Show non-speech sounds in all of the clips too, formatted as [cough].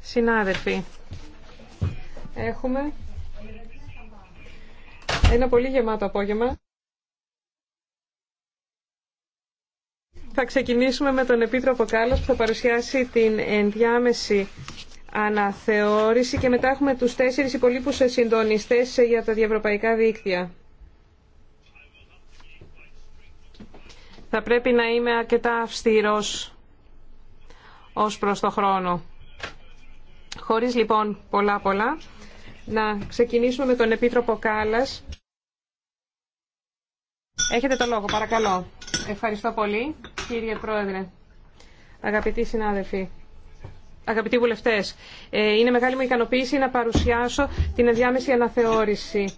Συνάδελφοι, έχουμε ένα πολύ γεμάτο απόγευμα. Θα ξεκινήσουμε με τον Επίτροπο Κάλλος που θα παρουσιάσει την ενδιάμεση αναθεώρηση και μετά έχουμε τους τέσσερις υπολείπους συντονιστές για τα διευρωπαϊκά δίκτυα. Θα πρέπει να είμαι αρκετά αυστηρός ως προς το χρόνο. Χωρίς λοιπόν πολλά πολλά, να ξεκινήσουμε με τον Επίτροπο Κάλλας. Έχετε το λόγο, παρακαλώ. Ευχαριστώ πολύ, κύριε Πρόεδρε. Αγαπητοί συνάδελφοι, αγαπητοί βουλευτές, ε, είναι μεγάλη μου ικανοποίηση να παρουσιάσω την ενδιάμεση αναθεώρηση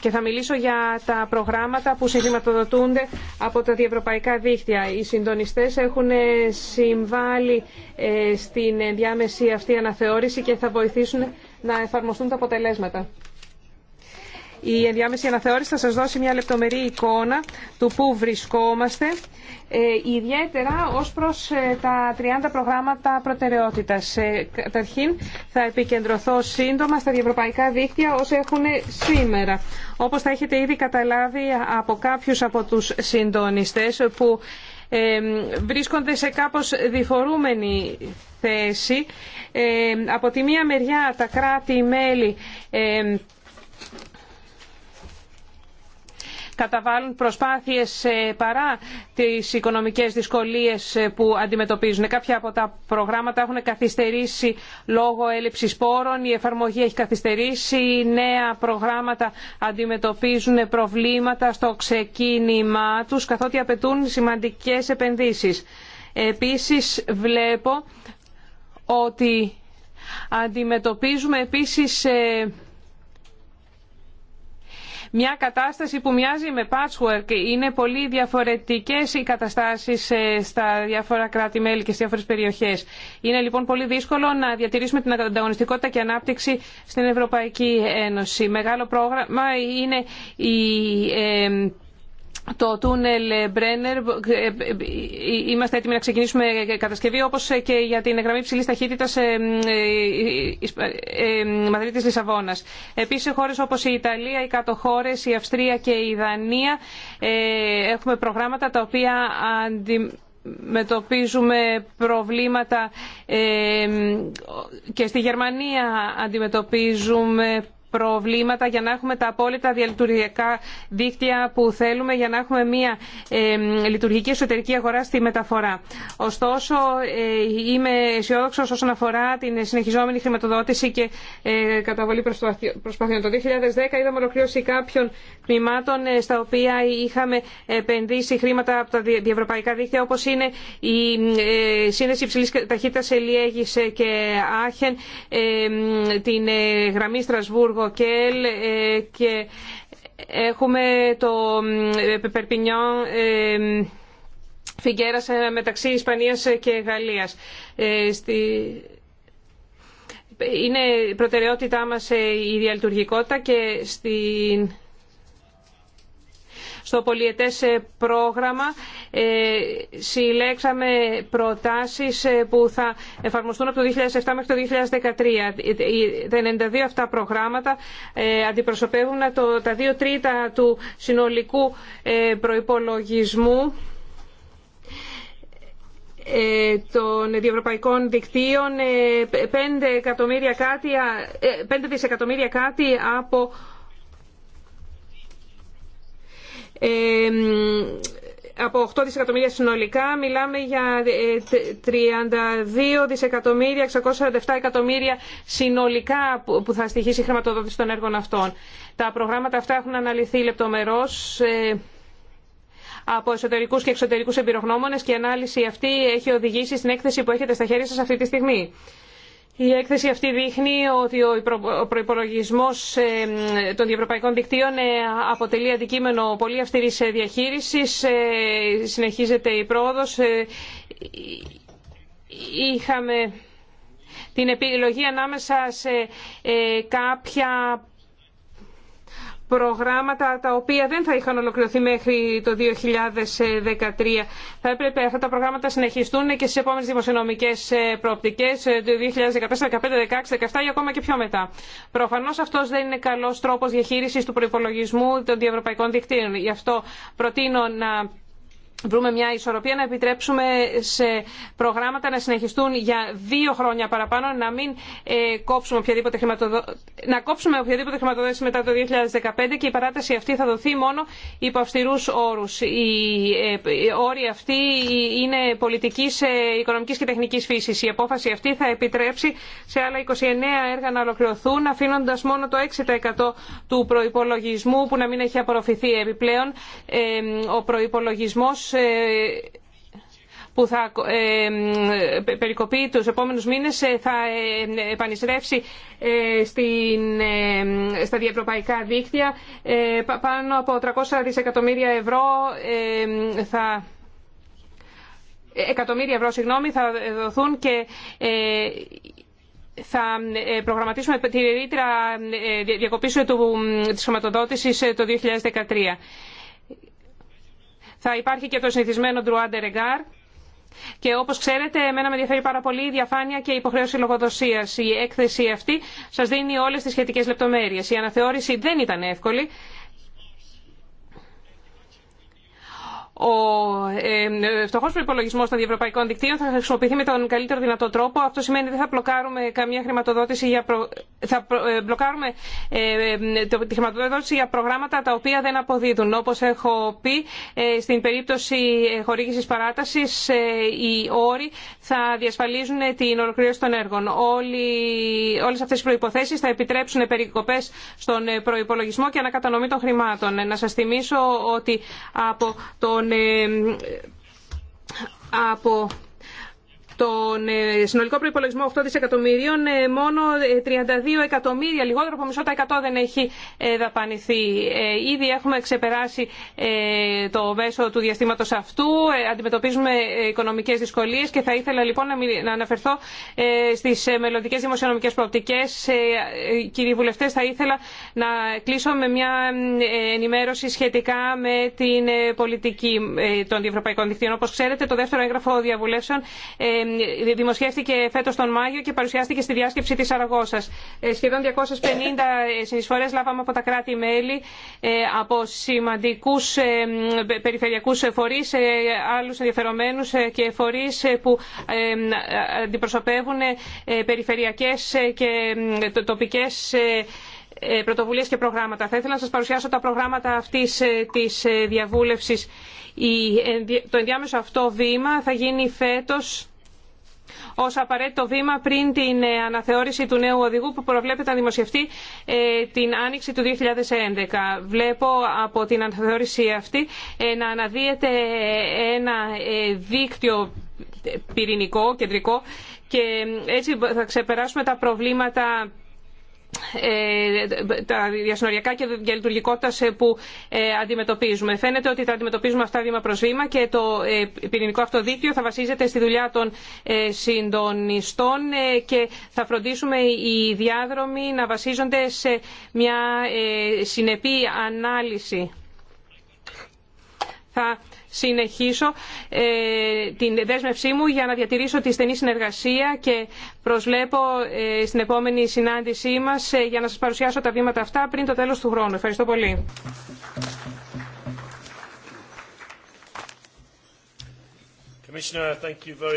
και θα μιλήσω για τα προγράμματα που συγχρηματοδοτούνται από τα διευρωπαϊκά δίχτυα. Οι συντονιστές έχουν ε, συμβάλει ε, στην διάμεση αυτή αναθεώρηση και θα βοηθήσουν να εφαρμοστούν τα αποτελέσματα. Η ενδιάμεση αναθεώρηση θα σας δώσει μια λεπτομερή εικόνα του πού βρισκόμαστε, ε, ιδιαίτερα ως προς ε, τα 30 προγράμματα προτεραιότητας. Ε, καταρχήν θα επικεντρωθώ σύντομα στα διευρωπαϊκά δίκτυα όσα έχουν σήμερα. Όπως θα έχετε ήδη καταλάβει από κάποιους από τους συντονιστές που βρίσκονται σε κάπως διφορούμενη θέση. Από τη μία μεριά τα κράτη-μέλη καταβάλουν προσπάθειες ε, παρά τις οικονομικές δυσκολίες ε, που αντιμετωπίζουν. Κάποια από τα προγράμματα έχουν καθυστερήσει λόγω έλλειψης πόρων, η εφαρμογή έχει καθυστερήσει, νέα προγράμματα αντιμετωπίζουν προβλήματα στο ξεκίνημά τους καθότι απαιτούν σημαντικές επενδύσεις. Επίσης βλέπω ότι αντιμετωπίζουμε επίσης ε, μια κατάσταση που μοιάζει με patchwork. Είναι πολύ διαφορετικές οι καταστάσεις ε, στα διάφορα κράτη-μέλη και στις διάφορες περιοχές. Είναι λοιπόν πολύ δύσκολο να διατηρήσουμε την ανταγωνιστικότητα και ανάπτυξη στην Ευρωπαϊκή Ένωση. Μεγάλο πρόγραμμα είναι η ε, το τούνελ Μπρένερ. Είμαστε έτοιμοι να ξεκινήσουμε κατασκευή, όπως και για την γραμμή ψηλή ταχύτητα ε, ε, ε, Μαδρίτη Λισαβόνα. Επίση, χώρε όπω η Ιταλία, οι κάτω χώρε, η Αυστρία και η Δανία έχουμε προγράμματα τα οποία αντιμετωπίζουμε προβλήματα και στη Γερμανία αντιμετωπίζουμε προβλήματα για να έχουμε τα απόλυτα διαλειτουργικά δίκτυα που θέλουμε για να έχουμε μια ε, λειτουργική εσωτερική αγορά στη μεταφορά. Ωστόσο, ε, είμαι αισιόδοξο όσον αφορά την συνεχιζόμενη χρηματοδότηση και ε, καταβολή προσπαθειών. Το 2010 είδαμε ολοκλήρωση κάποιων τμήματων ε, στα οποία είχαμε επενδύσει χρήματα από τα διευρωπαϊκά δίκτυα όπως είναι η σύνδεση υψηλής ταχύτητας Ελιέγης και Άχεν, την γραμμή Στρασβούργου ε, και έχουμε το ε, Περπινιόν ε, Φιγκέρας μεταξύ Ισπανίας και Γαλλίας. Είναι προτεραιότητά μας η διαλειτουργικότητα και στην στο πολιετές ε, πρόγραμμα ε, συλλέξαμε προτάσεις ε, που θα εφαρμοστούν από το 2007 μέχρι το 2013. Τα 92 αυτά προγράμματα αντιπροσωπεύουν τα 2 τρίτα του συνολικού προϋπολογισμού των διευρωπαϊκών δικτύων 5 δισεκατομμύρια κάτι από από 8 δισεκατομμύρια συνολικά μιλάμε για 32 ε, δισεκατομμύρια, 647 εκατομμύρια συνολικά που θα στοιχήσει η χρηματοδότηση των έργων αυτών. Τα προγράμματα αυτά έχουν αναλυθεί λεπτομερώς ε, από εσωτερικούς και εξωτερικούς εμπειρογνώμονες και η ανάλυση αυτή έχει οδηγήσει στην έκθεση που έχετε στα χέρια σας αυτή τη στιγμή. Η έκθεση αυτή δείχνει ότι ο προϋπολογισμός των διευρωπαϊκών δικτύων ε, αποτελεί αντικείμενο πολύ αυστηρής ε, διαχείρισης. Ε, συνεχίζεται η πρόοδος. Είχαμε την επιλογή ανάμεσα σε κάποια προγράμματα τα οποία δεν θα είχαν ολοκληρωθεί μέχρι το 2013. Θα έπρεπε αυτά τα προγράμματα να συνεχιστούν και στι επόμενες δημοσιονομικές ε, προοπτικές ε, Το 2014, 2015, 2016, 2017 ή ακόμα και πιο μετά. Προφανώς αυτός δεν είναι καλός τρόπος διαχείριση του προϋπολογισμού των διευρωπαϊκών δικτύων. Γι' αυτό προτείνω να βρούμε μια ισορροπία να επιτρέψουμε σε προγράμματα να συνεχιστούν για δύο χρόνια παραπάνω, να μην ε, κόψουμε οποιαδήποτε χρηματοδο... να κόψουμε οποιαδήποτε χρηματοδότηση μετά το 2015 και η παράταση αυτή θα δοθεί μόνο υπό αυστηρούς όρους. Ε, οι ε, όροι αυτοί είναι πολιτικής, ε, οικονομικής και τεχνικής φύσης. Η απόφαση αυτή θα επιτρέψει σε άλλα 29 έργα να ολοκληρωθούν, αφήνοντα μόνο το 6% του προπολογισμού που να μην έχει απορροφηθεί επιπλέον. Ε, ο προπολογισμό. Ε, που θα ε, ε, περικοπεί τους επόμενους μήνες θα επανιστρέψει στα διευρωπαϊκά δίκτυα. Πάνω από 300 δισεκατομμύρια ευρώ θα εκατομμύρια ευρώ συγγνώμη, θα δοθούν και θα προγραμματίσουμε τη ρήτρα διακοπής του, της χρηματοδότησης το 2013. Θα υπάρχει και το συνηθισμένο Ντρουάντε Ρεγκάρ. Και όπω ξέρετε, εμένα με ενδιαφέρει πάρα πολύ η διαφάνεια και η υποχρέωση λογοδοσία. Η έκθεση αυτή σα δίνει όλε τι σχετικέ λεπτομέρειε. Η αναθεώρηση δεν ήταν εύκολη Ο ε, ε φτωχό προπολογισμό των διευρωπαϊκών δικτύων θα χρησιμοποιηθεί με τον καλύτερο δυνατό τρόπο. Αυτό σημαίνει ότι δεν θα μπλοκάρουμε καμία χρηματοδότηση για προ... θα ε, μπλοκάρουμε ε, τη χρηματοδότηση για προγράμματα τα οποία δεν αποδίδουν. Όπω έχω πει, ε, στην περίπτωση χορήγηση παράταση, οι όροι θα διασφαλίζουν την ολοκλήρωση των έργων. Όλε αυτέ οι προποθέσει θα επιτρέψουν περικοπέ στον προπολογισμό και ανακατανομή των χρημάτων. Να σα θυμίσω ότι από τον ε, από τον ε, συνολικό προπολογισμό 8 δισεκατομμυρίων, ε, μόνο 32 ε, εκατομμύρια, λιγότερο από μισό τα 100 δεν έχει δαπανηθεί. Ήδη έχουμε ξεπεράσει το μέσο του διαστήματο αυτού, αντιμετωπίζουμε οικονομικέ δυσκολίε και θα ήθελα λοιπόν να αναφερθώ στι μελλοντικέ δημοσιονομικέ προοπτικέ. Κύριοι βουλευτέ, θα ήθελα να κλείσω με μια ενημέρωση σχετικά με την πολιτική των διευρωπαϊκών δικτύων. Όπω ξέρετε, το δεύτερο έγγραφο διαβουλεύσεων ε, δημοσιεύτηκε φέτος τον Μάιο και παρουσιάστηκε στη διάσκεψη της Ε, Σχεδόν 250 ε, συνεισφορέ λάβαμε από τα κράτη-μέλη, ε, από σημαντικούς περιφερειακούς φορείς, άλλους ενδιαφερομένους και φορείς που αντιπροσωπεύουν περιφερειακές και τοπικές πρωτοβουλίες και προγράμματα. Θα ήθελα να σας παρουσιάσω τα προγράμματα αυτής της διαβούλευσης. Το ενδιάμεσο αυτό βήμα θα γίνει φέτος ως απαραίτητο βήμα πριν την ε, αναθεώρηση του νέου οδηγού που προβλέπεται να δημοσιευτεί ε, την άνοιξη του 2011. Βλέπω από την αναθεώρηση αυτή ε, να αναδύεται ένα δίκτυο πυρηνικό, κεντρικό και έτσι θα ξεπεράσουμε τα προβλήματα ε, τα διασυνοριακά και διαλειτουργικότητα που ε, αντιμετωπίζουμε. Φαίνεται ότι τα αντιμετωπίζουμε αυτά βήμα προ βήμα και το ε, πυρηνικό δίκτυο θα βασίζεται στη δουλειά των συντονιστών και θα φροντίσουμε οι διάδρομοι να βασίζονται σε μια συνεπή ανάλυση συνεχίσω ε, την δέσμευσή μου για να διατηρήσω τη στενή συνεργασία και προσλέπω ε, στην επόμενη συνάντησή μας ε, για να σας παρουσιάσω τα βήματα αυτά πριν το τέλος του χρόνου. Ευχαριστώ πολύ.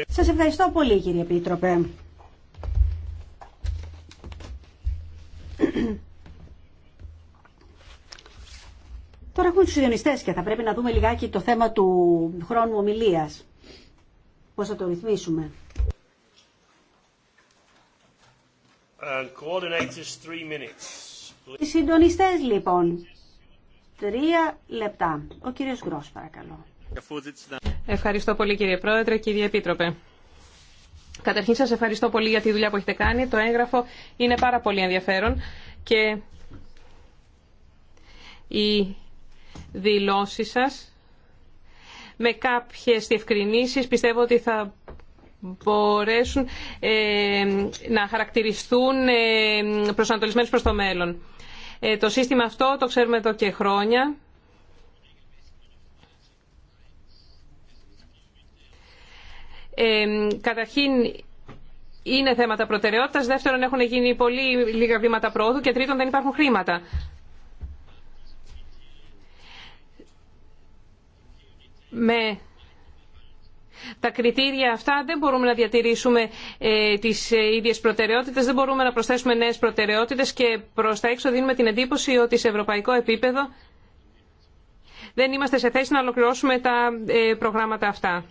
Σας ευχαριστώ πολύ κύριε Επίτροπε. Τώρα έχουμε του συντονιστές και θα πρέπει να δούμε λιγάκι το θέμα του χρόνου ομιλία. Πώς θα το ρυθμίσουμε. Uh, Οι συντονιστέ, λοιπόν. Τρία λεπτά. Ο κύριος Γκρό, παρακαλώ. Ευχαριστώ πολύ κύριε Πρόεδρε, κύριε Επίτροπε. Καταρχήν σας ευχαριστώ πολύ για τη δουλειά που έχετε κάνει. Το έγγραφο είναι πάρα πολύ ενδιαφέρον και η δηλώσεις σας με κάποιες διευκρινήσεις. Πιστεύω ότι θα μπορέσουν ε, να χαρακτηριστούν ε, προσανατολισμένες προς το μέλλον. Ε, το σύστημα αυτό το ξέρουμε εδώ και χρόνια. Ε, καταρχήν είναι θέματα προτεραιότητας, δεύτερον έχουν γίνει πολύ λίγα βήματα πρόοδου και τρίτον δεν υπάρχουν χρήματα. με τα κριτήρια αυτά δεν μπορούμε να διατηρήσουμε ε, τις ε, ίδιες προτεραιότητες, δεν μπορούμε να προσθέσουμε νέες προτεραιότητες και προς τα έξω δίνουμε την εντύπωση ότι σε ευρωπαϊκό επίπεδο δεν είμαστε σε θέση να ολοκληρώσουμε τα ε, προγράμματα αυτά.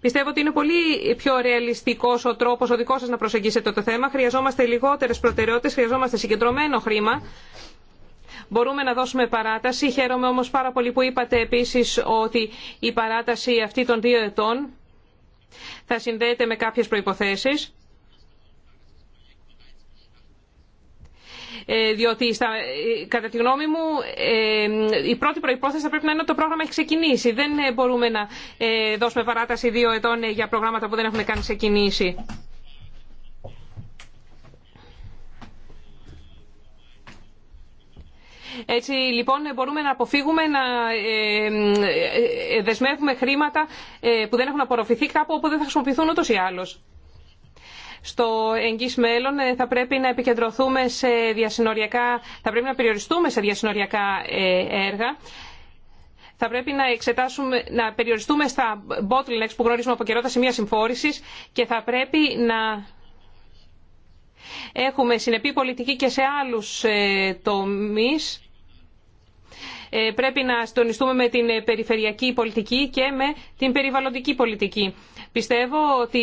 Πιστεύω ότι είναι πολύ πιο ρεαλιστικό ο τρόπο ο δικό σα να προσεγγίσετε το θέμα. Χρειαζόμαστε λιγότερε προτεραιότητε, χρειαζόμαστε συγκεντρωμένο χρήμα Μπορούμε να δώσουμε παράταση. Χαίρομαι όμως πάρα πολύ που είπατε επίσης ότι η παράταση αυτή των δύο ετών θα συνδέεται με κάποιες προϋποθέσεις. Ε, διότι στα, ε, κατά τη γνώμη μου ε, η πρώτη προϋπόθεση θα πρέπει να είναι ότι το πρόγραμμα έχει ξεκινήσει. Δεν μπορούμε να δώσουμε παράταση δύο ετών για προγράμματα που δεν έχουν καν ξεκινήσει. Έτσι λοιπόν μπορούμε να αποφύγουμε να ε, ε, δεσμεύουμε χρήματα ε, που δεν έχουν απορροφηθεί κάπου όπου δεν θα χρησιμοποιηθούν ούτως ή άλλως. Στο εγγύ μέλλον θα πρέπει να επικεντρωθούμε σε διασυνοριακά, θα πρέπει να περιοριστούμε σε διασυνοριακά έργα θα πρέπει να, εξετάσουμε, να περιοριστούμε στα bottlenecks που γνωρίζουμε από καιρό τα σημεία συμφόρηση και θα πρέπει να έχουμε συνεπή πολιτική και σε άλλους τομείς ε, πρέπει να συντονιστούμε με την περιφερειακή πολιτική και με την περιβαλλοντική πολιτική. Πιστεύω ότι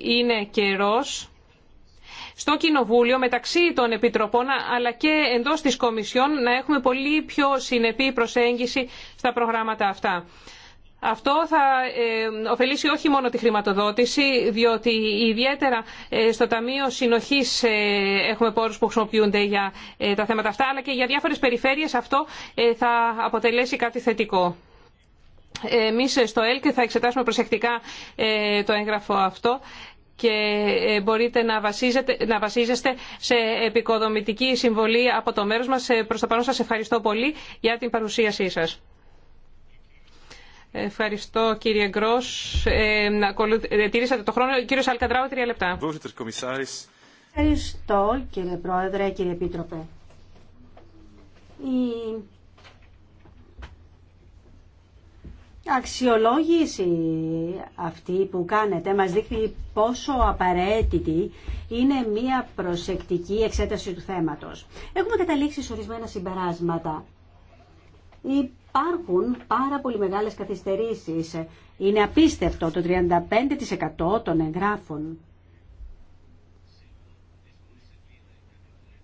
είναι καιρός στο Κοινοβούλιο μεταξύ των Επιτροπών αλλά και εντός της Κομισιόν να έχουμε πολύ πιο συνεπή προσέγγιση στα προγράμματα αυτά. Αυτό θα ε, ωφελήσει όχι μόνο τη χρηματοδότηση, διότι ιδιαίτερα ε, στο Ταμείο Συνοχής ε, έχουμε πόρους που χρησιμοποιούνται για τα θέματα αυτά, αλλά και για διάφορες περιφέρειες αυτό θα αποτελέσει κάτι θετικό. Εμείς στο ΕΛΚ θα εξετάσουμε προσεκτικά το έγγραφο αυτό και μπορείτε να, βασίζετε, να βασίζεστε σε επικοδομητική συμβολή από το μέρος μας. Προς το παρόν σας ευχαριστώ πολύ για την παρουσίασή σας. Ευχαριστώ κύριε Γκρό. Ε, ε, τηρήσατε το χρόνο. Κύριος Αλκαντράου, τρία λεπτά. Ευχαριστώ κύριε Πρόεδρε, κύριε Επίτροπε. Η αξιολόγηση αυτή που κάνετε μας δείχνει πόσο απαραίτητη είναι μία προσεκτική εξέταση του θέματος. Έχουμε καταλήξει σε ορισμένα συμπεράσματα. Η υπάρχουν πάρα πολύ μεγάλες καθυστερήσεις. Είναι απίστευτο το 35% των εγγράφων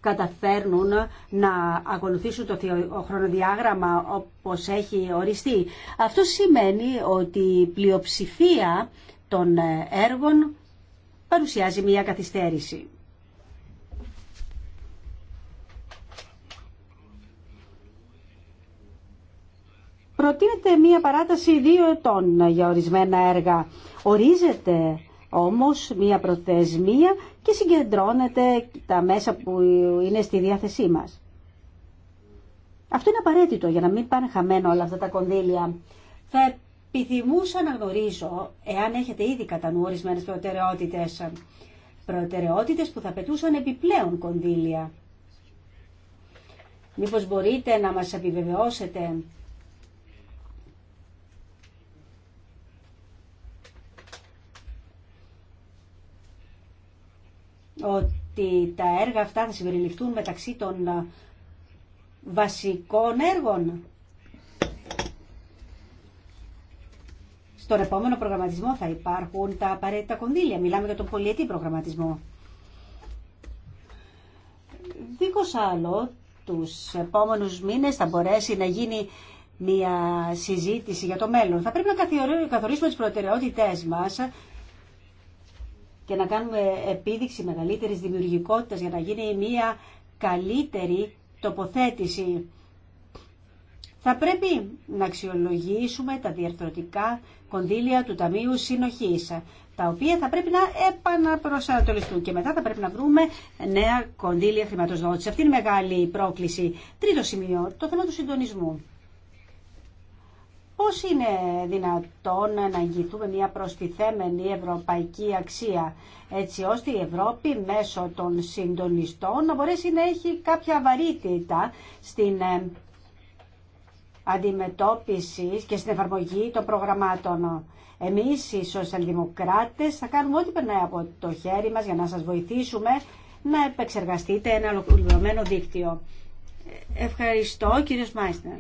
καταφέρνουν να ακολουθήσουν το χρονοδιάγραμμα όπως έχει οριστεί. Αυτό σημαίνει ότι η πλειοψηφία των έργων παρουσιάζει μια καθυστέρηση. προτείνεται μία παράταση δύο ετών για ορισμένα έργα. Ορίζεται όμως μία προθεσμία και συγκεντρώνεται τα μέσα που είναι στη διάθεσή μας. Αυτό είναι απαραίτητο για να μην πάνε χαμένα όλα αυτά τα κονδύλια. Θα επιθυμούσα να γνωρίζω, εάν έχετε ήδη κατά νου ορισμένες προτεραιότητες, προτεραιότητες που θα πετούσαν επιπλέον κονδύλια. Μήπως μπορείτε να μας επιβεβαιώσετε ότι τα έργα αυτά θα συμπεριληφθούν μεταξύ των ε, βασικών έργων. Στον επόμενο προγραμματισμό θα υπάρχουν τα απαραίτητα κονδύλια. Μιλάμε για τον πολιετή προγραμματισμό. Δίκως άλλο, τους επόμενους μήνες θα μπορέσει να γίνει μια συζήτηση για το μέλλον. Θα πρέπει να καθορίσουμε τις προτεραιότητές μας και να κάνουμε επίδειξη μεγαλύτερης δημιουργικότητας για να γίνει μια καλύτερη τοποθέτηση. Θα πρέπει να αξιολογήσουμε τα διαρθρωτικά κονδύλια του Ταμείου Συνοχής, τα οποία θα πρέπει να επαναπροσανατολιστούν και μετά θα πρέπει να βρούμε νέα κονδύλια χρηματοδότηση. Αυτή είναι η μεγάλη πρόκληση. Τρίτο σημείο, το θέμα του συντονισμού. Πώς είναι δυνατόν να αγγιθούμε μια προστιθέμενη ευρωπαϊκή αξία, έτσι ώστε η Ευρώπη μέσω των συντονιστών να μπορέσει να έχει κάποια βαρύτητα στην ε, αντιμετώπιση και στην εφαρμογή των προγραμμάτων. Εμείς οι σοσιαλδημοκράτες θα κάνουμε ό,τι περνάει από το χέρι μας για να σας βοηθήσουμε να επεξεργαστείτε ένα ολοκληρωμένο δίκτυο. Ε, ευχαριστώ κύριος Μάιστερ.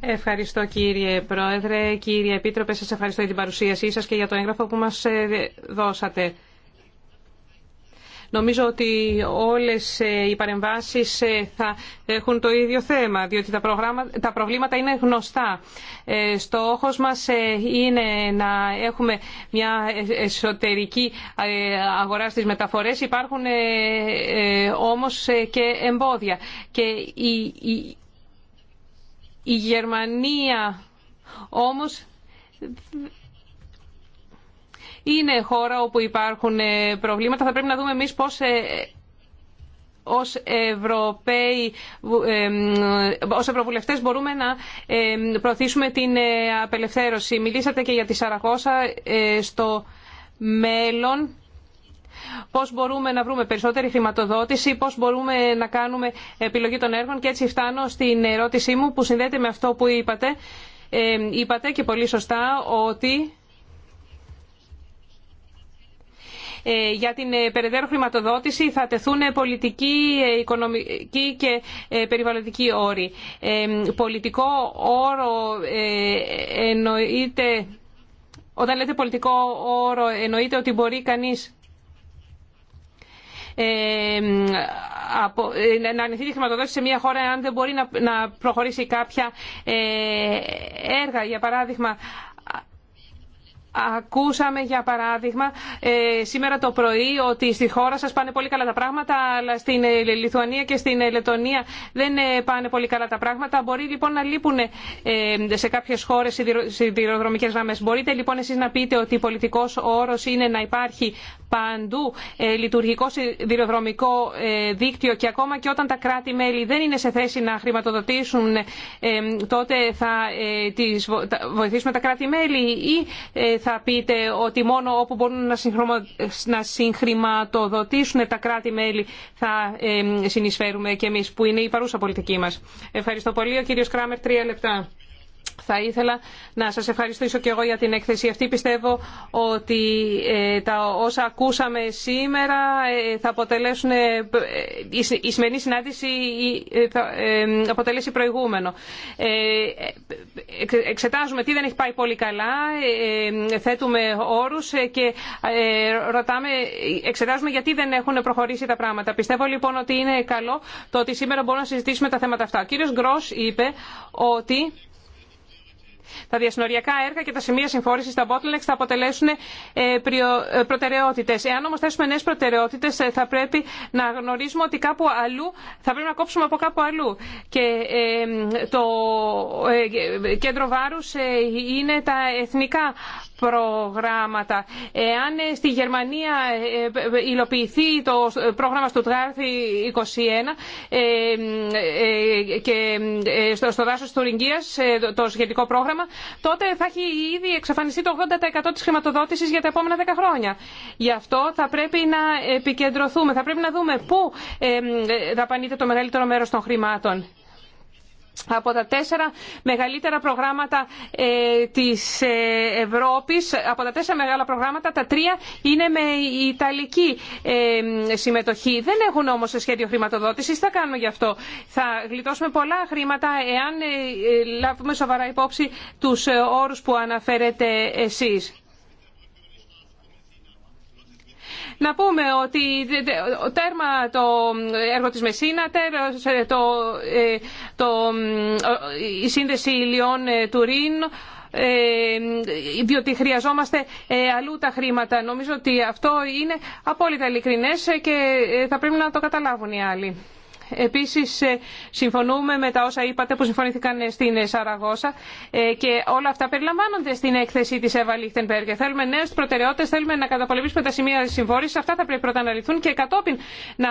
Ευχαριστώ κύριε Πρόεδρε, κύριε Επίτροπε, σας ευχαριστώ για την παρουσίασή σας και για το έγγραφο που μας ε, δώσατε. Νομίζω ότι όλες ε, οι παρεμβάσεις ε, θα έχουν το ίδιο θέμα, διότι τα, τα προβλήματα είναι γνωστά. Στόχος μας είναι να έχουμε μια εσωτερική αγορά στις μεταφορές. Υπάρχουν όμως και εμπόδια. Και η η Γερμανία όμως είναι χώρα όπου υπάρχουν ε, προβλήματα. Θα πρέπει να δούμε εμείς πώς ε, ως Ευρωπαίοι, ε, ως Ευρωβουλευτές μπορούμε να προωθήσουμε την απελευθέρωση. Μιλήσατε και για τη Σαραγώσα στο μέλλον πώς μπορούμε να βρούμε περισσότερη χρηματοδότηση, πώς μπορούμε να κάνουμε επιλογή των έργων και έτσι φτάνω στην ερώτησή μου που συνδέεται με αυτό που είπατε. Ε, είπατε και πολύ σωστά ότι ε, για την ε, περαιτέρω χρηματοδότηση θα τεθούν πολιτικοί, οικονομικοί και περιβαλλοντικοί όροι. Πολιτικό όρο εννοείται, όταν λέτε πολιτικό όρο εννοείται ότι μπορεί κανείς ε, να αρνηθεί τη χρηματοδότηση σε μια χώρα αν δεν μπορεί να προχωρήσει κάποια ε, έργα. Για παράδειγμα, Ακούσαμε για παράδειγμα ε, σήμερα το πρωί ότι στη χώρα σας πάνε πολύ καλά τα πράγματα αλλά στην ε, Λιθουανία και στην ε, Λετωνία δεν πάνε πολύ καλά τα πράγματα. Μπορεί λοιπόν να λείπουν σε κάποιες χώρες σιδηροδρομικές γραμμές. Μπορείτε λοιπόν εσείς να πείτε ότι πολιτικός όρος είναι να υπάρχει παντού λειτουργικό σιδηροδρομικό δίκτυο και ακόμα και όταν τα κράτη-μέλη δεν είναι σε θέση να χρηματοδοτήσουν τότε θα βοηθήσουμε τα κράτη-μέλη ή θα πείτε ότι μόνο όπου μπορούν να συγχρηματοδοτήσουν τα κράτη-μέλη θα συνεισφέρουμε κι εμείς που είναι η παρούσα πολιτική μας. Ευχαριστώ πολύ. Ο κύριος Κράμερ, τρία λεπτά θα ήθελα να σας ευχαριστήσω και εγώ για την έκθεση αυτή. Πιστεύω ότι ε, τα όσα ακούσαμε σήμερα ε, θα αποτελέσουν, ε, η σημερινή συνάντηση θα αποτελέσει προηγούμενο. Εξετάζουμε τι δεν έχει πάει πολύ καλά, θέτουμε όρους και ρωτάμε, εξετάζουμε γιατί δεν έχουν προχωρήσει τα πράγματα. Πιστεύω λοιπόν ότι είναι καλό το ότι σήμερα μπορούμε να συζητήσουμε τα θέματα αυτά. Ο κύριος Γκρός είπε ότι τα διασυνοριακά έργα και τα σημεία συμφόρηση, τα bottlenecks, θα αποτελέσουν ε, ε, προτεραιότητε. Εάν όμω θέσουμε νέε προτεραιότητε, ε, θα πρέπει να γνωρίζουμε ότι κάπου αλλού θα πρέπει να κόψουμε από κάπου αλλού. Και το κέντρο βάρου είναι τα εθνικά προγράμματα. Εάν ε, στη Γερμανία ε, ε, υλοποιηθεί το πρόγραμμα του 21 και στο δάσο του Ριγγίας το σχετικό πρόγραμμα, τότε θα έχει ήδη εξαφανιστεί το 80% της χρηματοδότησης για τα επόμενα 10 χρόνια. Γι' αυτό θα πρέπει να επικεντρωθούμε, θα πρέπει να δούμε πού δαπανείται το μεγαλύτερο μέρος των χρημάτων από τα τέσσερα μεγαλύτερα προγράμματα ε, της ε, Ευρώπης, από τα τέσσερα μεγάλα προγράμματα, τα τρία είναι με ιταλική ε, συμμετοχή. Δεν έχουν όμως σχέδιο χρηματοδότησης. Θα κάνουμε γι' αυτό. Θα γλιτώσουμε πολλά χρήματα εάν λάβουμε σοβαρά υπόψη τους όρους που αναφέρετε εσείς. να πούμε ότι τέρμα το έργο της Μεσίνα, τέρμα ε, το, ε, το, η σύνδεση Λιών ε, Τουρίν, διότι χρειαζόμαστε αλλού τα χρήματα. Νομίζω ότι αυτό είναι απόλυτα ειλικρινές και θα πρέπει να το καταλάβουν οι άλλοι. Επίσης ε, συμφωνούμε με τα όσα είπατε που συμφωνήθηκαν στην Σαραγώσα ε, και όλα αυτά περιλαμβάνονται στην έκθεση της Εύα Λίχτενπέργκε. Θέλουμε νέες προτεραιότητες, θέλουμε να καταπολεμήσουμε τα σημεία συμφόρησης. Αυτά θα πρέπει πρώτα να λυθούν και κατόπιν να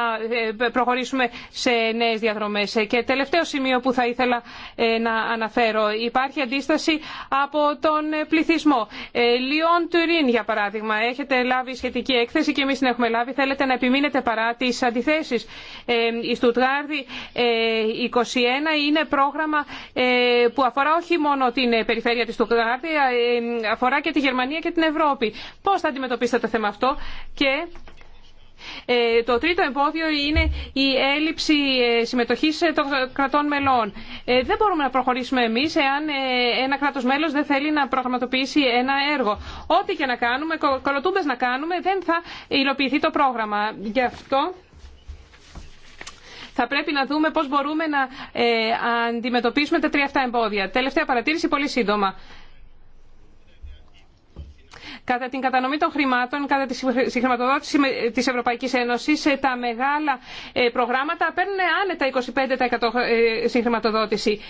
ε, προχωρήσουμε σε νέες διαδρομές. Και τελευταίο σημείο που θα ήθελα να αναφέρω. Υπάρχει αντίσταση από τον πληθυσμό. Λιόν Τουρίν για παράδειγμα. Έχετε λάβει σχετική έκθεση και εμείς την έχουμε λάβει. Θέλετε να επιμείνετε παρά τις αντιθέσεις. Η Στουτγκάρδη 21 ε, είναι πρόγραμμα ε, που αφορά όχι μόνο την ε, περιφέρεια της Στουτγκάρδη, αφορά και τη Γερμανία και την Ευρώπη. Πώς θα αντιμετωπίσετε το θέμα αυτό και το τρίτο εμπόδιο είναι η έλλειψη συμμετοχής των κρατών μελών. Δεν μπορούμε να προχωρήσουμε εμείς εάν ένα κράτος μέλος δεν θέλει να προγραμματοποιήσει ένα έργο. Ό,τι και να κάνουμε, κολοτούμπες να κάνουμε, δεν θα υλοποιηθεί το πρόγραμμα. Γι' αυτό θα πρέπει να δούμε πώ μπορούμε να ε, αντιμετωπίσουμε τα τρία αυτά εμπόδια. Τελευταία παρατήρηση, πολύ σύντομα. Κατά την κατανομή των χρημάτων, κατά τη συγχρηματοδότηση τη Ευρωπαϊκή Ένωση, ε, τα μεγάλα ε, προγράμματα παίρνουν άνετα 25% συγχρηματοδότηση.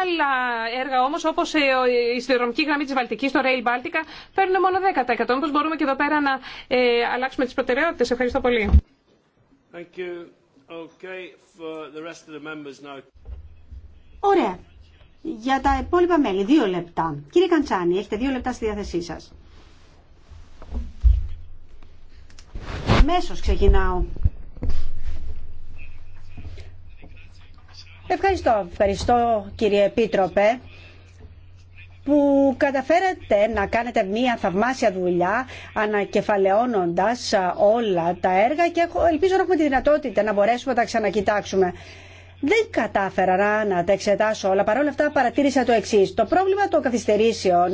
Άλλα έργα όμω, όπω η σιδηροδρομική γραμμή τη Βαλτική, το Rail Baltica, παίρνουν μόνο 10%. Μήπω μπορούμε και εδώ πέρα να αλλάξουμε τι προτεραιότητε. Ευχαριστώ πολύ. Thank Ωραία. Για τα υπόλοιπα μέλη, δύο λεπτά. Κύριε Καντσάνη, έχετε δύο λεπτά στη διάθεσή σας. Αμέσως ξεκινάω. Ευχαριστώ. Ευχαριστώ κύριε Επίτροπε που καταφέρατε να κάνετε μία θαυμάσια δουλειά ανακεφαλαιώνοντας ε, όλα τα έργα και ελπίζω να έχουμε τη δυνατότητα να μπορέσουμε να τα ξανακοιτάξουμε. Δεν κατάφερα να τα εξετάσω όλα. Παρ' αυτά παρατήρησα το εξή. Το πρόβλημα των καθυστερήσεων,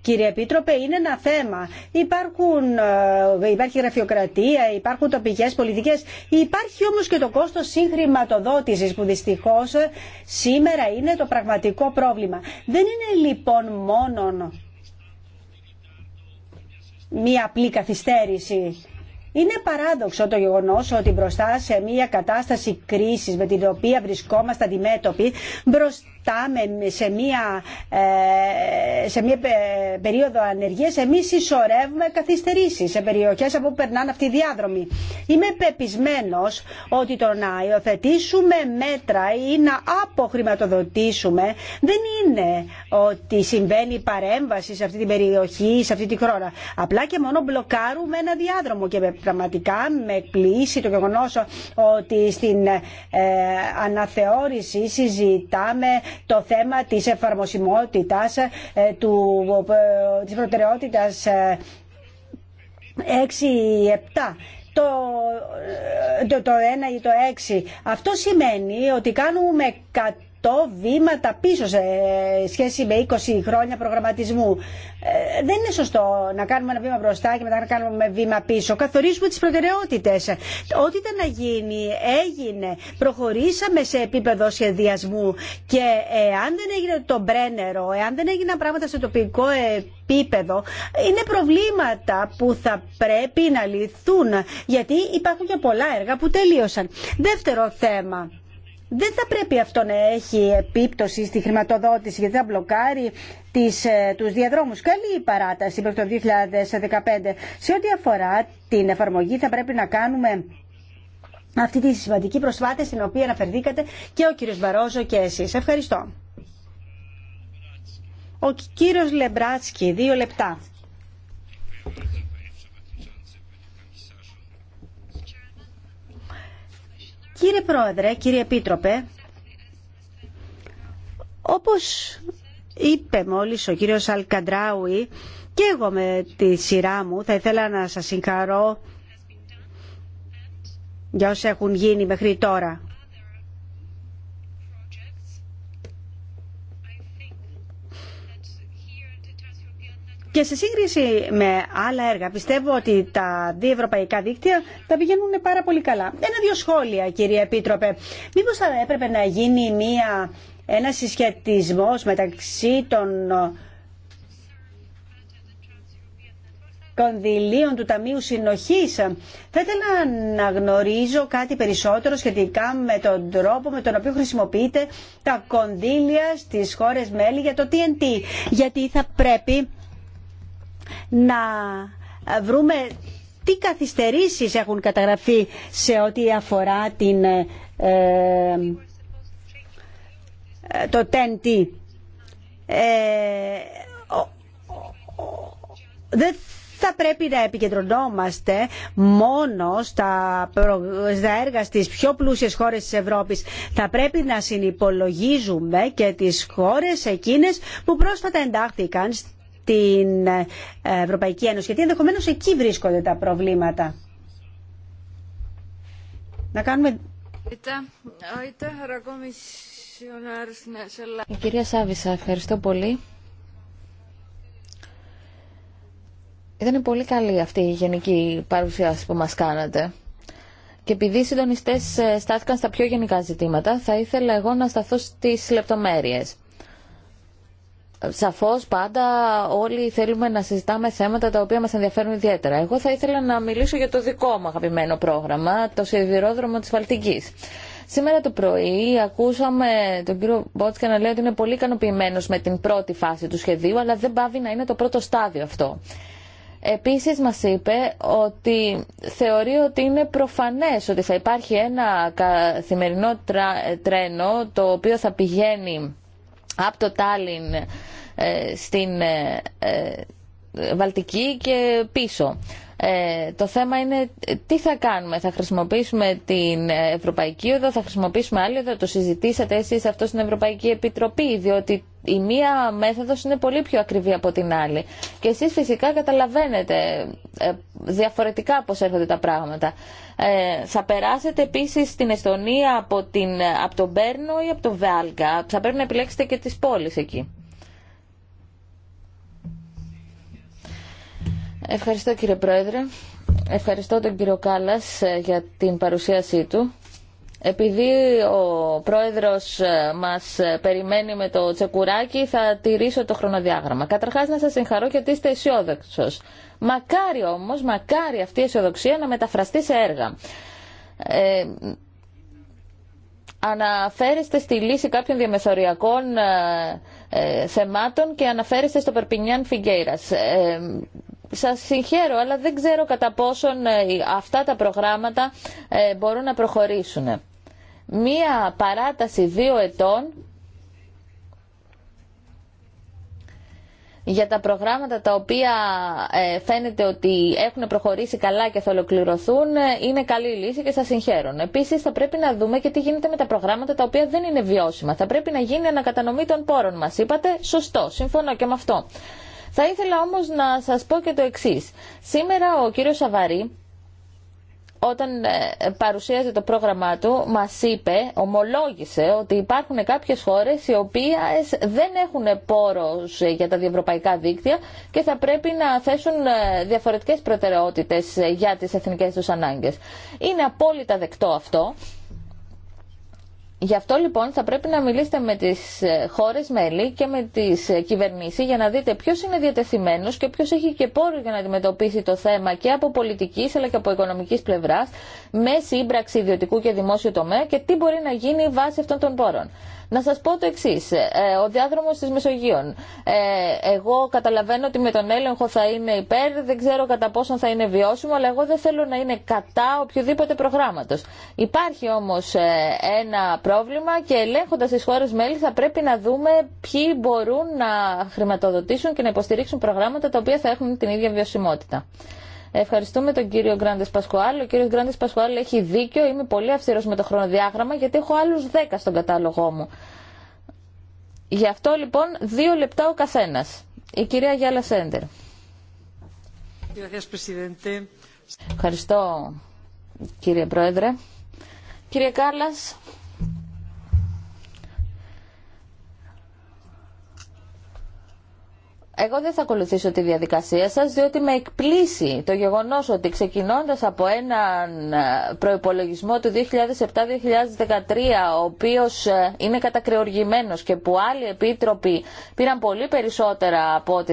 κύριε Επίτροπε, είναι ένα θέμα. Υπάρχουν, ε, υπάρχει γραφειοκρατία, υπάρχουν τοπικέ πολιτικές. Υπάρχει όμως και το κόστος συγχρηματοδότηση που δυστυχώ ε, σήμερα είναι το πραγματικό πρόβλημα. Δεν είναι λοιπόν μόνο μία απλή καθυστέρηση είναι παράδοξο το γεγονό ότι μπροστά σε μια κατάσταση κρίση με την οποία βρισκόμαστε αντιμέτωποι, μπροστά φτάμε σε μία, ε, σε μία περίοδο ανεργίας, εμείς συσσωρεύουμε καθυστερήσεις σε περιοχές από που περνάνε αυτοί οι διάδρομοι. Είμαι πεπισμένος ότι το να υιοθετήσουμε μέτρα ή να αποχρηματοδοτήσουμε δεν είναι ότι συμβαίνει παρέμβαση σε αυτή την περιοχή, σε αυτή τη χώρα. Απλά και μόνο μπλοκάρουμε ένα διάδρομο και πραγματικά με εκπλήσει το γεγονό ότι στην ε, αναθεώρηση συζητάμε το θέμα της εφαρμοσιμότητας, ε, του, ε, της προτεραιότητας 6-7 ε, το, το, το 1 ή το 6. Αυτό σημαίνει ότι κάνουμε κα, βήματα πίσω σε σχέση με 20 χρόνια προγραμματισμού. Ε, δεν είναι σωστό να κάνουμε ένα βήμα μπροστά και μετά να κάνουμε βήμα πίσω. Καθορίζουμε τις προτεραιότητες Ό,τι ήταν να γίνει, έγινε. Προχωρήσαμε σε επίπεδο σχεδιασμού και αν δεν έγινε το Μπρένερο, Αν δεν έγιναν πράγματα σε τοπικό επίπεδο, είναι προβλήματα που θα πρέπει να λυθούν γιατί υπάρχουν και πολλά έργα που τελείωσαν. Δεύτερο θέμα δεν θα πρέπει αυτό να έχει επίπτωση στη χρηματοδότηση γιατί θα μπλοκάρει τις, ε, τους διαδρόμους. Καλή η παράταση μέχρι το 2015. Σε ό,τι αφορά την εφαρμογή θα πρέπει να κάνουμε αυτή τη σημαντική προσπάθεια στην οποία αναφερθήκατε και ο κύριος Μπαρόζο και εσείς. Ευχαριστώ. Ο κύριος Λεμπράτσκι, δύο λεπτά. Κύριε Πρόεδρε, κύριε Επίτροπε, όπως είπε μόλις ο κύριος Αλκαντράουι, και εγώ με τη σειρά μου θα ήθελα να σας συγχαρώ για όσα έχουν γίνει μέχρι τώρα. Και σε σύγκριση με άλλα έργα, πιστεύω ότι τα διευρωπαϊκά δίκτυα τα πηγαίνουν πάρα πολύ καλά. Ένα-δύο σχόλια, κύριε Επίτροπε. Μήπως θα έπρεπε να γίνει μία, ένα συσχετισμό μεταξύ των ε, κονδυλίων του Ταμείου Συνοχής. Θα ήθελα να γνωρίζω κάτι περισσότερο σχετικά με τον τρόπο με τον οποίο χρησιμοποιείται τα κονδύλια στις χώρες μέλη για το TNT. Γιατί θα πρέπει να βρούμε τι καθυστερήσεις έχουν καταγραφεί σε ό,τι αφορά την, ε, ε, το TNT. Ε, δεν θα πρέπει να επικεντρωνόμαστε μόνο στα, έργα στις πιο πλούσιες χώρες της Ευρώπης. Θα πρέπει να συνυπολογίζουμε και τις χώρες εκείνες που πρόσφατα εντάχθηκαν την Ευρωπαϊκή Ένωση, γιατί ενδεχομένω εκεί βρίσκονται τα προβλήματα. Να κάνουμε... Η κυρία Σάβησα, ευχαριστώ πολύ. Ήταν πολύ καλή αυτή η γενική παρουσίαση που μας κάνατε. Και επειδή οι συντονιστές ε, στάθηκαν στα πιο γενικά ζητήματα, θα ήθελα εγώ να σταθώ στις λεπτομέρειες. Σαφώ πάντα όλοι θέλουμε να συζητάμε θέματα τα οποία μα ενδιαφέρουν ιδιαίτερα. Εγώ θα ήθελα να μιλήσω για το δικό μου αγαπημένο πρόγραμμα, το σιδηρόδρομο τη Βαλτική. Σήμερα το πρωί ακούσαμε τον κύριο Μπότσκα να λέει ότι είναι πολύ ικανοποιημένο με την πρώτη φάση του σχεδίου, αλλά δεν πάβει να είναι το πρώτο στάδιο αυτό. Επίση μα είπε ότι θεωρεί ότι είναι προφανέ ότι θα υπάρχει ένα καθημερινό τρένο το οποίο θα πηγαίνει από το Τάλιν ε, στην ε, ε, Βαλτική και πίσω. Ε, το θέμα είναι ε, τι θα κάνουμε. Θα χρησιμοποιήσουμε την ε, Ευρωπαϊκή Οδό, θα χρησιμοποιήσουμε άλλη οδό. Το συζητήσατε εσείς αυτό στην Ευρωπαϊκή Επιτροπή, διότι η μία μέθοδος είναι πολύ πιο ακριβή από την άλλη. Και εσείς φυσικά καταλαβαίνετε ε, διαφορετικά πώς έρχονται τα πράγματα. θα περάσετε επίσης στην Εστονία από, την, από τον Πέρνο ή από τον Βάλγκα. Θα πρέπει να επιλέξετε και τις πόλεις εκεί. Ευχαριστώ κύριε Πρόεδρε. Ευχαριστώ τον κύριο Κάλλας ε, για την παρουσίασή του. Επειδή ο πρόεδρος ε, μας ε, περιμένει με το τσεκουράκι, θα τηρήσω το χρονοδιάγραμμα. Καταρχάς να σας συγχαρώ γιατί είστε αισιόδοξο. Μακάρι όμως, μακάρι αυτή η αισιοδοξία να μεταφραστεί σε έργα. Ε, αναφέρεστε στη λύση κάποιων διαμεθοριακών θεμάτων και αναφέρεστε στο Περπινιάν Φιγκέιρας σας συγχαίρω, αλλά δεν ξέρω κατά πόσον ε, αυτά τα προγράμματα ε, μπορούν να προχωρήσουν. Μία παράταση δύο ετών για τα προγράμματα τα οποία ε, φαίνεται ότι έχουν προχωρήσει καλά και θα ολοκληρωθούν είναι καλή λύση και σας συγχαίρω. Επίσης θα πρέπει να δούμε και τι γίνεται με τα προγράμματα τα οποία δεν είναι βιώσιμα. Θα πρέπει να γίνει ανακατανομή των πόρων μας. Είπατε σωστό, συμφωνώ και με αυτό. Θα ήθελα όμως να σας πω και το εξής. Σήμερα ο κύριος Σαβαρή όταν ε, παρουσίαζε το πρόγραμμά του, μας είπε, ομολόγησε ότι υπάρχουν κάποιες χώρες οι οποίες δεν έχουν πόρος ε, για τα διευρωπαϊκά δίκτυα και θα πρέπει να θέσουν ε, διαφορετικές προτεραιότητες για τις εθνικές τους ανάγκες. Είναι απόλυτα δεκτό αυτό Γι' αυτό λοιπόν θα πρέπει να μιλήσετε με τις ε, χώρες μέλη και με τις ε, κυβερνήσεις για να δείτε ποιο είναι διατεθειμένος και ποιο έχει και πόρου για να αντιμετωπίσει το θέμα και από πολιτική αλλά και από οικονομική πλευρά με σύμπραξη ιδιωτικού και δημόσιου τομέα και τι μπορεί να γίνει βάσει αυτών των πόρων. Να σας πω το εξή. Ε, ο διάδρομος της Μεσογείων. Ε, εγώ καταλαβαίνω ότι με τον έλεγχο θα είναι υπέρ, δεν ξέρω κατά πόσον θα είναι βιώσιμο, αλλά εγώ δεν θέλω να είναι κατά οποιοδήποτε προγράμματος. Υπάρχει όμως ε, ένα πρόβλημα και ελέγχοντας τις χώρες μέλη θα πρέπει να δούμε ποιοι μπορούν να χρηματοδοτήσουν και να υποστηρίξουν προγράμματα τα οποία θα έχουν την ίδια βιωσιμότητα. Ευχαριστούμε τον κύριο Γκράντε Πασχουάλ. Ο κύριο Γκράντε Πασχουάλ έχει δίκιο. Είμαι πολύ αυστηρό με το χρονοδιάγραμμα γιατί έχω άλλου 10 στον κατάλογό μου. Γι' αυτό λοιπόν δύο λεπτά ο καθένα. Η κυρία Γιάλα Σέντερ. Ευχαριστώ κύριε Πρόεδρε. Κύριε Κάλλας, Εγώ δεν θα ακολουθήσω τη διαδικασία σας, διότι με εκπλήσει το γεγονός ότι ξεκινώντας από έναν ε, προϋπολογισμό του 2007-2013, ο οποίος ε, είναι κατακρεουργημένος και που άλλοι επίτροποι πήραν πολύ περισσότερα από ό,τι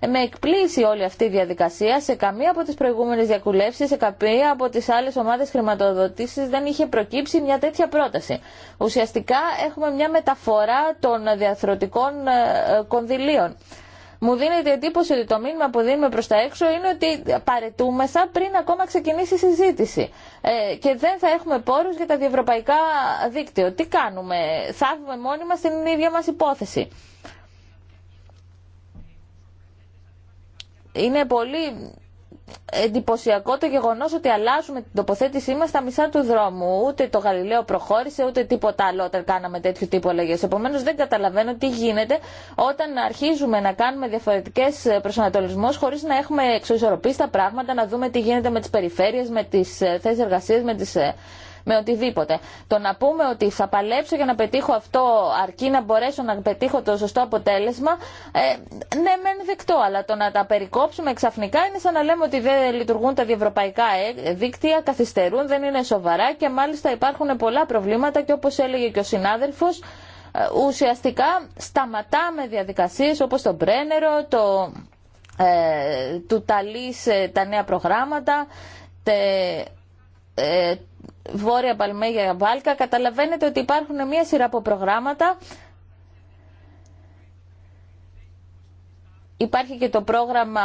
ε, με εκπλήσει όλη αυτή η διαδικασία. Σε καμία από τις προηγούμενες διακουλεύσεις, σε καμία από τις άλλες ομάδες χρηματοδοτήσεις δεν είχε προκύψει μια τέτοια πρόταση. Ουσιαστικά έχουμε μια μεταφορά των διαθροτικών κονδυλίων. Μου δίνεται εντύπωση ότι το μήνυμα που δίνουμε προς τα έξω είναι ότι παρετούμεθα πριν ακόμα ξεκινήσει η συζήτηση. Ε, και δεν θα έχουμε πόρους για τα διευρωπαϊκά δίκτυα. Τι κάνουμε, θα έχουμε μόνοι μας την ίδια μας υπόθεση. Είναι πολύ εντυπωσιακό το γεγονός ότι αλλάζουμε την τοποθέτησή μας στα μισά του δρόμου. Ούτε το Γαλιλαίο προχώρησε, ούτε τίποτα άλλο όταν κάναμε τέτοιου τύπου αλλαγές. Επομένως δεν καταλαβαίνω τι γίνεται όταν αρχίζουμε να κάνουμε διαφορετικές ε, προσανατολισμούς χωρίς να έχουμε εξοισορροπήσει τα πράγματα, να δούμε τι γίνεται με τις περιφέρειες, με τις ε, θέσεις εργασίας, με τις ε, με οτιδήποτε. Το να πούμε ότι θα παλέψω για να πετύχω αυτό αρκεί να μπορέσω να πετύχω το σωστό αποτέλεσμα, ε, ναι, μεν δεκτό, αλλά το να τα περικόψουμε ξαφνικά είναι σαν να λέμε ότι δεν λειτουργούν τα διευρωπαϊκά ε, δίκτυα, καθυστερούν, δεν είναι σοβαρά και μάλιστα υπάρχουν πολλά προβλήματα και όπως έλεγε και ο συνάδελφος, ε, ουσιαστικά σταματάμε διαδικασίες όπως το Μπρένερο, το, ε, Ταλής ε, τα νέα προγράμματα, τε, Βόρεια Παλμέγια Βάλκα, καταλαβαίνετε ότι υπάρχουν μια σειρά από προγράμματα. Υπάρχει και το πρόγραμμα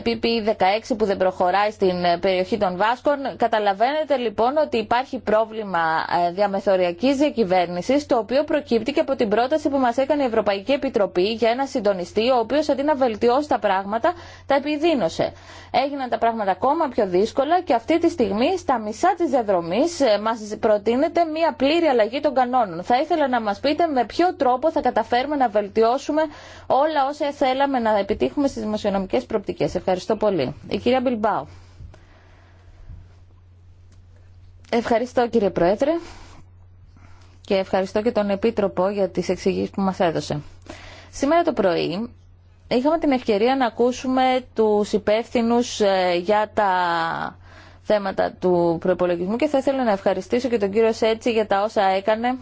PP16 που δεν προχωράει στην ε, περιοχή των Βάσκων. Καταλαβαίνετε λοιπόν ότι υπάρχει πρόβλημα ε, διαμεθοριακής διακυβέρνησης το οποίο προκύπτει και από την πρόταση που μας έκανε η Ευρωπαϊκή Επιτροπή για ένα συντονιστή ο οποίος αντί να βελτιώσει τα πράγματα τα επιδίνωσε. Έγιναν τα πράγματα ακόμα πιο δύσκολα και αυτή τη στιγμή στα μισά της διαδρομής ε, μας προτείνεται μια πλήρη αλλαγή των κανόνων. Θα ήθελα να μας πείτε με ποιο τρόπο θα καταφέρουμε να βελτιώσουμε όλα όσα θέλαμε να επιτύχουμε στι δημοσιονομικέ προπτικές. Ευχαριστώ πολύ. Η κυρία Μπιλμπάου. Ευχαριστώ κύριε Πρόεδρε και ευχαριστώ και τον Επίτροπο για τις εξηγήσεις που μας έδωσε. Σήμερα το πρωί είχαμε την ευκαιρία να ακούσουμε τους υπεύθυνους ε, για τα θέματα του προπολογισμού και θα ήθελα να ευχαριστήσω και τον κύριο Σέτσι για τα όσα έκανε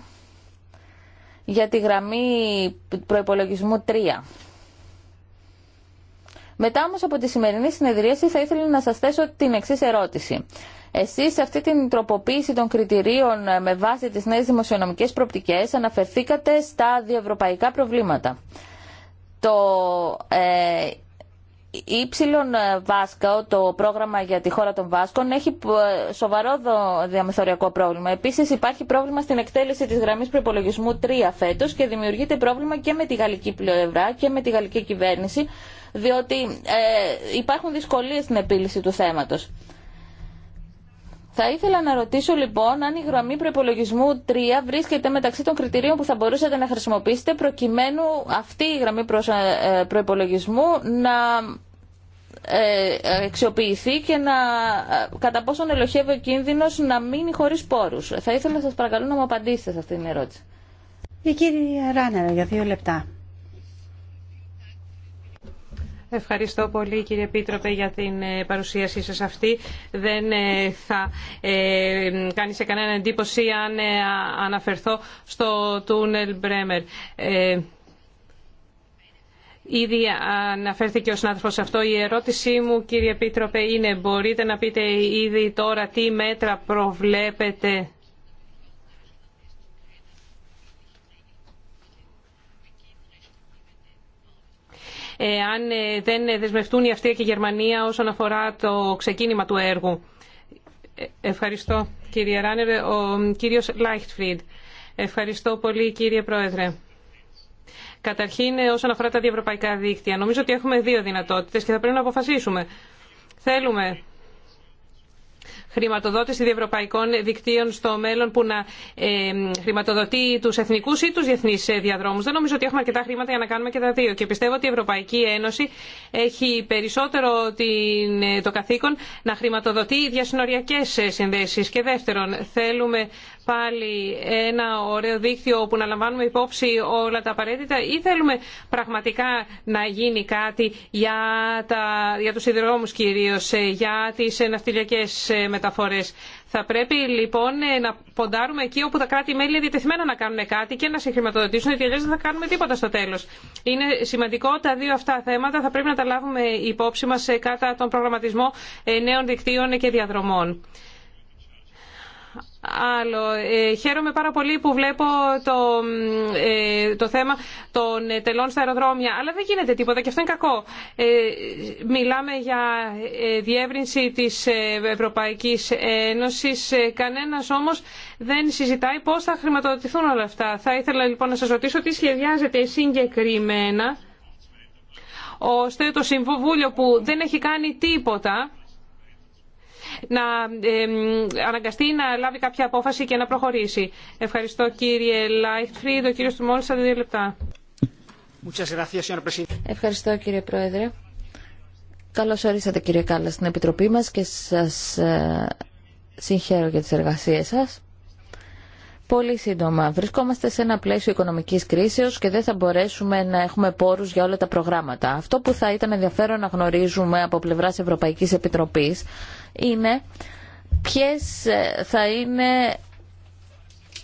για τη γραμμή προπολογισμού 3. Μετά όμω από τη σημερινή συνεδρίαση θα ήθελα να σα θέσω την εξή ερώτηση. Εσεί, σε αυτή την τροποποίηση των κριτηρίων ε, με βάση τι νέε δημοσιονομικέ προπτικές αναφερθήκατε στα διευρωπαϊκά προβλήματα. Το ε, ε, ε, Βάσκαο, το πρόγραμμα για τη χώρα των Βάσκων, έχει σοβαρό διαμεθοριακό πρόβλημα. Επίση, υπάρχει πρόβλημα στην εκτέλεση τη γραμμή προπολογισμού 3 φέτο και δημιουργείται πρόβλημα και με τη γαλλική πλευρά και με τη γαλλική κυβέρνηση διότι ε, υπάρχουν δυσκολίες στην επίλυση του θέματος. Θα ήθελα να ρωτήσω λοιπόν αν η γραμμή προπολογισμού 3 βρίσκεται μεταξύ των κριτηρίων που θα μπορούσατε να χρησιμοποιήσετε προκειμένου αυτή η γραμμή προπολογισμού ε, να εξοποιηθεί και να ε, κατά πόσον ελοχεύει ο κίνδυνο να μείνει χωρί πόρου. Θα ήθελα να σας παρακαλώ να μου απαντήσετε σε αυτή την ερώτηση. Η κυρία Ράνερα για δύο λεπτά. Ευχαριστώ πολύ κύριε Πίτροπε για την ε, παρουσίασή σας αυτή. Δεν ε, θα ε, κάνει σε κανένα εντύπωση αν ε, αναφερθώ στο τούνελ Μπρέμερ. Ε, ήδη αναφέρθηκε ο συνάδελφος αυτό. Η ερώτησή μου κύριε Πίτροπε είναι μπορείτε να πείτε ήδη τώρα τι μέτρα προβλέπετε αν ε, δεν δεσμευτούν η Αυστρία και η Γερμανία όσον αφορά το ξεκίνημα του έργου. Ε, ευχαριστώ κύριε Ράνερ. Ο κύριος Λάιχτφριντ. Ευχαριστώ πολύ κύριε Πρόεδρε. Καταρχήν ε, όσον αφορά τα διευρωπαϊκά δίκτυα. Νομίζω ότι έχουμε δύο δυνατότητες και θα πρέπει να αποφασίσουμε. Θέλουμε χρηματοδότηση διευρωπαϊκών δικτύων στο μέλλον που να ε, χρηματοδοτεί του εθνικού ή του διεθνεί ε, διαδρόμου. Δεν νομίζω ότι έχουμε αρκετά χρήματα για να κάνουμε και τα δύο. Και πιστεύω ότι η Ευρωπαϊκή Ένωση έχει περισσότερο την, ε, το καθήκον να χρηματοδοτεί διασυνοριακέ συνδέσει. Και δεύτερον, θέλουμε πάλι ένα ωραίο δίκτυο που να λαμβάνουμε υπόψη όλα τα απαραίτητα ή θέλουμε πραγματικά να γίνει κάτι για, τα, για τους κυρίως, ε, για τις ε, ναυτιλιακές ε, μεταφορές. Θα πρέπει λοιπόν να ποντάρουμε εκεί όπου τα κράτη-μέλη είναι διευθυμένα να κάνουν κάτι και να συγχρηματοδοτήσουν, γιατί αλλιώ δεν θα κάνουμε τίποτα στο τέλο. Είναι σημαντικό τα δύο αυτά θέματα, θα πρέπει να τα λάβουμε υπόψη μα κατά τον προγραμματισμό νέων δικτύων και διαδρομών άλλο. Ε, χαίρομαι πάρα πολύ που βλέπω το, ε, το θέμα των ε, τελών στα αεροδρόμια, αλλά δεν γίνεται τίποτα και αυτό είναι κακό. Ε, μιλάμε για ε, διεύρυνση της Ευρωπαϊκής Ένωσης, κανένας όμως δεν συζητάει πώς θα χρηματοδοτηθούν όλα αυτά. Θα ήθελα λοιπόν να σας ρωτήσω τι σχεδιάζετε συγκεκριμένα, ώστε το Συμβούλιο που δεν έχει κάνει τίποτα, να αναγκαστεί να λάβει κάποια απόφαση και να προχωρήσει. Ευχαριστώ κύριε Λάιχτφριντ. Ο κύριο Τουμόλ, σαν δύο λεπτά. Ευχαριστώ κύριε Πρόεδρε. Καλώ όρισατε κύριε Κάλλα στην Επιτροπή μα και σας ε, συγχαίρω για τι εργασίε σα. Πολύ σύντομα. Βρισκόμαστε σε ένα πλαίσιο οικονομική κρίσεω και δεν θα μπορέσουμε να έχουμε πόρου για όλα τα προγράμματα. Αυτό που θα ήταν ενδιαφέρον να γνωρίζουμε από πλευρά Ευρωπαϊκή Επιτροπή είναι ποιες ε, θα είναι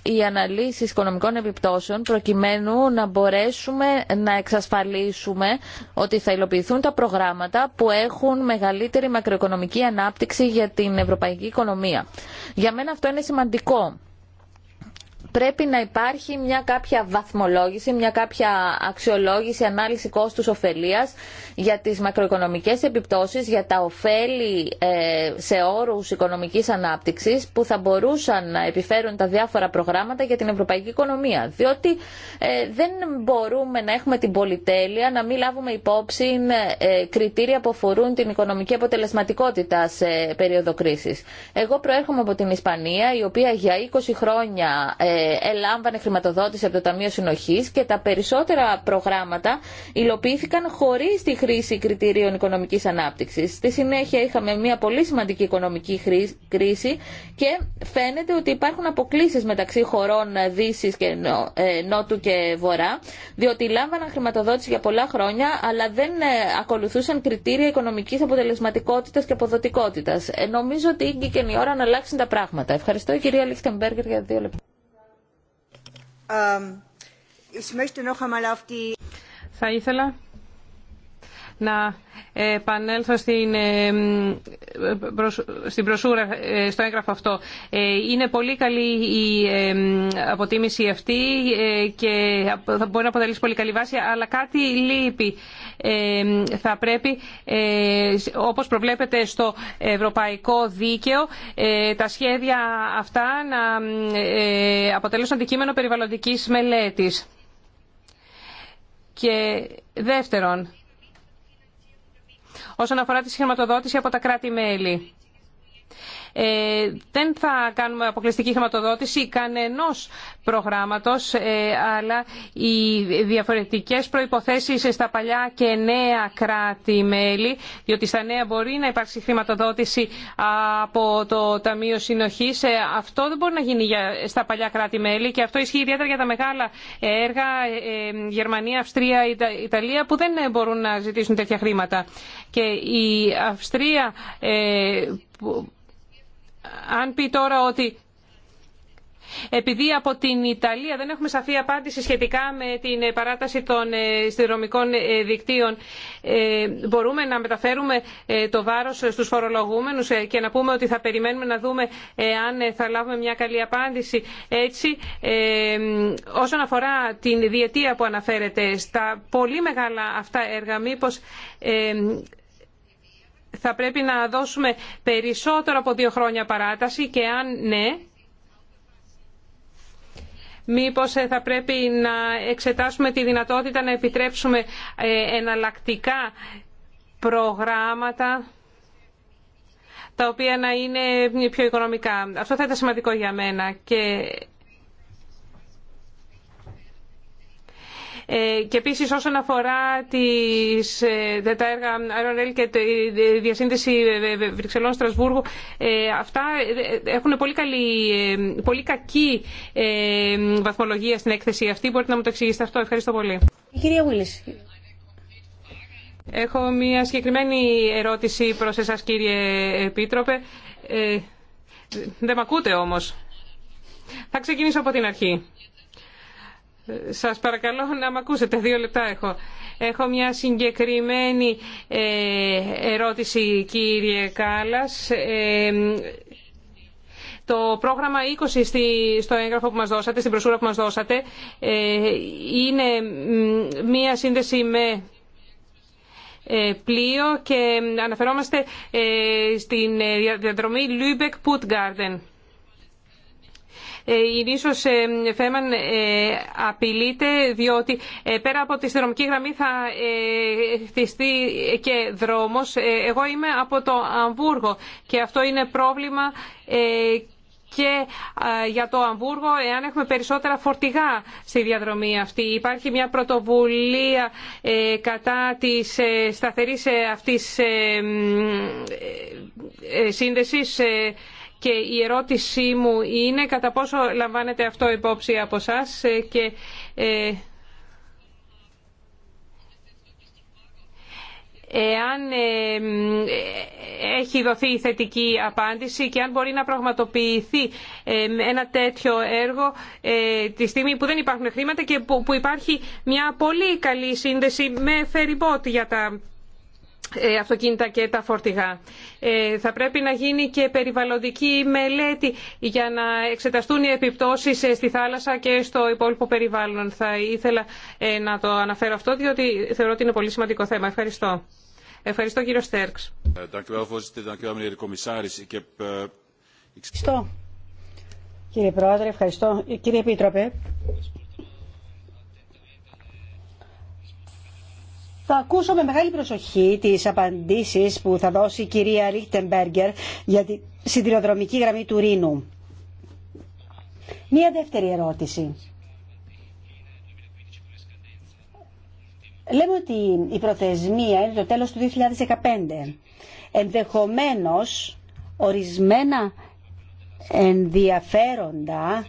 οι αναλύσεις οικονομικών επιπτώσεων προκειμένου να μπορέσουμε να εξασφαλίσουμε ότι θα υλοποιηθούν τα προγράμματα που έχουν μεγαλύτερη μακροοικονομική ανάπτυξη για την ευρωπαϊκή οικονομία. Για μένα αυτό είναι σημαντικό πρέπει να υπάρχει μια κάποια βαθμολόγηση, μια κάποια αξιολόγηση, ανάλυση κόστους ωφελίας για τις μακροοικονομικές επιπτώσεις, για τα ωφέλη ε, σε όρους οικονομικής ανάπτυξης που θα μπορούσαν να επιφέρουν τα διάφορα προγράμματα για την ευρωπαϊκή οικονομία. Διότι ε, δεν μπορούμε να έχουμε την πολυτέλεια να μην λάβουμε υπόψη ε, κριτήρια που αφορούν την οικονομική αποτελεσματικότητα σε περίοδο κρίσης. Εγώ προέρχομαι από την Ισπανία, η οποία για 20 χρόνια ελάμβανε χρηματοδότηση από το Ταμείο συνοχή και τα περισσότερα προγράμματα υλοποιήθηκαν χωρί τη χρήση κριτηρίων οικονομική ανάπτυξη. Στη συνέχεια είχαμε μια πολύ σημαντική οικονομική κρίση και φαίνεται ότι υπάρχουν αποκλήσει μεταξύ χωρών Δύσης και ε, Νότου και Βορρά, διότι λάμβαναν χρηματοδότηση για πολλά χρόνια, αλλά δεν ε, ακολουθούσαν κριτήρια οικονομική αποτελεσματικότητα και αποδοτικότητας. Ε, νομίζω ότι και η ώρα να αλλάξουν τα πράγματα. Ευχαριστώ κυρία Λίχτεμπεργκερ για δύο λεπτά. Θα ήθελα να επανέλθω στην, ε, στην προσούρα, ε, στο έγγραφο αυτό. Ε, είναι πολύ καλή η αποτίμηση αυτή και θα μπορεί να αποτελεί πολύ καλή βάση, αλλά κάτι λείπει. Θα πρέπει, όπως προβλέπεται στο ευρωπαϊκό δίκαιο, τα σχέδια αυτά να αποτελέσουν αντικείμενο περιβαλλοντικής μελέτης. Και δεύτερον, όσον αφορά τη χρηματοδότηση από τα κράτη-μέλη. Ε, δεν θα κάνουμε αποκλειστική χρηματοδότηση κανενός προγράμματος, ε, αλλά οι διαφορετικές προϋποθέσεις στα παλιά και νέα κράτη-μέλη, διότι στα νέα μπορεί να υπάρξει χρηματοδότηση από το Ταμείο Συνοχής. Ε, αυτό δεν μπορεί να γίνει στα παλιά κράτη-μέλη και αυτό ισχύει ιδιαίτερα για τα μεγάλα έργα, Γερμανία, Αυστρία, Ιταλία, που δεν μπορούν να ζητήσουν τέτοια χρήματα. Και η Αυστρία αν πει τώρα ότι επειδή από την Ιταλία δεν έχουμε σαφή απάντηση σχετικά με την παράταση των ε, σιδηρομικών ε, δικτύων, ε, μπορούμε να μεταφέρουμε το βάρος στους φορολογούμενους και να πούμε ότι θα περιμένουμε να δούμε αν θα λάβουμε μια καλή απάντηση. Έτσι, όσον αφορά την διετία που αναφέρεται στα πολύ μεγάλα αυτά έργα, μήπως θα πρέπει να δώσουμε περισσότερο από δύο χρόνια παράταση και αν ναι, μήπως ε, θα πρέπει να εξετάσουμε τη δυνατότητα να επιτρέψουμε ε, εναλλακτικά προγράμματα τα οποία να είναι πιο οικονομικά. Αυτό θα ήταν σημαντικό για μένα και Ε, και επίση, όσον αφορά τις, ε, τα έργα Aeronel και τη διασύνδεση ε, Βρυξελών-Στρασβούργου, αυτά έχουν πολύ, καλή, πολύ κακή βαθμολογία στην έκθεση αυτή. Μπορείτε να μου το εξηγήσετε αυτό. Ευχαριστώ πολύ. Η κυρία Βούλης. Έχω μια συγκεκριμένη ερώτηση προς εσάς κύριε πίτροπε. δεν με ακούτε όμως. Θα ξεκινήσω από την αρχή. Σας παρακαλώ να με ακούσετε, δύο λεπτά έχω. Έχω μια συγκεκριμένη ε, ερώτηση κύριε Κάλλας. Ε, το πρόγραμμα 20 στο έγγραφο που μας δώσατε, στην προσούρα που μας δώσατε, ε, είναι μια σύνδεση με πλοίο και αναφερόμαστε στην διαδρομή Λούιμπεκ-Πούτγκαρντεν. Ε, η νήσος ε, Φέμαν ε, απειλείται διότι πέρα από τη συνδρομική γραμμή θα χτιστεί και δρόμος. Εγώ είμαι από το Αμβούργο και αυτό είναι πρόβλημα και για το Αμβούργο εάν έχουμε περισσότερα φορτηγά στη διαδρομή αυτή. Υπάρχει μια πρωτοβουλία κατά της σταθερής αυτής σύνδεσης και η ερώτησή μου είναι κατά πόσο λαμβάνετε αυτό υπόψη από εσά και ε, εάν ε, έχει δοθεί θετική απάντηση και αν μπορεί να πραγματοποιηθεί ε, ένα τέτοιο έργο τη στιγμή που δεν υπάρχουν χρήματα και που υπάρχει μια πολύ καλή σύνδεση με φεριμπότ για τα ε, αυτοκίνητα και τα φορτηγά. Ε, θα πρέπει να γίνει και περιβαλλοντική μελέτη για να εξεταστούν οι επιπτώσεις ε, στη θάλασσα και στο υπόλοιπο περιβάλλον. Θα ήθελα να το αναφέρω αυτό διότι θεωρώ ότι είναι πολύ σημαντικό θέμα. Ευχαριστώ. Ευχαριστώ κύριο Στέρξ. Ευχαριστώ κύριε Πρόεδρε, ευχαριστώ κύριε Επίτροπε. Θα ακούσω με μεγάλη προσοχή τις απαντήσεις που θα δώσει η κυρία Ρίχτεμπέργκερ για τη σιδηροδρομική γραμμή του Ρήνου. Μία δεύτερη ερώτηση. Λέμε ότι η προθεσμία είναι το τέλος του 2015. Ενδεχομένως, ορισμένα ενδιαφέροντα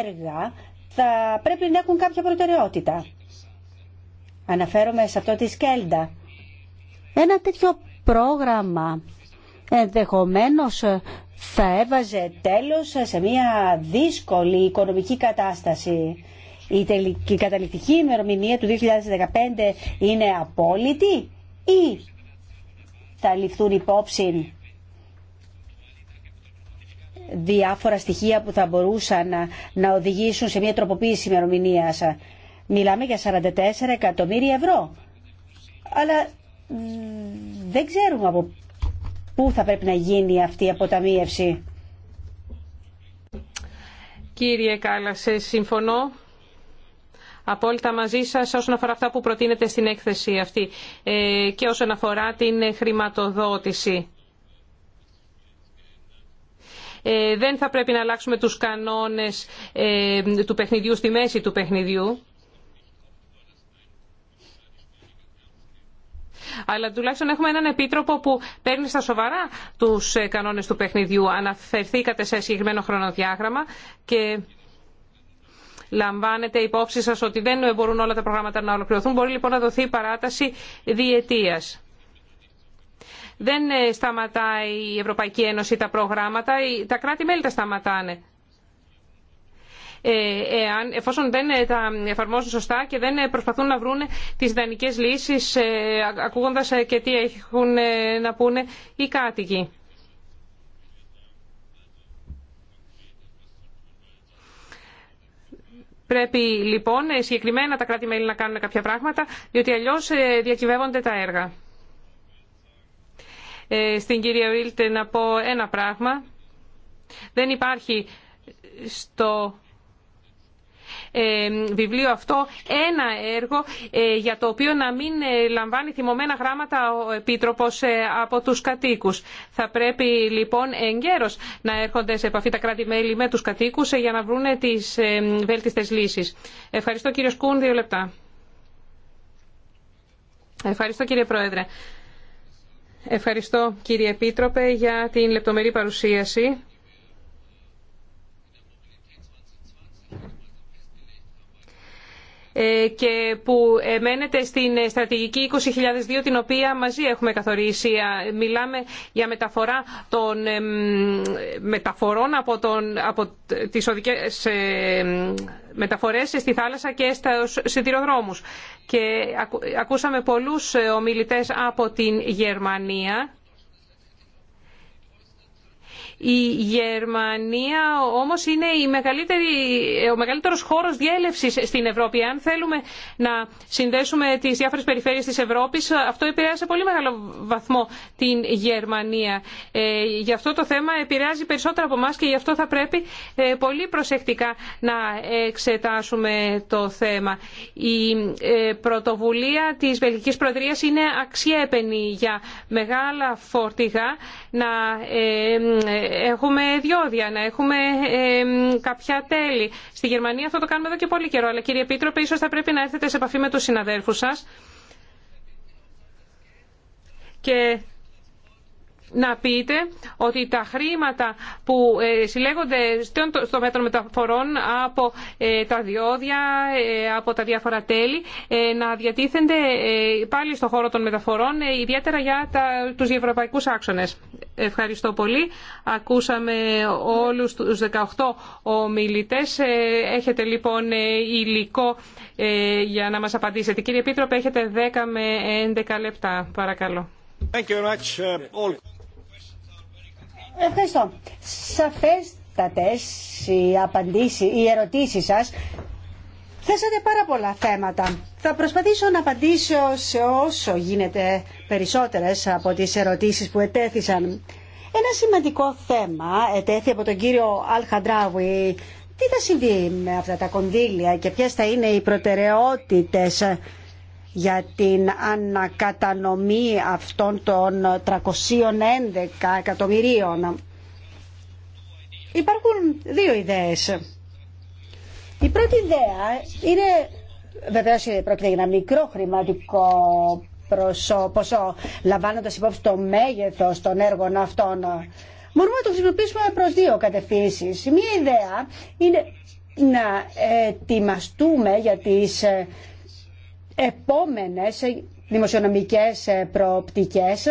έργα θα πρέπει να έχουν κάποια προτεραιότητα. Αναφέρομαι σε αυτό τη Σκέλντα. Ένα τέτοιο πρόγραμμα ενδεχομένως θα έβαζε τέλος σε μια δύσκολη οικονομική κατάσταση. Η, τελική, καταληκτική ημερομηνία του 2015 είναι απόλυτη ή θα ληφθούν υπόψη διάφορα στοιχεία που θα μπορούσαν να, να οδηγήσουν σε μια τροποποίηση ημερομηνία. Μιλάμε για 44 εκατομμύρια ευρώ. Αλλά δεν ξέρουμε από πού θα πρέπει να γίνει αυτή η αποταμίευση. Κύριε Κάλλας, συμφωνώ απόλυτα μαζί σας όσον αφορά αυτά που θα πρεπει να γινει αυτη η αποταμιευση κυριε σε συμφωνω απολυτα μαζι σας οσον αφορα αυτα που προτεινετε στην έκθεση αυτή ε, και όσον αφορά την χρηματοδότηση. Ε, δεν θα πρέπει να αλλάξουμε τους κανόνες ε, του παιχνιδιού στη μέση του παιχνιδιού. αλλά τουλάχιστον έχουμε έναν επίτροπο που παίρνει στα σοβαρά τους ε, κανόνες του παιχνιδιού. Αναφερθήκατε σε συγκεκριμένο χρονοδιάγραμμα και λαμβάνετε υπόψη σα ότι δεν μπορούν όλα τα προγράμματα να ολοκληρωθούν. Μπορεί λοιπόν να δοθεί παράταση διετίας. Δεν ε, σταματάει η Ευρωπαϊκή Ένωση τα προγράμματα, τα κράτη-μέλη τα σταματάνε. Ε, εφόσον δεν ε, τα εφαρμόζουν σωστά και δεν ε, προσπαθούν να βρουν τις ιδανικέ λύσεις ακούγοντα και τι έχουν να πούνε οι κάτοικοι. Πρέπει λοιπόν συγκεκριμένα τα κράτη-μέλη να κάνουν κάποια πράγματα, διότι αλλιώς διακυβεύονται τα έργα. Στην κυρία Ρίλτε να πω ένα πράγμα. Δεν υπάρχει στο ε, βιβλίο αυτό ένα έργο ε, για το οποίο να μην ε, λαμβάνει θυμωμένα γράμματα ο Επίτροπος από τους κατοίκους. Θα πρέπει λοιπόν εγκαίρως να έρχονται σε επαφή τα κράτη-μέλη με τους κατοίκους για να βρουν τις βέλτιστες λύσεις. Ευχαριστώ κύριε Σκούν, δύο λεπτά. Ευχαριστώ κύριε Πρόεδρε. Ευχαριστώ κύριε Επίτροπε για την λεπτομερή παρουσίαση Ε, και που μένεται στην στρατηγική 20.002 την οποία μαζί έχουμε καθορίσει. Μιλάμε για μεταφορά των μεταφορών από, τον, από τις οδικές ε, μεταφορές στη θάλασσα και στους σιδηροδρόμους. Και ακούσαμε πολλούς ε, ομιλητές από την Γερμανία η Γερμανία όμως είναι η μεγαλύτερη, ο μεγαλύτερος χώρος διέλευσης στην Ευρώπη. Αν θέλουμε να συνδέσουμε τις διάφορες περιφέρειες της Ευρώπης, αυτό επηρεάζει σε πολύ μεγάλο βαθμό την Γερμανία. Ε, γι' αυτό το θέμα επηρεάζει περισσότερο από εμά και γι' αυτό θα πρέπει ε, πολύ προσεκτικά να εξετάσουμε το θέμα. Η ε, πρωτοβουλία της Βελγικής Προεδρίας είναι αξιέπαινη για μεγάλα φορτηγά να ε, έχουμε διόδια, να έχουμε κάποια τέλη. Στη Γερμανία αυτό το κάνουμε εδώ και πολύ καιρό, αλλά κύριε Επίτροπε, ίσως θα πρέπει να έρθετε σε επαφή με τους συναδέλφους σας και να πείτε ότι τα χρήματα που ε, συλλέγονται στο μέτρο μεταφορών από ε, τα διόδια, ε, από τα διάφορα τέλη, να διατίθενται πάλι στον χώρο των μεταφορών, ιδιαίτερα για τα, τους ευρωπαϊκούς άξονες. Ευχαριστώ πολύ. Ακούσαμε όλους τους 18 ομιλητές. Έχετε λοιπόν υλικό για να μας απαντήσετε. Κύριε Επίτροπε, έχετε 10 με 11 λεπτά. Παρακαλώ. Thank you very much. Uh, all... Ευχαριστώ. Σαφέστατες οι απαντήσεις, οι ερωτήσεις σας. Θέσατε πάρα πολλά θέματα. Θα προσπαθήσω να απαντήσω σε όσο γίνεται περισσότερες από τις ερωτήσεις που ετέθησαν. Ένα σημαντικό θέμα ετέθη από τον κύριο Αλχαντράουι. Τι θα συμβεί με αυτά τα κονδύλια και ποιες θα είναι οι προτεραιότητες για την ανακατανομή αυτών των 311 εκατομμυρίων. Υπάρχουν δύο ιδέες. Η πρώτη ιδέα είναι, βεβαίω πρόκειται για ένα μικρό χρηματικό ποσό, λαμβάνοντα υπόψη το μέγεθο των έργων αυτών. Μπορούμε να το χρησιμοποιήσουμε προ δύο κατευθύνσει. Μία ιδέα είναι να ετοιμαστούμε για τις ε, επόμενες δημοσιονομικές ε, προοπτικές.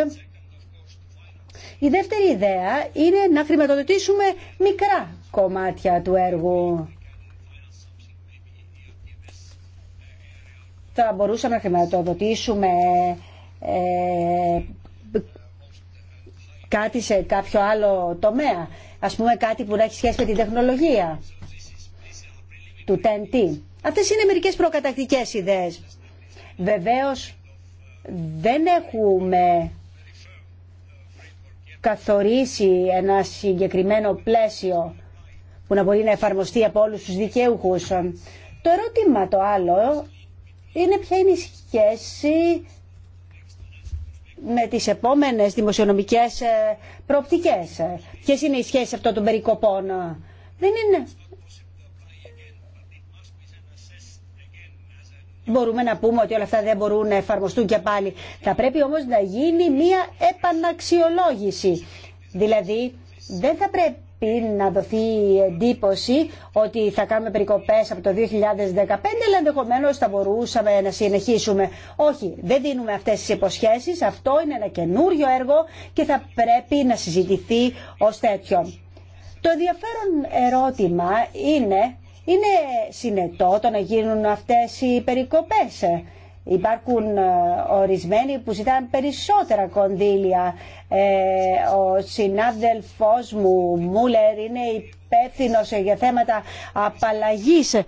Η δεύτερη ιδέα είναι να χρηματοδοτήσουμε μικρά κομμάτια του έργου. Θα μπορούσαμε να χρηματοδοτήσουμε ε, κάτι σε κάποιο άλλο τομέα. Ας πούμε κάτι που να έχει σχέση με την τεχνολογία του TNT. Αυτές είναι μερικές προκατακτικές ιδέες. Βεβαίως δεν έχουμε καθορίσει ένα συγκεκριμένο πλαίσιο που να μπορεί να εφαρμοστεί από όλους τους δικαιούχους. Το ερώτημα το άλλο είναι ποια είναι η σχέση με τις επόμενες δημοσιονομικές ε, προοπτικές. Ποιες είναι οι σχέσεις αυτών των περικοπών. Δεν είναι μπορούμε να πούμε ότι όλα αυτά δεν μπορούν να εφαρμοστούν και πάλι. Θα πρέπει όμως να γίνει μία επαναξιολόγηση. Δηλαδή δεν θα πρέπει να δοθεί εντύπωση ότι θα κάνουμε περικοπές από το 2015 αλλά ενδεχομένω θα μπορούσαμε να συνεχίσουμε. Όχι, δεν δίνουμε αυτές τις υποσχέσεις, αυτό είναι ένα καινούριο έργο και θα πρέπει να συζητηθεί ως τέτοιο. Το ενδιαφέρον ερώτημα είναι είναι συνετό το να γίνουν αυτές οι περικοπές. Υπάρχουν ε, ορισμένοι που ζητάνε περισσότερα κονδύλια. Ε, ο συνάδελφός μου, Μούλερ, είναι υπεύθυνο για θέματα απαλλαγής. Ε,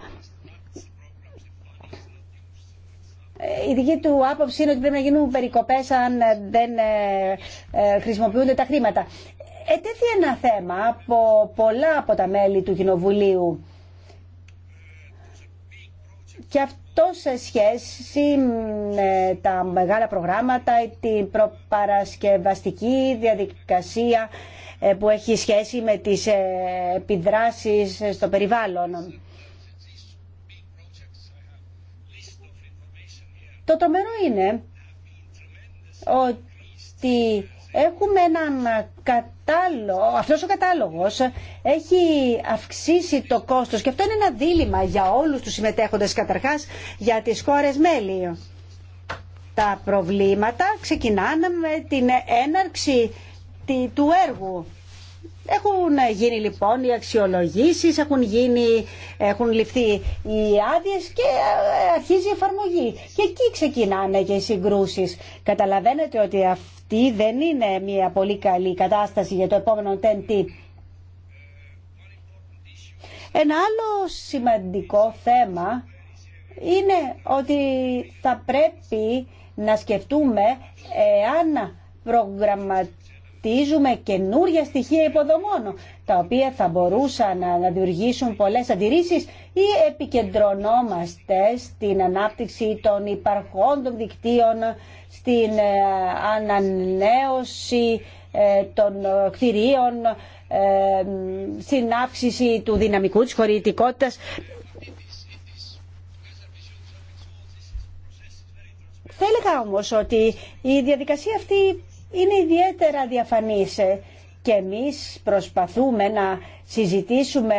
η δική του άποψη είναι ότι πρέπει να γίνουν περικοπές αν δεν χρησιμοποιούνται τα χρήματα. Ετέθη ένα θέμα από πολλά από τα μέλη του Κοινοβουλίου και αυτό σε σχέση με τα μεγάλα προγράμματα ή την προπαρασκευαστική διαδικασία ε, που έχει σχέση με τις ε, επιδράσεις στο περιβάλλον. Το τρομερό είναι ότι Έχουμε έναν κατάλογο, αυτός ο κατάλογος έχει αυξήσει το κόστος και αυτό είναι ένα δίλημα για όλους τους συμμετέχοντες καταρχάς για τις χώρες μέλη. Τα προβλήματα ξεκινάνε με την έναρξη του έργου έχουν γίνει λοιπόν οι αξιολογήσεις, έχουν, γίνει, έχουν ληφθεί οι άδειε και ε, ε, αρχίζει η εφαρμογή. Και εκεί ξεκινάνε και οι συγκρούσεις. Καταλαβαίνετε ότι αυτή δεν είναι μια πολύ καλή κατάσταση για το επόμενο TNT. Ένα άλλο σημαντικό θέμα είναι ότι θα πρέπει να σκεφτούμε ε, αν προγραμματίζουμε χτίζουμε καινούρια στοιχεία υποδομών, τα οποία θα μπορούσαν να δημιουργήσουν πολλές αντιρρήσεις ή επικεντρωνόμαστε στην ανάπτυξη των υπαρχόντων δικτύων, στην ε, ανανέωση ε, των ε, κτηρίων, στην αύξηση του δυναμικού της χωρητικότητας. Θα έλεγα όμως ότι η διαδικασία αυτή είναι ιδιαίτερα διαφανής ε. και εμείς προσπαθούμε να συζητήσουμε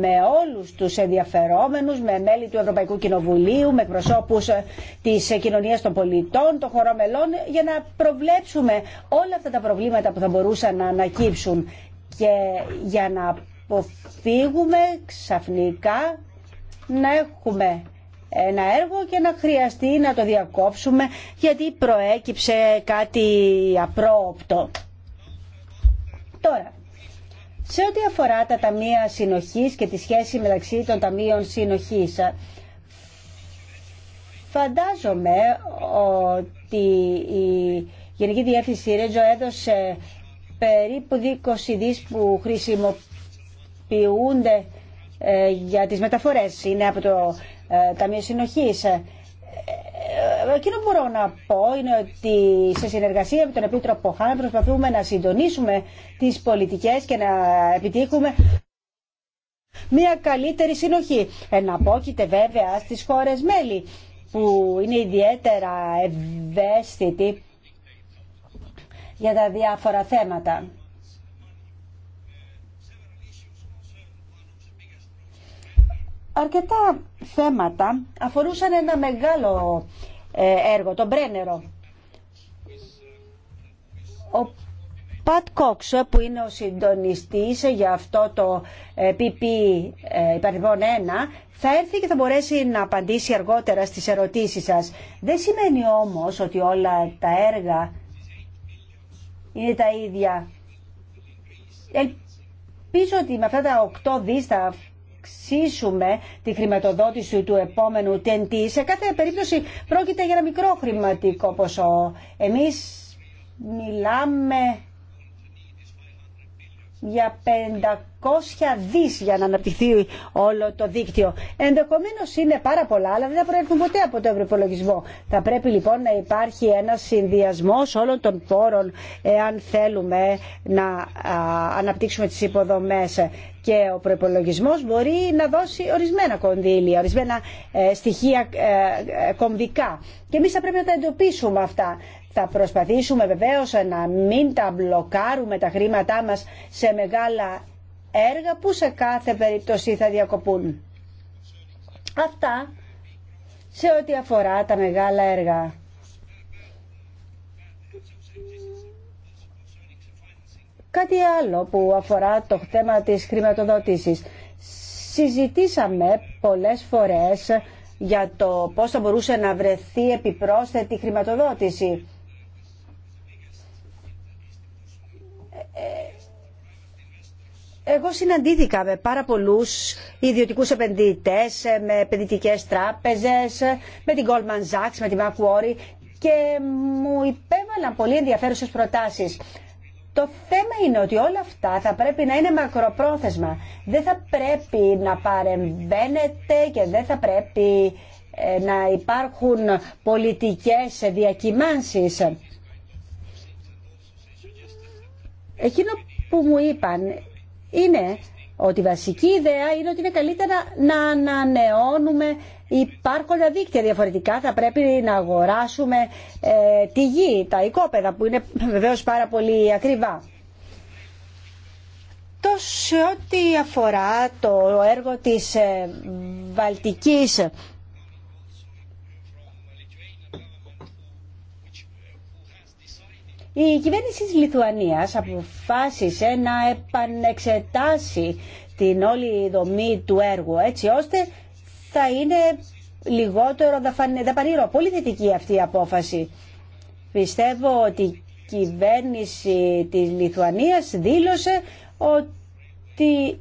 με όλους τους ενδιαφερόμενους, με μέλη του Ευρωπαϊκού Κοινοβουλίου, με προσώπους ε, της κοινωνίας των πολιτών, των χωρών μελών, για να προβλέψουμε όλα αυτά τα προβλήματα που θα μπορούσαν να ανακύψουν και για να αποφύγουμε ξαφνικά να έχουμε ένα έργο και να χρειαστεί να το διακόψουμε γιατί προέκυψε κάτι απρόοπτο. Τώρα, σε ό,τι αφορά τα ταμεία συνοχής και τη σχέση μεταξύ των ταμείων συνοχής, φαντάζομαι ότι η Γενική Διεύθυνση Ρέτζο έδωσε περίπου 20 δις που χρησιμοποιούνται ε, για τις μεταφορές. Είναι από το ε, Ταμείο Συνοχής. Ε, ε, εκείνο που μπορώ να πω είναι ότι σε συνεργασία με τον Επίτροπο Χάν προσπαθούμε να συντονίσουμε τις πολιτικές και να επιτύχουμε μια καλύτερη συνοχή. Εναπόκειται βέβαια στις χώρες μέλη που είναι ιδιαίτερα ευαίσθητοι για τα διάφορα θέματα. αρκετά θέματα αφορούσαν ένα μεγάλο ε, έργο, τον Μπρένερο. Ο Πατ Κόξ ε, που είναι ο συντονιστής ε, για αυτό το PP 1 θα έρθει και θα μπορέσει να απαντήσει αργότερα στις ερωτήσεις σας. Δεν σημαίνει όμως ότι όλα τα έργα είναι τα ίδια. Ελπίζω ότι με αυτά τα οκτώ δις αυξήσουμε τη χρηματοδότηση του επόμενου TNT. Σε κάθε περίπτωση πρόκειται για ένα μικρό χρηματικό ποσό. Εμείς μιλάμε για 500 δις για να αναπτυχθεί όλο το δίκτυο. Ενδεχομένως είναι πάρα πολλά, αλλά δεν θα προέρχονται ποτέ από το ευρωπολογισμό. Θα πρέπει λοιπόν να υπάρχει ένας συνδυασμός όλων των πόρων, εάν θέλουμε να αναπτύξουμε τις υποδομές. Και ο προπολογισμό μπορεί να δώσει ορισμένα κονδύλια, ορισμένα ε, στοιχεία ε, κομβικά. Και εμεί θα πρέπει να τα εντοπίσουμε αυτά. Θα προσπαθήσουμε βεβαίως να μην τα μπλοκάρουμε τα χρήματά μας σε μεγάλα έργα που σε κάθε περίπτωση θα διακοπούν. Αυτά σε ό,τι αφορά τα μεγάλα έργα. Κάτι άλλο που αφορά το θέμα της χρηματοδότησης. Συζητήσαμε πολλές φορές για το πώς θα μπορούσε να βρεθεί επιπρόσθετη χρηματοδότηση. Εγώ συναντήθηκα με πάρα πολλού ιδιωτικού επενδυτέ με επενδυτικές τράπεζες, με την Goldman Sachs, με την Macquarie και μου υπέβαλαν πολύ ενδιαφέρουσε προτάσεις. Το θέμα είναι ότι όλα αυτά θα πρέπει να είναι μακροπρόθεσμα. Δεν θα πρέπει να παρεμβαίνετε και δεν θα πρέπει ε, να υπάρχουν πολιτικές διακυμάνσεις. Εκείνο που μου είπαν είναι ότι η βασική ιδέα είναι ότι είναι καλύτερα να ανανεώνουμε υπάρχοντα δίκτυα. Διαφορετικά θα πρέπει να αγοράσουμε ε, τη γη, τα οικόπεδα που είναι βεβαίως πάρα πολύ ακριβά. Το ό,τι αφορά το έργο της ε, Βαλτικής Η κυβέρνηση της Λιθουανίας αποφάσισε να επανεξετάσει την όλη δομή του έργου έτσι ώστε θα είναι λιγότερο δαπανηρό. Πολύ θετική αυτή η απόφαση. Πιστεύω ότι η κυβέρνηση της Λιθουανίας δήλωσε ότι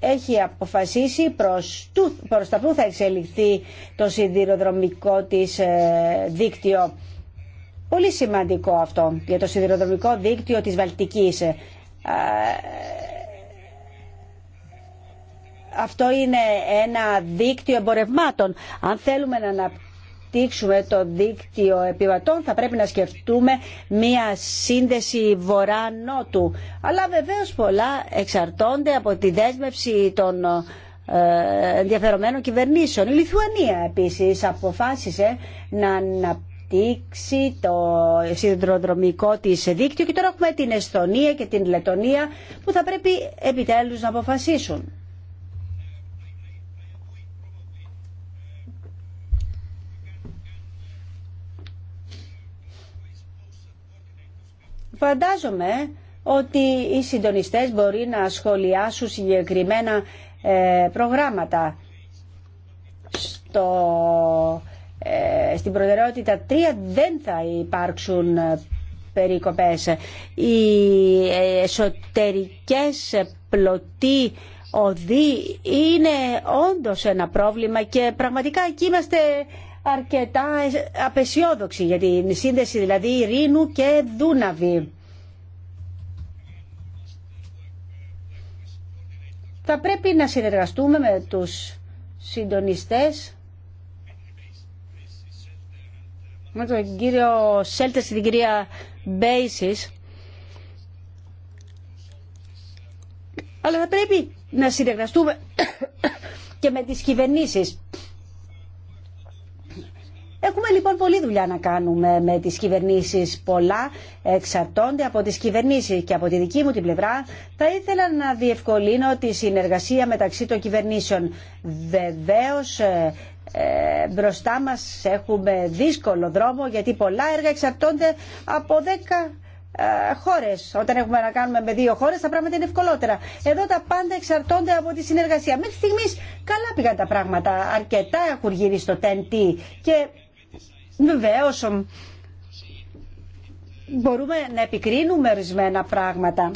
έχει αποφασίσει προς, προς τα που θα εξελιχθεί το σιδηροδρομικό της ε, δίκτυο. Πολύ σημαντικό αυτό για το σιδηροδρομικό δίκτυο της Βαλτικής. Ε, αυτό είναι ένα δίκτυο εμπορευμάτων. Αν θέλουμε να αναπτύξουμε το δίκτυο επιβατών θα πρέπει να σκεφτούμε μία σύνδεση βορρά-νότου. Αλλά βεβαίως πολλά εξαρτώνται από τη δέσμευση των ε, ενδιαφερομένων κυβερνήσεων. Η Λιθουανία επίσης αποφάσισε να αναπτύξει αναπτύξει το συνδρομικό της δίκτυο και τώρα έχουμε την Εστονία και την λετονία που θα πρέπει επιτέλους να αποφασίσουν. Φαντάζομαι ότι οι συντονιστές μπορεί να σχολιάσουν συγκεκριμένα ε, προγράμματα στο ε, στην προτεραιότητα 3 δεν θα υπάρξουν ε, περικοπές. Οι ε, εσωτερικές πλωτοί οδοί είναι όντως ένα πρόβλημα και πραγματικά εκεί είμαστε αρκετά απεσιόδοξοι για την σύνδεση δηλαδή Ρήνου και Δούναβη. Θα πρέπει να συνεργαστούμε με τους συντονιστές με τον κύριο Σέλτες και την κυρία Μπέισης. Αλλά θα πρέπει να συνεργαστούμε και με τις κυβερνήσεις. Έχουμε λοιπόν πολλή δουλειά να κάνουμε με τις κυβερνήσεις. Πολλά εξαρτώνται από τις κυβερνήσεις και από τη δική μου την πλευρά θα ήθελα να διευκολύνω τη συνεργασία μεταξύ των κυβερνήσεων. Βεβαίως ε, μπροστά μας έχουμε δύσκολο δρόμο γιατί πολλά έργα εξαρτώνται από 10 ε, χώρες. Όταν έχουμε να κάνουμε με δύο χώρες τα πράγματα είναι ευκολότερα. Εδώ τα πάντα εξαρτώνται από τη συνεργασία. Μέχρι στιγμής καλά πήγαν τα πράγματα. Αρκετά έχουν γίνει στο TNT και βεβαίω μπορούμε να επικρίνουμε ορισμένα πράγματα.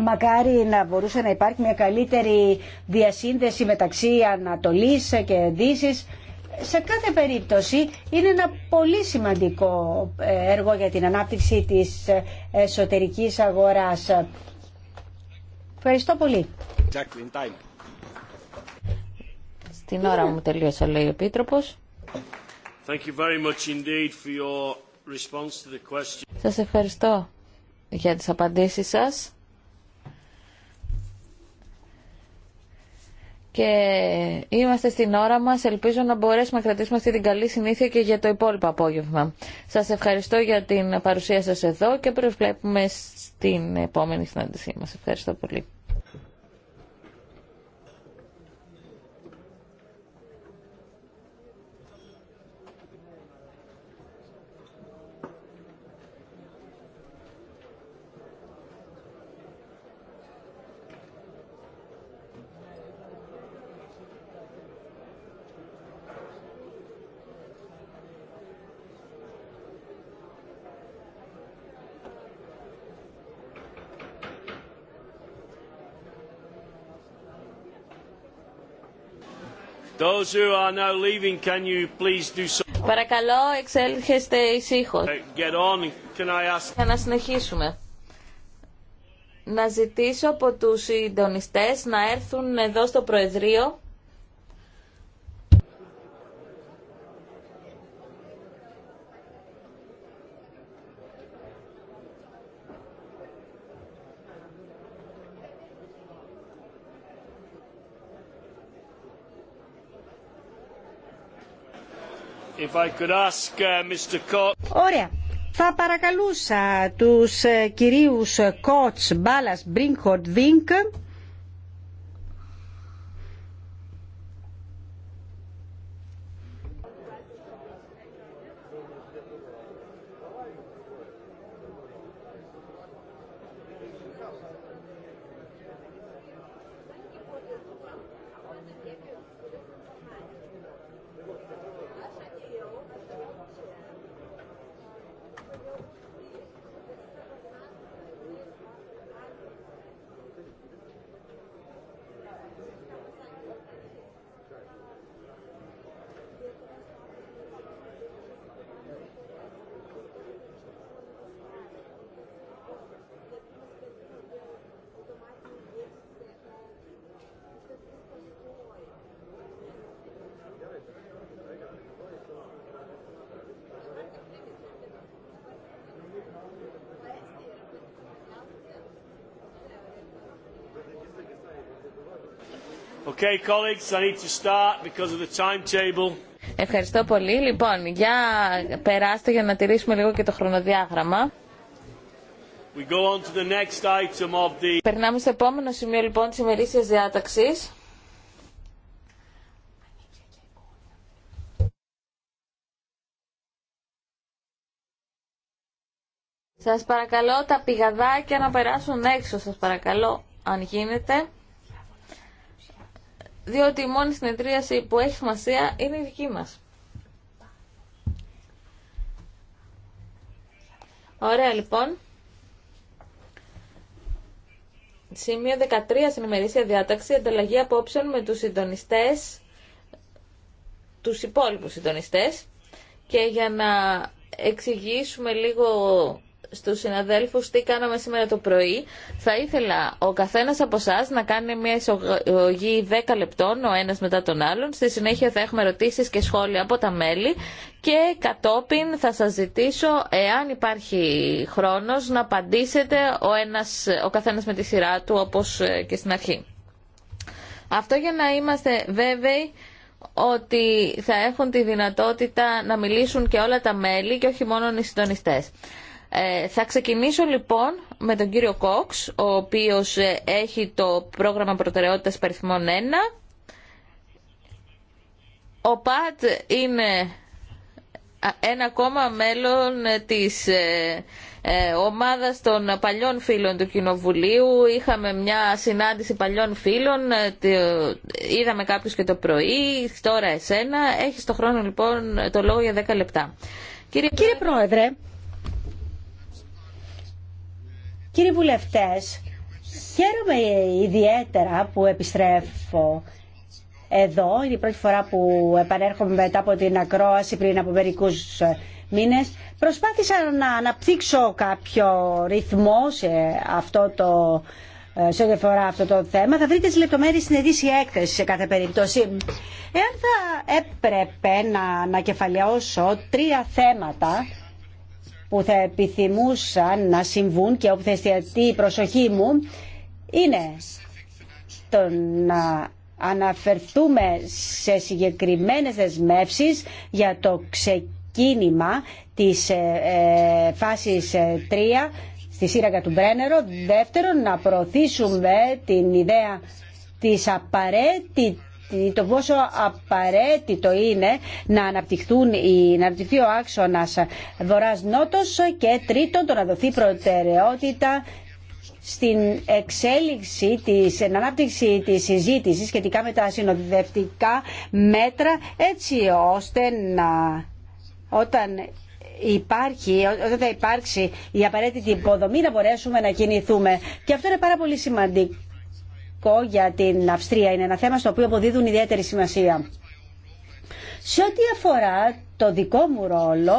Μακάρι να μπορούσε να υπάρχει μια καλύτερη διασύνδεση μεταξύ Ανατολής και Δύσης. Σε κάθε περίπτωση είναι ένα πολύ σημαντικό ε, έργο για την ανάπτυξη της εσωτερικής αγοράς. Ευχαριστώ πολύ. Στην ώρα μου τελείωσε, λέει ο Επίτροπος. Σας ευχαριστώ για τις απαντήσεις σας. και είμαστε στην ώρα μας. Ελπίζω να μπορέσουμε να κρατήσουμε αυτή την καλή συνήθεια και για το υπόλοιπο απόγευμα. Σας ευχαριστώ για την παρουσία σας εδώ και προσβλέπουμε στην επόμενη συνάντησή μας. Ευχαριστώ πολύ. Παρακαλώ, εξέλχεστε ησύχως. Get Για να συνεχίσουμε. Να ζητήσω από τους συντονιστές να έρθουν εδώ στο Προεδρείο Uh, Ωραία. Θα παρακαλούσα τους ε, κυρίους Κότς, Μπάλας, Μπρίνκορτ, Βίνκ Ευχαριστώ πολύ. Λοιπόν, για περάστε για να τηρήσουμε λίγο και το χρονοδιάγραμμα. Περνάμε στο επόμενο σημείο λοιπόν της ημερήσιας διάταξης. Σας παρακαλώ τα πηγαδάκια να περάσουν έξω, σας παρακαλώ, αν γίνεται διότι η μόνη συνεδρίαση που έχει σημασία είναι η δική μας. Ωραία λοιπόν. Σημείο 13 στην διάταξη, ανταλλαγή απόψεων με τους συντονιστές, τους υπόλοιπους συντονιστές και για να εξηγήσουμε λίγο στους συναδέλφους τι κάναμε σήμερα το πρωί. Θα ήθελα ο καθένας από εσά να κάνει μια εισογωγή 10 λεπτών ο ένας μετά τον άλλον. Στη συνέχεια θα έχουμε ερωτήσεις και σχόλια από τα μέλη και κατόπιν θα σας ζητήσω εάν υπάρχει χρόνος να απαντήσετε ο, ένας, ο καθένας με τη σειρά του όπως ε, και στην αρχή. Αυτό για να είμαστε βέβαιοι ότι θα έχουν τη δυνατότητα να μιλήσουν και όλα τα μέλη και όχι μόνο οι συντονιστές. Ε, θα ξεκινήσω λοιπόν με τον κύριο Κόξ, ο οποίος ε, έχει το πρόγραμμα προτεραιότητας περιθμών 1. Ο ΠΑΤ είναι ένα ακόμα μέλλον ε, της ομάδας των παλιών φίλων του Κοινοβουλίου. Είχαμε μια συνάντηση παλιών φίλων, είδαμε κάποιους και το πρωί, τώρα εσένα. Έχεις το χρόνο λοιπόν το λόγο για 10 λεπτά. Κύριε, Κύριε Πρόεδρε, Κύριοι βουλευτές, χαίρομαι ιδιαίτερα που επιστρέφω εδώ. Είναι η πρώτη φορά που επανέρχομαι μετά από την ακρόαση πριν από μερικούς μήνες. Προσπάθησα να αναπτύξω κάποιο ρυθμό σε αυτό το ε, σε ό,τι αφορά αυτό το θέμα. Θα βρείτε τι λεπτομέρειε στην ετήσια έκθεση σε κάθε περίπτωση. Εάν θα έπρεπε να ανακεφαλαιώσω τρία θέματα που θα επιθυμούσαν να συμβούν και όπου θα εστιατεί η προσοχή μου είναι το να αναφερθούμε σε συγκεκριμένες δεσμεύσεις για το ξεκίνημα της ε, ε, φάσης 3 ε, στη σύραγγα του Μπρένερο. Δεύτερον, να προωθήσουμε την ιδέα της απαραίτητης το πόσο απαραίτητο είναι να, αναπτυχθούν, να αναπτυχθεί ο άξονα βορρά νότο και τρίτον το να δοθεί προτεραιότητα στην εξέλιξη της, στην ανάπτυξη της συζήτησης σχετικά με τα συνοδευτικά μέτρα έτσι ώστε να όταν υπάρχει, όταν θα υπάρξει η απαραίτητη υποδομή να μπορέσουμε να κινηθούμε. Και αυτό είναι πάρα πολύ σημαντικό για την Αυστρία. Είναι ένα θέμα στο οποίο αποδίδουν ιδιαίτερη σημασία. Σε ό,τι αφορά το δικό μου ρόλο,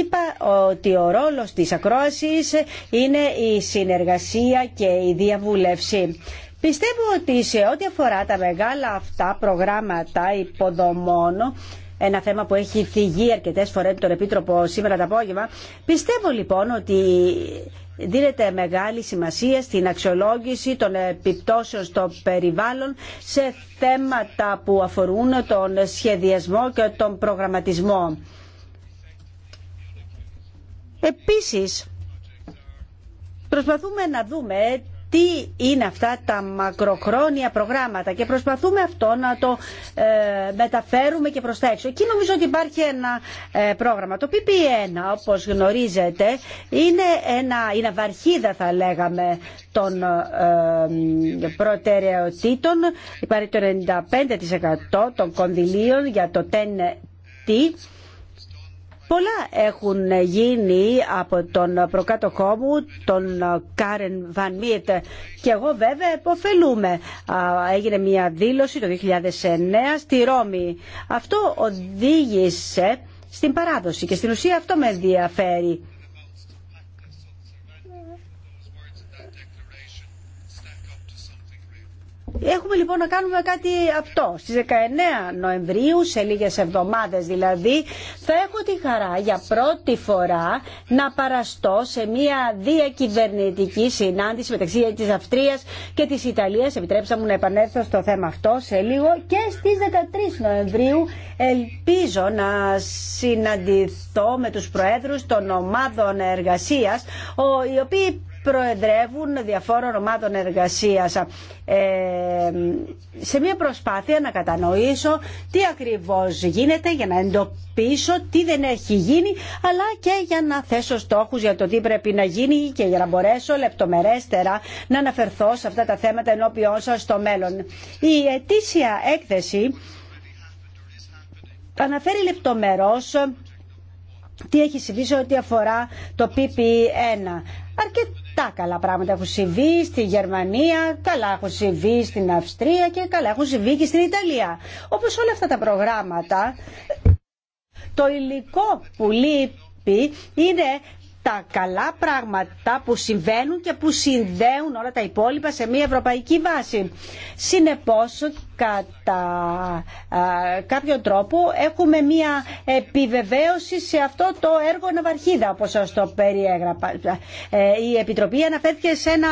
είπα ότι ο ρόλος της ακρόασης είναι η συνεργασία και η διαβούλευση. Πιστεύω ότι σε ό,τι αφορά τα μεγάλα αυτά προγράμματα υποδομών, ένα θέμα που έχει θυγεί αρκετέ φορέ τον Επίτροπο σήμερα τα απόγευμα. Πιστεύω λοιπόν ότι δίνεται μεγάλη σημασία στην αξιολόγηση των επιπτώσεων στο περιβάλλον σε θέματα που αφορούν τον σχεδιασμό και τον προγραμματισμό. Επίσης, προσπαθούμε να δούμε τι είναι αυτά τα μακροχρόνια προγράμματα και προσπαθούμε αυτό να το ε, μεταφέρουμε και προς τα έξω. Εκεί νομίζω ότι υπάρχει ένα ε, πρόγραμμα. Το PP1, e όπως γνωρίζετε, είναι ένα, είναι βαρχίδα θα λέγαμε των ε, προτεραιοτήτων. Υπάρχει το 95% των κονδυλίων για το 10 Πολλά έχουν γίνει από τον προκάτοχό μου, τον Κάρεν Βαν Μίτ και εγώ βέβαια εποφελούμε. Έγινε μια δήλωση το 2009 στη Ρώμη. Αυτό οδήγησε στην παράδοση και στην ουσία αυτό με ενδιαφέρει. Έχουμε λοιπόν να κάνουμε κάτι αυτό. Στις 19 Νοεμβρίου, σε λίγες εβδομάδες δηλαδή, θα έχω τη χαρά για πρώτη φορά να παραστώ σε μια διακυβερνητική συνάντηση μεταξύ της Αυστρίας και της Ιταλίας. Επιτρέψα μου να επανέλθω στο θέμα αυτό σε λίγο. Και στις 13 Νοεμβρίου ελπίζω να συναντηθώ με τους προέδρους των ομάδων εργασία, οι οποίοι προεδρεύουν διαφόρων ομάδων εργασίας ε, σε μια προσπάθεια να κατανοήσω τι ακριβώς γίνεται για να εντοπίσω τι δεν έχει γίνει αλλά και για να θέσω στόχους για το τι πρέπει να γίνει και για να μπορέσω λεπτομερέστερα να αναφερθώ σε αυτά τα θέματα ενώπιόν σας στο μέλλον. Η ετήσια έκθεση αναφέρει λεπτομερώς τι έχει συμβεί σε ό,τι αφορά το PP1 αρκετά καλά πράγματα έχουν συμβεί στη Γερμανία, καλά έχουν συμβεί στην Αυστρία και καλά έχουν συμβεί και στην Ιταλία. Όπως όλα αυτά τα προγράμματα, το υλικό που λείπει είναι τα καλά πράγματα που συμβαίνουν και που συνδέουν όλα τα υπόλοιπα σε μια ευρωπαϊκή βάση. Συνεπώς, κατά κάποιο τρόπο έχουμε μια επιβεβαίωση σε αυτό το έργο Ναυαρχίδα, όπως σας το περιέγραπα. Ε, η Επιτροπή αναφέρθηκε σε ένα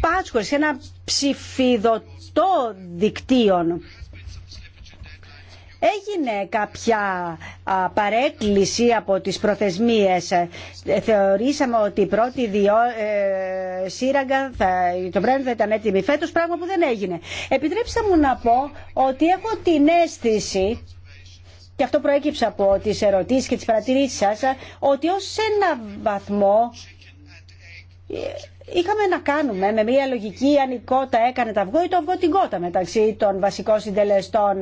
πάσχο, σε ένα ψηφιδωτό δικτύων έγινε κάποια παρέκκληση από τις προθεσμίες. Θεωρήσαμε ότι η πρώτη διό... Ε, σύραγγα το βράδυ ήταν έτοιμη φέτος, πράγμα που δεν έγινε. Επιτρέψτε μου να πω ότι έχω την αίσθηση και αυτό προέκυψε από τις ερωτήσεις και τις παρατηρήσεις σας, ότι ως ένα βαθμό ε, είχαμε να κάνουμε με μια λογική αν η κότα έκανε τα αυγό ή το αυγό την κότα μεταξύ των βασικών συντελεστών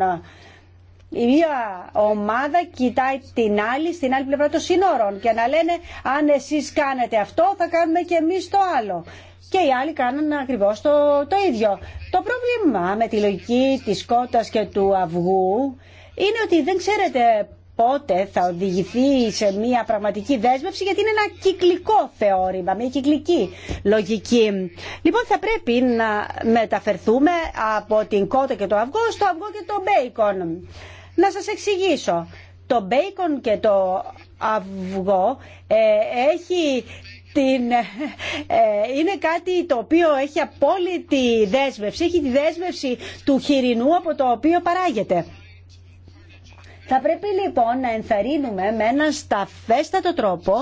η μία ομάδα κοιτάει την άλλη στην άλλη πλευρά των σύνορων και να λένε αν εσείς κάνετε αυτό θα κάνουμε και εμείς το άλλο. Και οι άλλοι κάνουν ακριβώς το, το ίδιο. Το πρόβλημα με τη λογική της κότας και του αυγού είναι ότι δεν ξέρετε πότε θα οδηγηθεί σε μια πραγματική δέσμευση γιατί είναι ένα κυκλικό θεώρημα, μια κυκλική λογική. Λοιπόν θα πρέπει να μεταφερθούμε από την κότα και το αυγό στο αυγό και το μπέικον. Να σας εξηγήσω. Το μπέικον και το αυγό ε, έχει την, ε, ε, είναι κάτι το οποίο έχει απόλυτη δέσμευση, έχει τη δέσμευση του χοιρινού από το οποίο παράγεται. Θα πρέπει λοιπόν να ενθαρρύνουμε με έναν σταθέστατο τρόπο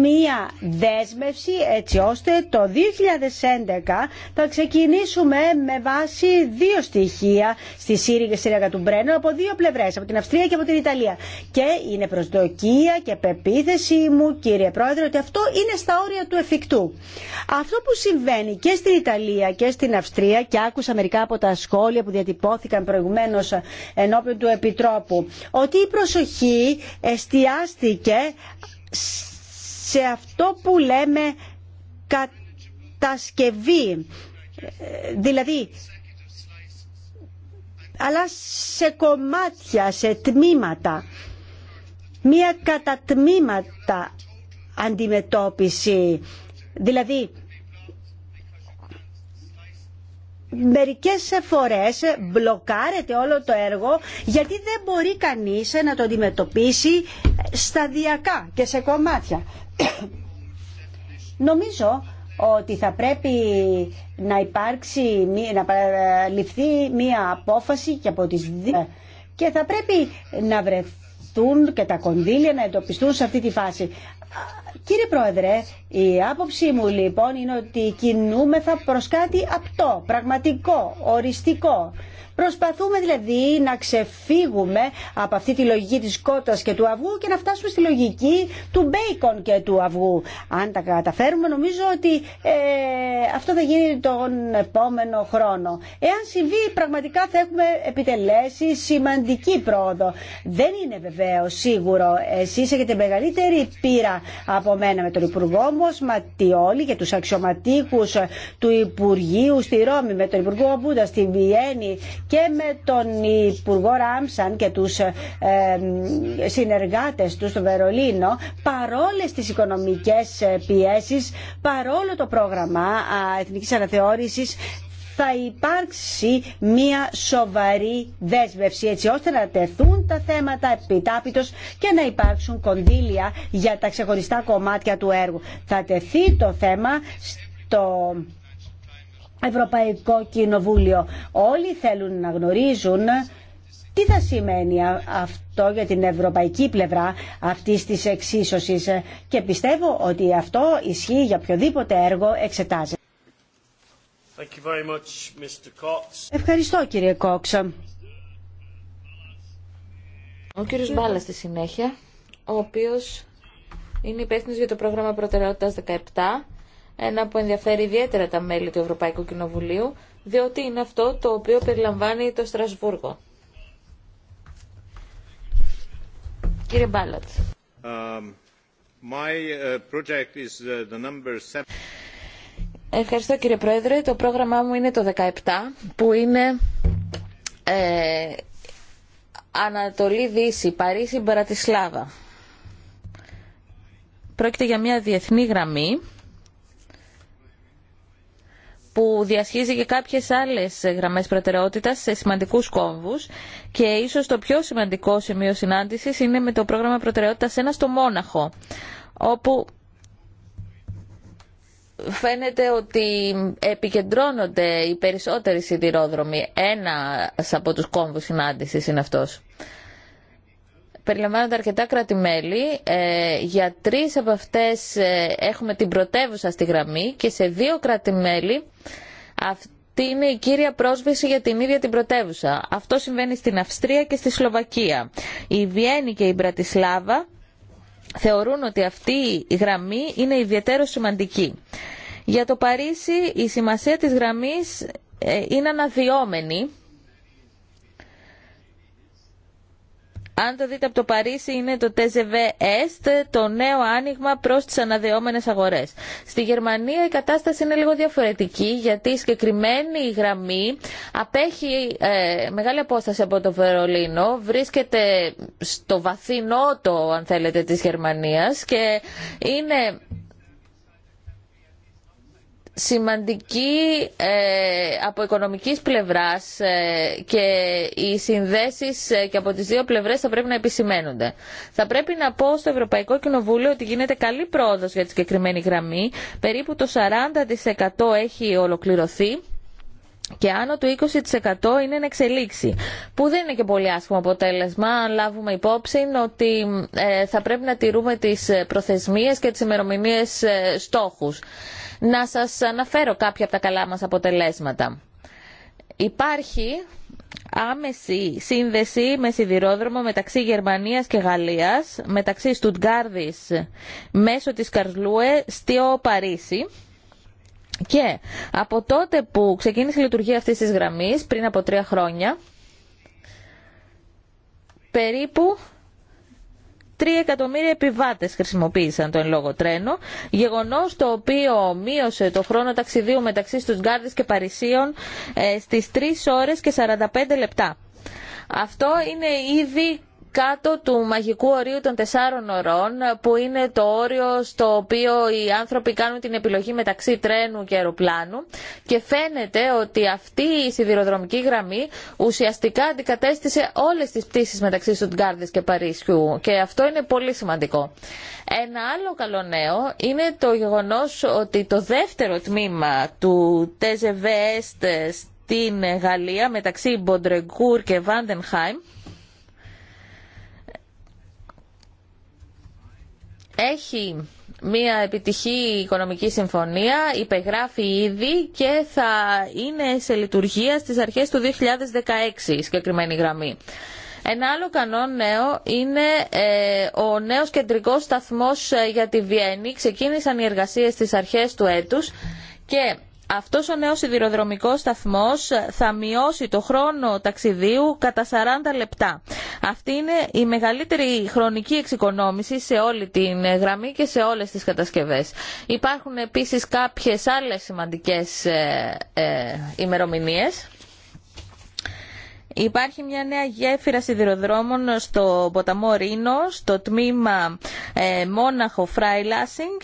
μία δέσμευση έτσι ώστε το 2011 θα ξεκινήσουμε με βάση δύο στοιχεία στη Σύρια και Σύρια του Μπρένου από δύο πλευρές, από την Αυστρία και από την Ιταλία. Και είναι προσδοκία και πεποίθησή μου κύριε Πρόεδρε ότι αυτό είναι στα όρια του εφικτού. Αυτό που συμβαίνει και στην Ιταλία και στην Αυστρία και άκουσα μερικά από τα σχόλια που διατυπώθηκαν προηγουμένως ενώπιον του Επιτρόπου ότι η προσοχή εστιάστηκε σε αυτό που λέμε κατασκευή. Δηλαδή, αλλά σε κομμάτια, σε τμήματα. Μία κατατμήματα αντιμετώπιση. Δηλαδή, μερικές φορές μπλοκάρεται όλο το έργο γιατί δεν μπορεί κανείς να το αντιμετωπίσει σταδιακά και σε κομμάτια. Νομίζω ότι θα πρέπει να υπάρξει, να ληφθεί μία απόφαση και από τις και θα πρέπει να βρεθούν και τα κονδύλια να εντοπιστούν σε αυτή τη φάση. Κύριε Πρόεδρε, η άποψή μου λοιπόν είναι ότι κινούμεθα προς κάτι απτό, πραγματικό, οριστικό. Προσπαθούμε δηλαδή να ξεφύγουμε από αυτή τη λογική της κότας και του αυγού και να φτάσουμε στη λογική του μπέικον και του αυγού. Αν τα καταφέρουμε νομίζω ότι ε, αυτό θα γίνει τον επόμενο χρόνο. Εάν συμβεί πραγματικά θα έχουμε επιτελέσει σημαντική πρόοδο. Δεν είναι βεβαίω σίγουρο. Εσείς έχετε μεγαλύτερη πείρα από μένα με τον Υπουργό τι όλοι και τους αξιωματικούς του Υπουργείου στη Ρώμη, με τον Υπουργό Μπούντα στη Βιέννη και με τον Υπουργό Ράμσαν και τους ε, συνεργάτες του στο Βερολίνο παρόλες τις οικονομικές ε, πιέσεις, παρόλο το πρόγραμμα εθνικής αναθεώρησης θα υπάρξει μια σοβαρή δέσμευση έτσι ώστε να τεθούν τα θέματα επιτάπητος και να υπάρξουν κονδύλια για τα ξεχωριστά κομμάτια του έργου. Θα τεθεί το θέμα στο Ευρωπαϊκό Κοινοβούλιο. Όλοι θέλουν να γνωρίζουν τι θα σημαίνει αυτό για την ευρωπαϊκή πλευρά αυτή τη εξίσωσης και πιστεύω ότι αυτό ισχύει για οποιοδήποτε έργο εξετάζεται. Thank you very much, Mr. Cox. Ευχαριστώ κύριε Κόξ. Ο κύριος Μπάλα στη συνέχεια, ο οποίος είναι υπεύθυνο για το πρόγραμμα προτεραιότητας 17 ένα που ενδιαφέρει ιδιαίτερα τα μέλη του Ευρωπαϊκού Κοινοβουλίου, διότι είναι αυτό το οποίο περιλαμβάνει το Στρασβούργο. Κύριε Μπάλατ. Um, uh, uh, Ευχαριστώ κύριε Πρόεδρε. Το πρόγραμμά μου είναι το 17, που είναι ε, Ανατολή Δύση, Παρίσι, Μπαρατισλάβα. Πρόκειται για μια διεθνή γραμμή που διασχίζει και κάποιες άλλες γραμμές προτεραιότητας σε σημαντικούς κόμβους και ίσω το πιο σημαντικό σημείο συνάντησης είναι με το πρόγραμμα προτεραιότητας 1 στο Μόναχο όπου φαίνεται ότι επικεντρώνονται οι περισσότεροι σιδηρόδρομοι. Ένα από τους κόμβους συνάντησης είναι αυτός περιλαμβάνονται αρκετά ε, για τρει από αυτές ε, έχουμε την πρωτεύουσα στη γραμμή και σε δύο αυτή είναι η κύρια πρόσβαση για την ίδια την πρωτεύουσα. Αυτό συμβαίνει στην Αυστρία και στη Σλοβακία. Η Βιέννη και η Μπρατισλάβα θεωρούν ότι αυτή η γραμμή είναι ιδιαίτερο σημαντική. Για το Παρίσι η σημασία της γραμμής ε, είναι αναδυόμενη Αν το δείτε από το Παρίσι είναι το TGV Est, το νέο άνοιγμα προς τις αναδεόμενες αγορές. Στη Γερμανία η κατάσταση είναι λίγο διαφορετική γιατί η συγκεκριμένη γραμμή απέχει ε, μεγάλη απόσταση από το Βερολίνο, βρίσκεται στο βαθύ νότο αν θέλετε της Γερμανίας και είναι σημαντική ε, από οικονομικής πλευράς ε, και οι συνδέσεις ε, και από τις δύο πλευρές θα πρέπει να επισημαίνονται. Θα πρέπει να πω στο Ευρωπαϊκό Κοινοβούλιο ότι γίνεται καλή πρόοδος για τη συγκεκριμένη γραμμή. Περίπου το 40% έχει ολοκληρωθεί και άνω του 20% είναι να εξελίξη, που δεν είναι και πολύ άσχημο αποτέλεσμα αν λάβουμε υπόψη ότι θα πρέπει να τηρούμε τις προθεσμίες και τις ημερομηνίες στόχους να σας αναφέρω κάποια από τα καλά μας αποτελέσματα. Υπάρχει άμεση σύνδεση με σιδηρόδρομο μεταξύ Γερμανίας και Γαλλίας, μεταξύ Στουτγκάρδης μέσω της Καρλούε στη Παρίσι. Και από τότε που ξεκίνησε η λειτουργία αυτής της γραμμής, πριν από τρία χρόνια, περίπου 3 εκατομμύρια επιβάτες χρησιμοποίησαν το εν λόγω τρένο, γεγονός το οποίο μείωσε το χρόνο ταξιδίου μεταξύ Γκάρδης και Παρισίων ε, στις 3 ώρες και 45 λεπτά. Αυτό είναι ήδη κάτω του μαγικού ορίου των τεσσάρων ωρών που είναι το όριο στο οποίο οι άνθρωποι κάνουν την επιλογή μεταξύ τρένου και αεροπλάνου και φαίνεται ότι αυτή η σιδηροδρομική γραμμή ουσιαστικά αντικατέστησε όλες τις πτήσεις μεταξύ Σουτγκάρδης και Παρίσιου και αυτό είναι πολύ σημαντικό. Ένα άλλο καλό νέο είναι το γεγονός ότι το δεύτερο τμήμα του TGV στην Γαλλία μεταξύ Μποντρεγκούρ και Βάντενχάιμ έχει μια επιτυχή οικονομική συμφωνία, υπεγράφει ήδη και θα είναι σε λειτουργία στις αρχές του 2016 η συγκεκριμένη γραμμή. Ένα άλλο κανόν νέο είναι ε, ο νέος κεντρικός σταθμός ε, για τη Βιέννη. Ξεκίνησαν οι εργασίες στις αρχές του έτους και αυτός ο νέος σιδηροδρομικός σταθμός θα μειώσει το χρόνο ταξιδίου κατά 40 λεπτά. Αυτή είναι η μεγαλύτερη χρονική εξοικονόμηση σε όλη την γραμμή και σε όλες τις κατασκευές. Υπάρχουν επίσης κάποιες άλλες σημαντικές ε, ε ημερομηνίες. Υπάρχει μια νέα γέφυρα σιδηροδρόμων στο ποταμό Ρήνο, στο τμήμα ε, Μόναχο Φράιλασινγκ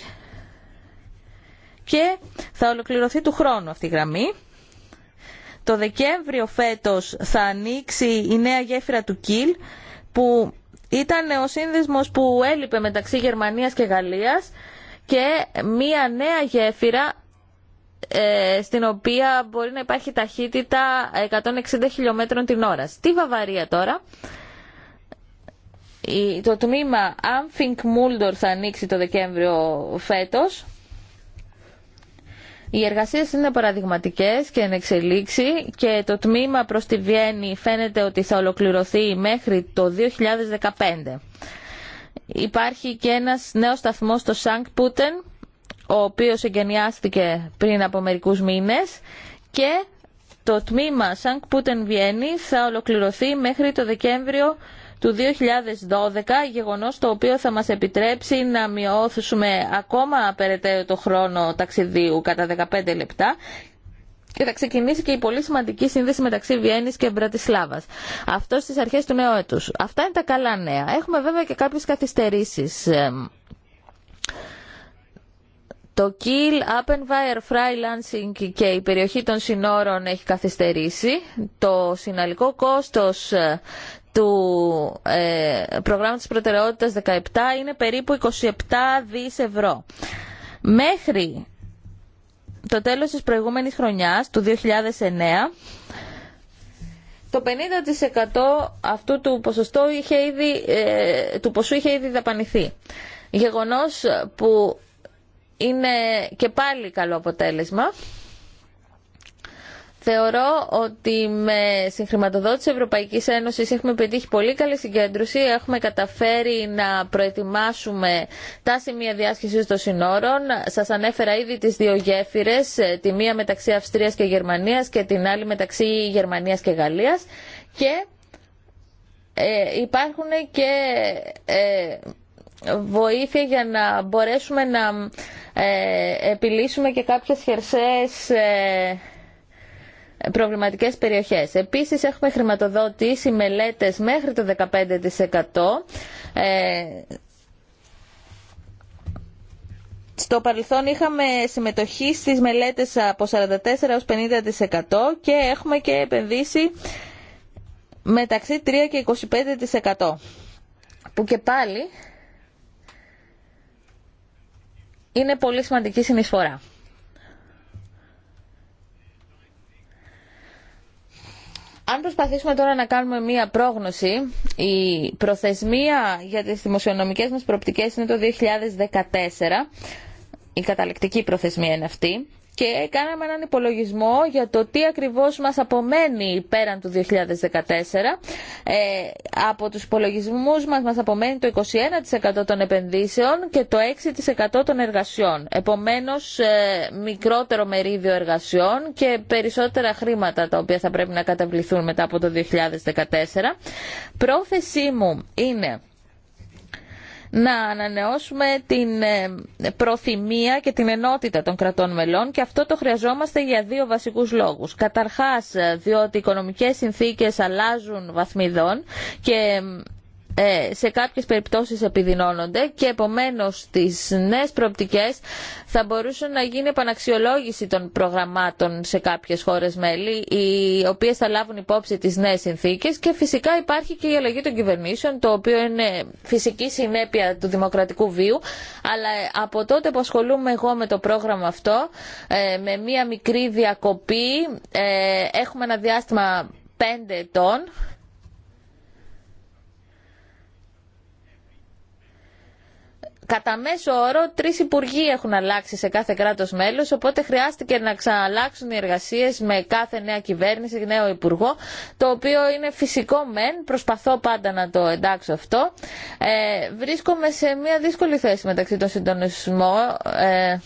και θα ολοκληρωθεί του χρόνου αυτή η γραμμή. Το Δεκέμβριο φέτος θα ανοίξει η νέα γέφυρα του Κιλ που ήταν ο σύνδεσμος που έλειπε μεταξύ Γερμανίας και Γαλλίας και μία νέα γέφυρα ε, στην οποία μπορεί να υπάρχει ταχύτητα 160 χιλιόμετρων την ώρα. Στη Βαβαρία τώρα, το τμήμα Amfink Mulder θα ανοίξει το Δεκέμβριο φέτος οι εργασίες είναι παραδειγματικές και εν εξελίξη και το τμήμα προς τη Βιέννη φαίνεται ότι θα ολοκληρωθεί μέχρι το 2015. Υπάρχει και ένας νέος σταθμός στο Σάνκ Πούτεν, ο οποίος εγκαινιάστηκε πριν από μερικούς μήνες και το τμήμα Σάνκ Πούτεν Βιέννη θα ολοκληρωθεί μέχρι το Δεκέμβριο του 2012, γεγονός το οποίο θα μας επιτρέψει να μειώθουμε ακόμα περαιτέρω το χρόνο ταξιδίου κατά 15 λεπτά και θα ξεκινήσει και η πολύ σημαντική σύνδεση μεταξύ Βιέννη και Μπρατισλάβα. Αυτό στι αρχέ του νέου έτου. Αυτά είναι τα καλά νέα. Έχουμε βέβαια και κάποιε καθυστερήσει. Το Kiel, Appenweier, Freilancing και η περιοχή των συνόρων έχει καθυστερήσει. Το συναλλικό κόστος ε, του ε, προγράμματος προτεραιότητας 17 είναι περίπου 27 δις ευρώ. Μέχρι το τέλος της προηγούμενης χρονιάς, του 2009, το 50% αυτού του, ποσοστό είχε ήδη, ε, του ποσού είχε ήδη δαπανηθεί. Γεγονός που είναι και πάλι καλό αποτέλεσμα. Θεωρώ ότι με συγχρηματοδότηση Ευρωπαϊκής Ένωσης έχουμε πετύχει πολύ καλή συγκέντρωση, έχουμε καταφέρει να προετοιμάσουμε τα σημεία διάσκησης των συνόρων. Σας ανέφερα ήδη τις δύο γέφυρες, τη μία μεταξύ Αυστρίας και Γερμανίας και την άλλη μεταξύ Γερμανίας και Γαλλίας. Και ε, υπάρχουν και ε, βοήθεια για να μπορέσουμε να ε, επιλύσουμε και κάποιες χερσαίες ε, προβληματικές περιοχές. Επίσης έχουμε χρηματοδότησει μελέτε μέχρι το 15%. Ε, στο παρελθόν είχαμε συμμετοχή στις μελέτες από 44% έως 50% και έχουμε και επενδύσει μεταξύ 3% και 25%. Που και πάλι είναι πολύ σημαντική συνεισφορά. αν προσπαθήσουμε τώρα να κάνουμε μία πρόγνωση, η προθεσμία για τις δημοσιονομικές μας προοπτικές είναι το 2014. Η καταληκτική προθεσμία είναι αυτή και κάναμε έναν υπολογισμό για το τι ακριβώς μας απομένει πέραν του 2014. Ε, από τους υπολογισμούς μας μας απομένει το 21% των επενδύσεων και το 6% των εργασιών. Επομένως, ε, μικρότερο μερίδιο εργασιών και περισσότερα χρήματα τα οποία θα πρέπει να καταβληθούν μετά από το 2014. Πρόθεσή μου είναι να ανανεώσουμε την ε, προθυμία και την ενότητα των κρατών μελών και αυτό το χρειαζόμαστε για δύο βασικούς λόγους. Καταρχάς, ε, διότι οι οικονομικές συνθήκες αλλάζουν βαθμιδών και ε, ε, σε κάποιες περιπτώσεις επιδεινώνονται και επομένως στις νέες προοπτικές θα μπορούσε να γίνει επαναξιολόγηση των προγραμμάτων σε κάποιες χώρες μέλη οι οποίες θα λάβουν υπόψη τις νέες συνθήκες και φυσικά υπάρχει και η αλλαγή των κυβερνήσεων το οποίο είναι φυσική συνέπεια του δημοκρατικού βίου αλλά ε, από τότε που ασχολούμαι εγώ με το πρόγραμμα αυτό ε, με μία μικρή διακοπή έχουμε ένα διάστημα πέντε ετών κατά μέσο όρο τρεις υπουργοί έχουν αλλάξει σε κάθε κράτος μέλος, οπότε χρειάστηκε να ξαναλλάξουν οι εργασίες με κάθε νέα κυβέρνηση, νέο υπουργό, το οποίο είναι φυσικό μεν, προσπαθώ πάντα να το εντάξω αυτό. Ε, βρίσκομαι σε μια δύσκολη θέση μεταξύ των συντονισμών. Ε,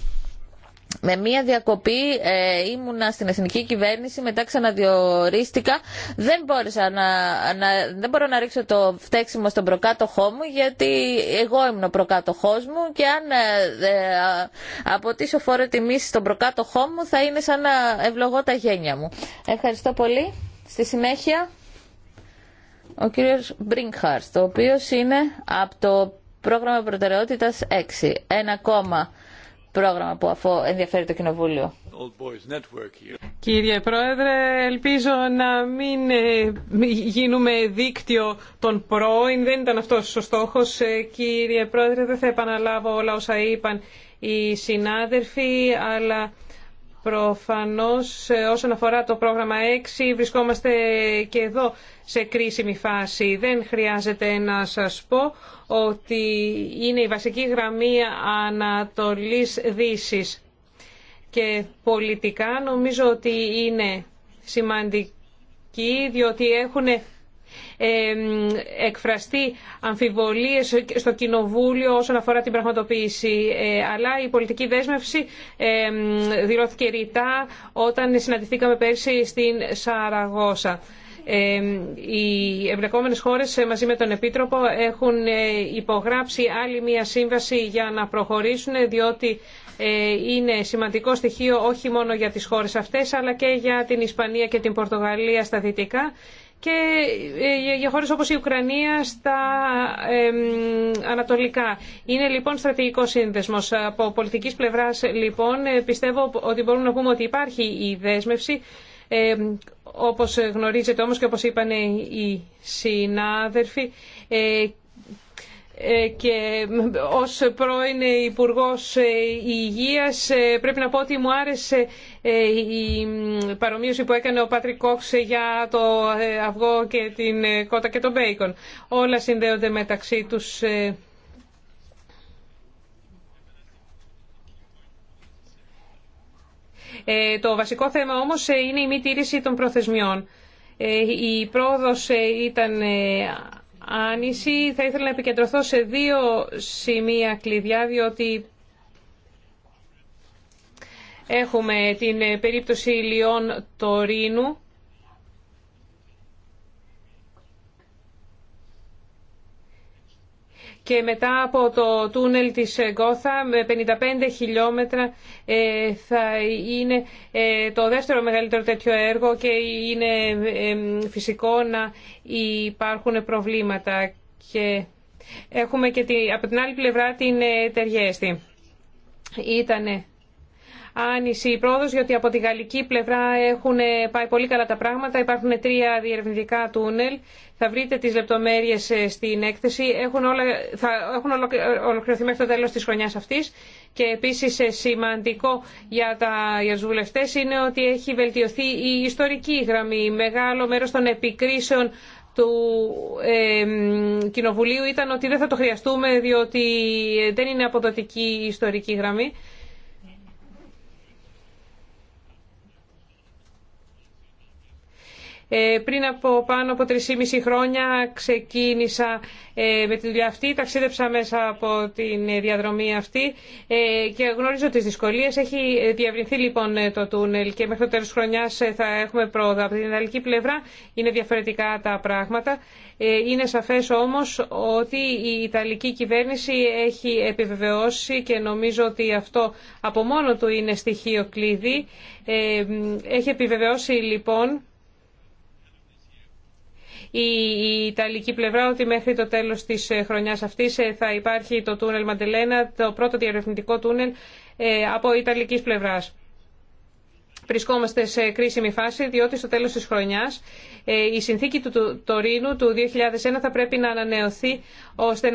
με μία διακοπή ε, ήμουνα στην εθνική κυβέρνηση, μετά ξαναδιορίστηκα. Δεν, μπόρεσα να, να, δεν μπορώ να ρίξω το φταίξιμο στον προκάτοχό μου, γιατί εγώ ήμουν ο προκάτοχός μου και αν ε, ε, αποτίσω φόρο τιμή στον προκάτοχό μου θα είναι σαν να ευλογώ τα γένια μου. Ευχαριστώ πολύ. Στη συνέχεια, ο κύριος Μπρίνκχαρς, ο οποίος είναι από το πρόγραμμα προτεραιότητας 6. Ένα πρόγραμμα που αφού ενδιαφέρει το Κοινοβούλιο. Κύριε Πρόεδρε, ελπίζω να μην ε, γίνουμε δίκτυο των πρώην. Δεν ήταν αυτός ο στόχος. Ε, κύριε Πρόεδρε, δεν θα επαναλάβω όλα όσα είπαν οι συνάδελφοι, αλλά... Προφανώς ε, όσον αφορά το πρόγραμμα 6 βρισκόμαστε και εδώ σε κρίσιμη φάση. Δεν χρειάζεται να σας πω ότι είναι η βασική γραμμή Ανατολής Δύσης. Και πολιτικά νομίζω ότι είναι σημαντική διότι έχουν εκφραστεί αμφιβολίες στο Κοινοβούλιο όσον αφορά την πραγματοποίηση. Ε, αλλά η πολιτική δέσμευση δηλώθηκε ρητά όταν συναντηθήκαμε πέρσι στην Σαραγώσα. Οι εμπλεκόμενες χώρες μαζί με τον Επίτροπο έχουν ε, υπογράψει άλλη μία σύμβαση για να προχωρήσουν διότι ε, είναι σημαντικό στοιχείο όχι μόνο για τις χώρες αυτές αλλά και για την Ισπανία και την Πορτογαλία στα δυτικά και ε, για χώρες όπως η Ουκρανία στα ανατολικά. Είναι λοιπόν στρατηγικό σύνδεσμος. Από πολιτικής πλευράς λοιπόν ε, πιστεύω ότι μπορούμε να πούμε ότι υπάρχει η δέσμευση ε, όπως γνωρίζετε όμως και όπως είπαν οι συνάδελφοι ε, ε, και ως πρώην υπουργό ε, Υγείας ε, πρέπει να πω ότι μου άρεσε η παρομοίωση που έκανε ο Πάτρικ Κόξ για το αυγό και την κότα και τον μπέικον. Όλα συνδέονται μεταξύ τους. Το βασικό θέμα όμως είναι η μη τήρηση των προθεσμιών. Η πρόοδος ήταν άνηση. Θα ήθελα να επικεντρωθώ σε δύο σημεία κλειδιά, διότι έχουμε την περίπτωση Λιών Τωρίνου και μετά από το τούνελ της Γκόθα με 55 χιλιόμετρα ε, θα είναι ε, το δεύτερο μεγαλύτερο τέτοιο έργο και είναι ε, φυσικό να υπάρχουν προβλήματα. Και έχουμε και από την άλλη πλευρά την Τεριέστη. Ήτανε άνηση η πρόοδο, διότι από τη γαλλική πλευρά έχουν ε, πάει πολύ καλά τα πράγματα. Υπάρχουν τρία διερευνητικά τούνελ. Θα βρείτε τι λεπτομέρειε ε, στην έκθεση. Έχουν, όλα, θα, έχουν ολοκληρωθεί μέχρι το τέλο τη χρονιά αυτή. Και επίση ε, σημαντικό για, τα, για είναι ότι έχει βελτιωθεί η ιστορική γραμμή. Μεγάλο μέρο των επικρίσεων του ε, Κοινοβουλίου ήταν ότι δεν θα το χρειαστούμε διότι δεν είναι αποδοτική η ιστορική γραμμή. Ε, πριν από πάνω από 3,5 χρόνια ξεκίνησα ε, με τη δουλειά αυτή, ταξίδεψα μέσα από τη διαδρομή αυτή ε, και γνωρίζω τις δυσκολίες. Έχει διαβρυνθεί λοιπόν το τούνελ και μέχρι το τέλος χρονιάς θα έχουμε πρόοδο. Από την ιταλική πλευρά είναι διαφορετικά τα πράγματα. Είναι σαφές όμως ότι η Ιταλική κυβέρνηση έχει επιβεβαιώσει και νομίζω ότι αυτό από μόνο του είναι στοιχείο κλειδί. Έχει επιβεβαιώσει λοιπόν η Ιταλική πλευρά ότι μέχρι το τέλος της ε, χρονιάς αυτής ε, θα υπάρχει το τούνελ Μαντελένα, το πρώτο διαρευνητικό τούνελ ε, από Ιταλικής πλευράς. Βρισκόμαστε σε κρίσιμη φάση διότι στο τέλος της χρονιάς η συνθήκη του Τωρίνου του 2001 θα πρέπει να ανανεωθεί ώστε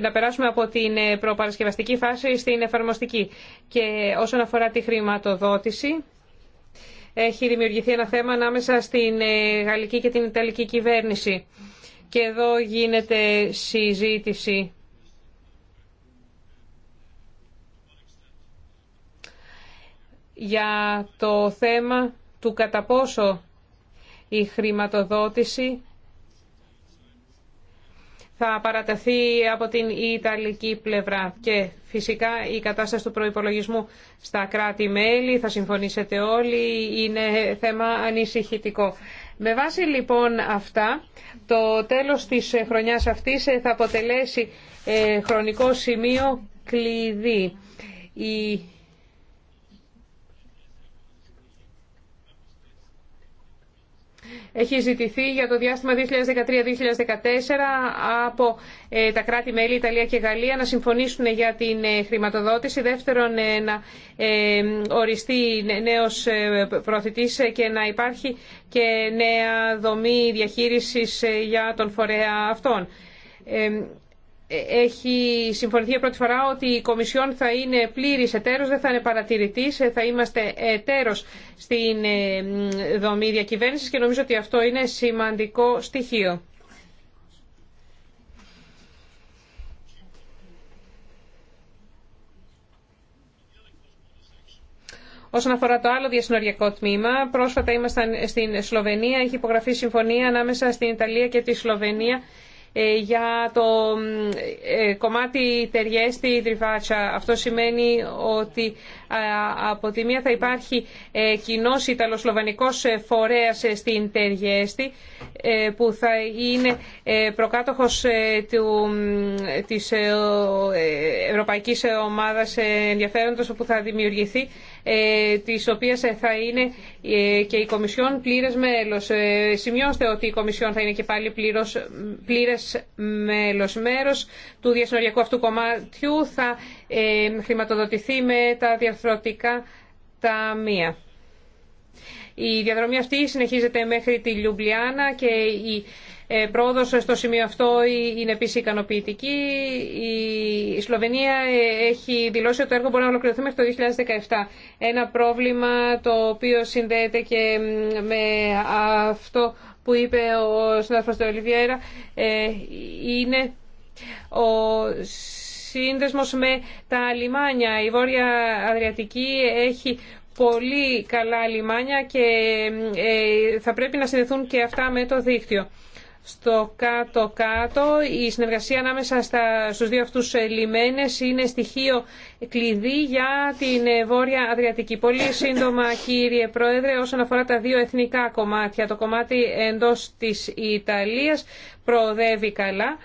να περάσουμε από την προπαρασκευαστική φάση στην εφαρμοστική. Και όσον αφορά τη χρηματοδότηση, έχει δημιουργηθεί ένα θέμα ανάμεσα στην ε, γαλλική και την ιταλική κυβέρνηση. Και εδώ γίνεται συζήτηση. για το θέμα του κατά πόσο η χρηματοδότηση θα παρατεθεί από την Ιταλική πλευρά. Και φυσικά η κατάσταση του προϋπολογισμού στα κράτη-μέλη, θα συμφωνήσετε όλοι, είναι θέμα ανησυχητικό. Με βάση λοιπόν αυτά, το τέλος της χρονιάς αυτής θα αποτελέσει ε, χρονικό σημείο κλειδί. έχει ζητηθεί για το διάστημα 2013-2014 από ε, τα κράτη-μέλη Ιταλία και Γαλλία να συμφωνήσουν για την ε, χρηματοδότηση. Δεύτερον, ε, να οριστεί νέος προωθητής και να υπάρχει και νέα δομή διαχείρισης για τον φορέα αυτών. Ε, έχει συμφωνηθεί για πρώτη φορά ότι η Κομισιόν θα είναι πλήρης εταίρος, δεν θα είναι παρατηρητής, ε, θα είμαστε εταίρος στην ε, δομή διακυβέρνησης και νομίζω ότι αυτό είναι σημαντικό στοιχείο. Όσον αφορά το άλλο διασυνοριακό τμήμα, πρόσφατα ήμασταν στην Σλοβενία, έχει υπογραφεί συμφωνία ανάμεσα στην Ιταλία και τη Σλοβενία ε, για το ε, κομμάτι τεριέστη τριβάτσα. Αυτό σημαίνει ότι από τη μία θα υπάρχει ε, κοινός Ιταλοσλοβανικός φορέας στην Τεριέστη που θα είναι προκάτοχος της Ευρωπαϊκής Ομάδας Ενδιαφέροντος που θα δημιουργηθεί ε, της οποίας ε, θα είναι ε, και η Κομισιόν πλήρες μέλος. Σημειώστε ότι η Κομισιόν θα είναι και πάλι πλήρως, πλήρες μέλος. Μέρος του διασυνοριακού αυτού κομματιού θα χρηματοδοτηθεί με τα διαρθρωτικά ταμεία. Η διαδρομή αυτή συνεχίζεται μέχρι τη Λιουμπλιάνα και η ε, πρόοδος στο σημείο αυτό είναι επίση ικανοποιητική. Η Σλοβενία ε, έχει δηλώσει ότι το έργο μπορεί να ολοκληρωθεί μέχρι το 2017. Ένα πρόβλημα το οποίο συνδέεται και με αυτό που είπε ο συνάδελφος του Ολιβιέρα ε, είναι ο σύνδεσμος με τα λιμάνια. Η Βόρεια Αδριατική έχει πολύ καλά λιμάνια και θα πρέπει να συνδεθούν και αυτά με το δίκτυο στο κάτω-κάτω. Η συνεργασία ανάμεσα στα, στους δύο αυτούς ε, λιμένες είναι στοιχείο κλειδί για την ε, Βόρεια Αδριατική. Πολύ σύντομα, κύριε Πρόεδρε, όσον αφορά τα δύο εθνικά κομμάτια. Το κομμάτι εντός της Ιταλίας προοδεύει καλά.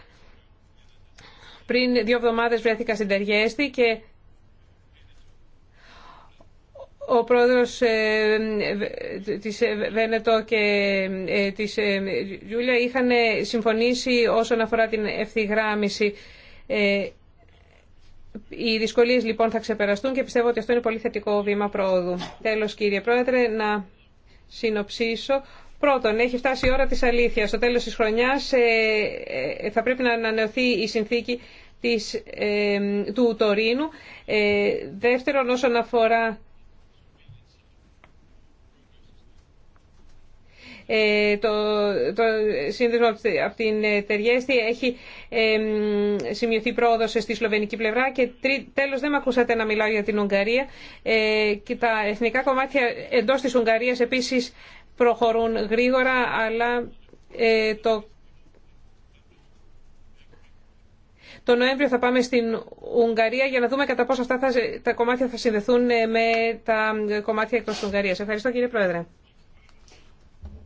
Πριν δύο εβδομάδες βρέθηκα στην Τεριέστη και ο πρόεδρος ε, ε, της ε, Βένετο και της Γιούλια είχαν συμφωνήσει όσον αφορά την ευθυγράμμιση. Οι δυσκολίες λοιπόν θα ξεπεραστούν και πιστεύω ότι αυτό είναι πολύ θετικό βήμα πρόοδου. Τέλος κύριε πρόεδρε να συνοψίσω. Πρώτον, έχει φτάσει η ώρα της αλήθειας. Στο τέλος της χρονιάς θα πρέπει να ανανεωθεί η συνθήκη της, του Τωρίνου. δεύτερον, όσον αφορά Ε, το, το σύνδεσμο από την ε, Τεριέστη έχει σημειωθεί πρόοδο στη σλοβενική πλευρά και τέλος δεν με ακούσατε να μιλάω για την Ουγγαρία ε, και τα εθνικά κομμάτια εντός της Ουγγαρίας επίσης προχωρούν γρήγορα αλλά το Το Νοέμβριο θα πάμε στην Ουγγαρία για να δούμε κατά πόσο αυτά θα, τα κομμάτια θα συνδεθούν με τα κομμάτια εκτός της Ουγγαρίας. Ευχαριστώ κύριε Πρόεδρε.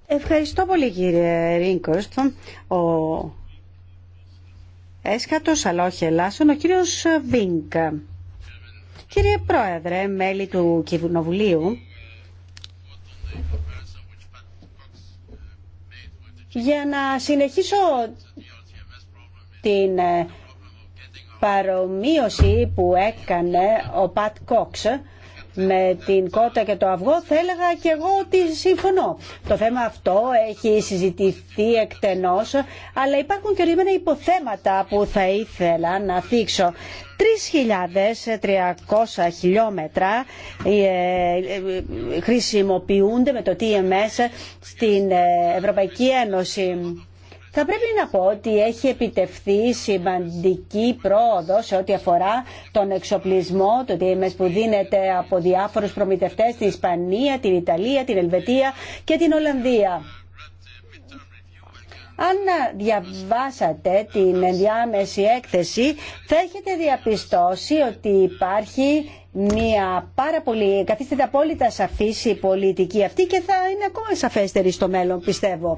Ευχαριστώ πολύ κύριε Ρίγκορστο. Ο έσκατος Ελλάσσον, ο κύριος Βίνκ. Κύριε Πρόεδρε, μέλη του Κοινοβουλίου, για να συνεχίσω την ε, παρομοίωση που έκανε ο Πατ Κόξ με την κότα και το αυγό θα έλεγα και εγώ ότι συμφωνώ. Το θέμα αυτό έχει συζητηθεί εκτενώς, αλλά υπάρχουν και ορισμένα υποθέματα που θα ήθελα να θίξω. 3.300 χιλιόμετρα ε, ε, ε, χρησιμοποιούνται με το TMS στην Ευρωπαϊκή Ένωση θα πρέπει να πω ότι έχει επιτευχθεί σημαντική πρόοδο σε ό,τι αφορά τον εξοπλισμό, το DMS που δίνεται από διάφορους προμηθευτές στην Ισπανία, την Ιταλία, την Ελβετία και την Ολλανδία. Αν διαβάσατε την ενδιάμεση έκθεση θα έχετε διαπιστώσει ότι υπάρχει μια πάρα πολύ, καθίστε απόλυτα σαφής η πολιτική αυτή και θα είναι ακόμα σαφέστερη στο μέλλον πιστεύω.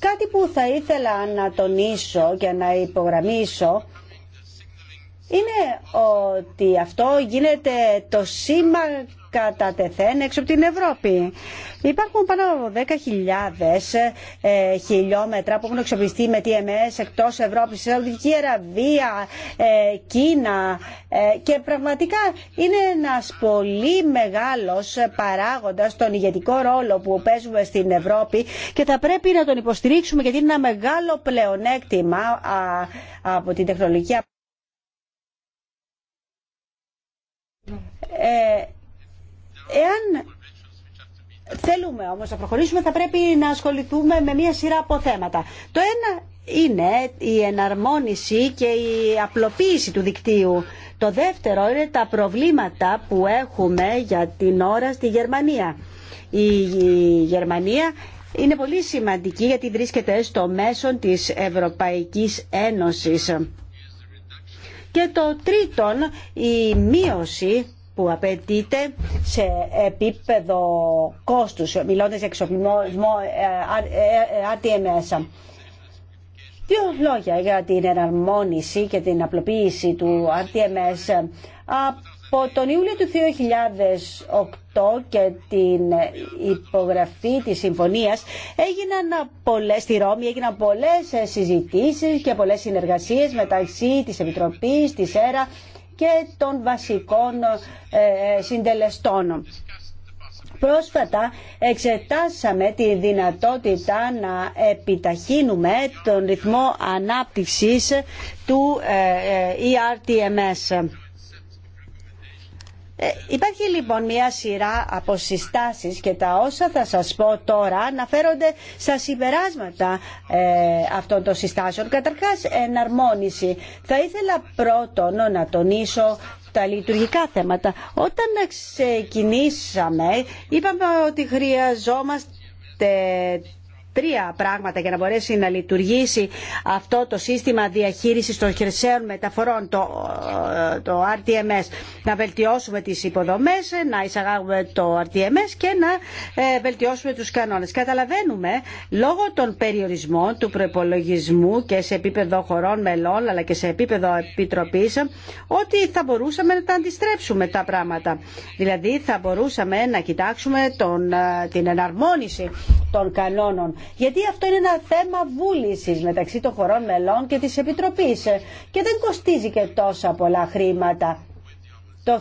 Κάτι που θα ήθελα να τονίσω και να υπογραμμίσω είναι ότι αυτό γίνεται το σήμα κατά τεθέν έξω από την Ευρώπη. Υπάρχουν πάνω από 10.000 ε, χιλιόμετρα που έχουν εξοπλιστεί με TMS εκτός Ευρώπης, Σαουδική Αραβία, ε, Κίνα ε, και πραγματικά είναι ένας πολύ μεγάλος παράγοντας τον ηγετικό ρόλο που παίζουμε στην Ευρώπη και θα πρέπει να τον υποστηρίξουμε γιατί είναι ένα μεγάλο πλεονέκτημα από την τεχνολογία. Ε, Εάν θέλουμε όμως να προχωρήσουμε θα πρέπει να ασχοληθούμε με μία σειρά από θέματα. Το ένα είναι η εναρμόνιση και η απλοποίηση του δικτύου. Το δεύτερο είναι τα προβλήματα που έχουμε για την ώρα στη Γερμανία. Η Γερμανία είναι πολύ σημαντική γιατί βρίσκεται στο μέσο της Ευρωπαϊκής Ένωσης. Και το τρίτον, η μείωση που απαιτείται σε επίπεδο κόστους, μιλώντα για εξοπλισμό ε, ε, ε, RTMS. Δύο λόγια για την εναρμόνιση και την απλοποίηση του RTMS. Από τον Ιούλιο του 2008 και την υπογραφή της συμφωνίας έγιναν πολλές, στη Ρώμη έγιναν πολλές συζητήσεις και πολλές συνεργασίες μεταξύ της Επιτροπής, της ΕΡΑ και των βασικών ε, συντελεστών. Πρόσφατα εξετάσαμε τη δυνατότητα να επιταχύνουμε τον ρυθμό ανάπτυξης του ε, ε, ERTMS. Ε, υπάρχει λοιπόν μια σειρά από συστάσεις και τα όσα θα σας πω τώρα αναφέρονται στα συμπεράσματα ε, αυτών των συστάσεων. Καταρχάς εναρμόνιση. Θα ήθελα πρώτον να τονίσω τα λειτουργικά θέματα. Όταν ξεκινήσαμε είπαμε ότι χρειαζόμαστε τρία πράγματα για να μπορέσει να λειτουργήσει αυτό το σύστημα διαχείρισης των χερσαίων μεταφορών, το, το RTMS. Να βελτιώσουμε τις υποδομές, να εισαγάγουμε το RTMS και να ε, βελτιώσουμε τους κανόνες. Καταλαβαίνουμε, λόγω των περιορισμών του προπολογισμού και σε επίπεδο χωρών μελών, αλλά και σε επίπεδο επιτροπής, ότι θα μπορούσαμε να τα αντιστρέψουμε τα πράγματα. Δηλαδή θα μπορούσαμε να κοιτάξουμε τον, ε, την εναρμόνιση των κανόνων γιατί αυτό είναι ένα θέμα βούληση μεταξύ των χωρών μελών και τη επιτροπή και δεν κοστίζει και τόσα πολλά χρήματα. Το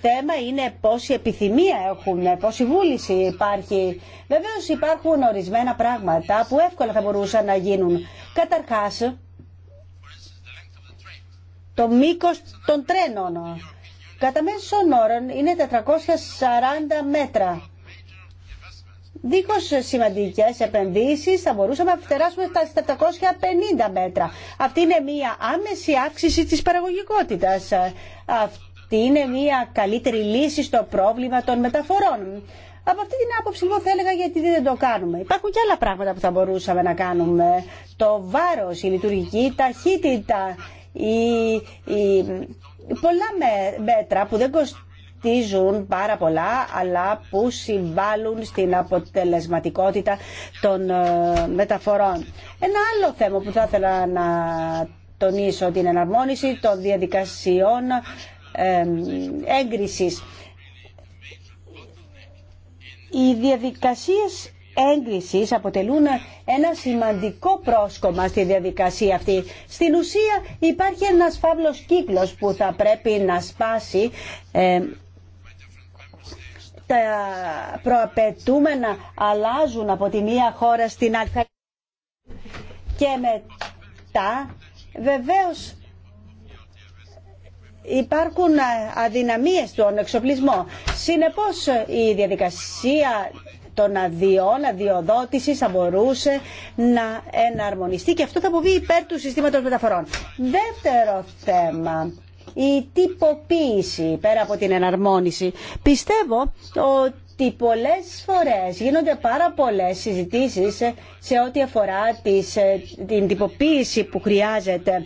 θέμα είναι πόση επιθυμία έχουν, πόση βούληση υπάρχει. Βεβαίω υπάρχουν ορισμένα πράγματα που εύκολα θα μπορούσαν να γίνουν. Καταρχά το μήκος των τρένων. Κατά μέσον όρων είναι 440 μέτρα. Δίχω σημαντικές επενδύσεις θα μπορούσαμε να φτεράσουμε στα 750 μέτρα. Αυτή είναι μια άμεση αύξηση της παραγωγικότητας. Αυτή είναι μια καλύτερη λύση στο πρόβλημα των μεταφορών. Από αυτή την άποψη λοιπόν, θα έλεγα γιατί δεν το κάνουμε. Υπάρχουν και άλλα πράγματα που θα μπορούσαμε να κάνουμε. Το βάρο η λειτουργική ταχύτητα, η, η πολλά μέτρα που δεν κοστίζουν κοστίζουν πάρα πολλά αλλά που συμβάλλουν στην αποτελεσματικότητα των ε, μεταφορών. Ένα άλλο θέμα που θα ήθελα να τονίσω την εναρμόνιση των διαδικασιών ε, έγκρισης. Οι διαδικασίες έγκρισης αποτελούν ένα σημαντικό πρόσκομα στη διαδικασία αυτή. Στην ουσία υπάρχει ένας φαύλος κύκλος που θα πρέπει να σπάσει ε, τα προαπαιτούμενα αλλάζουν από τη μία χώρα στην άλλη. Και μετά βεβαίως υπάρχουν αδυναμίες στον εξοπλισμό. Συνεπώς η διαδικασία των αδειών, αδειοδότηση θα μπορούσε να εναρμονιστεί και αυτό θα αποβεί υπέρ του συστήματος μεταφορών. Δεύτερο θέμα η τυποποίηση πέρα από την εναρμόνιση. Πιστεύω ότι πολλές φορές γίνονται πάρα πολλές συζητήσεις σε ό,τι αφορά τις, ε, την τυποποίηση που χρειάζεται.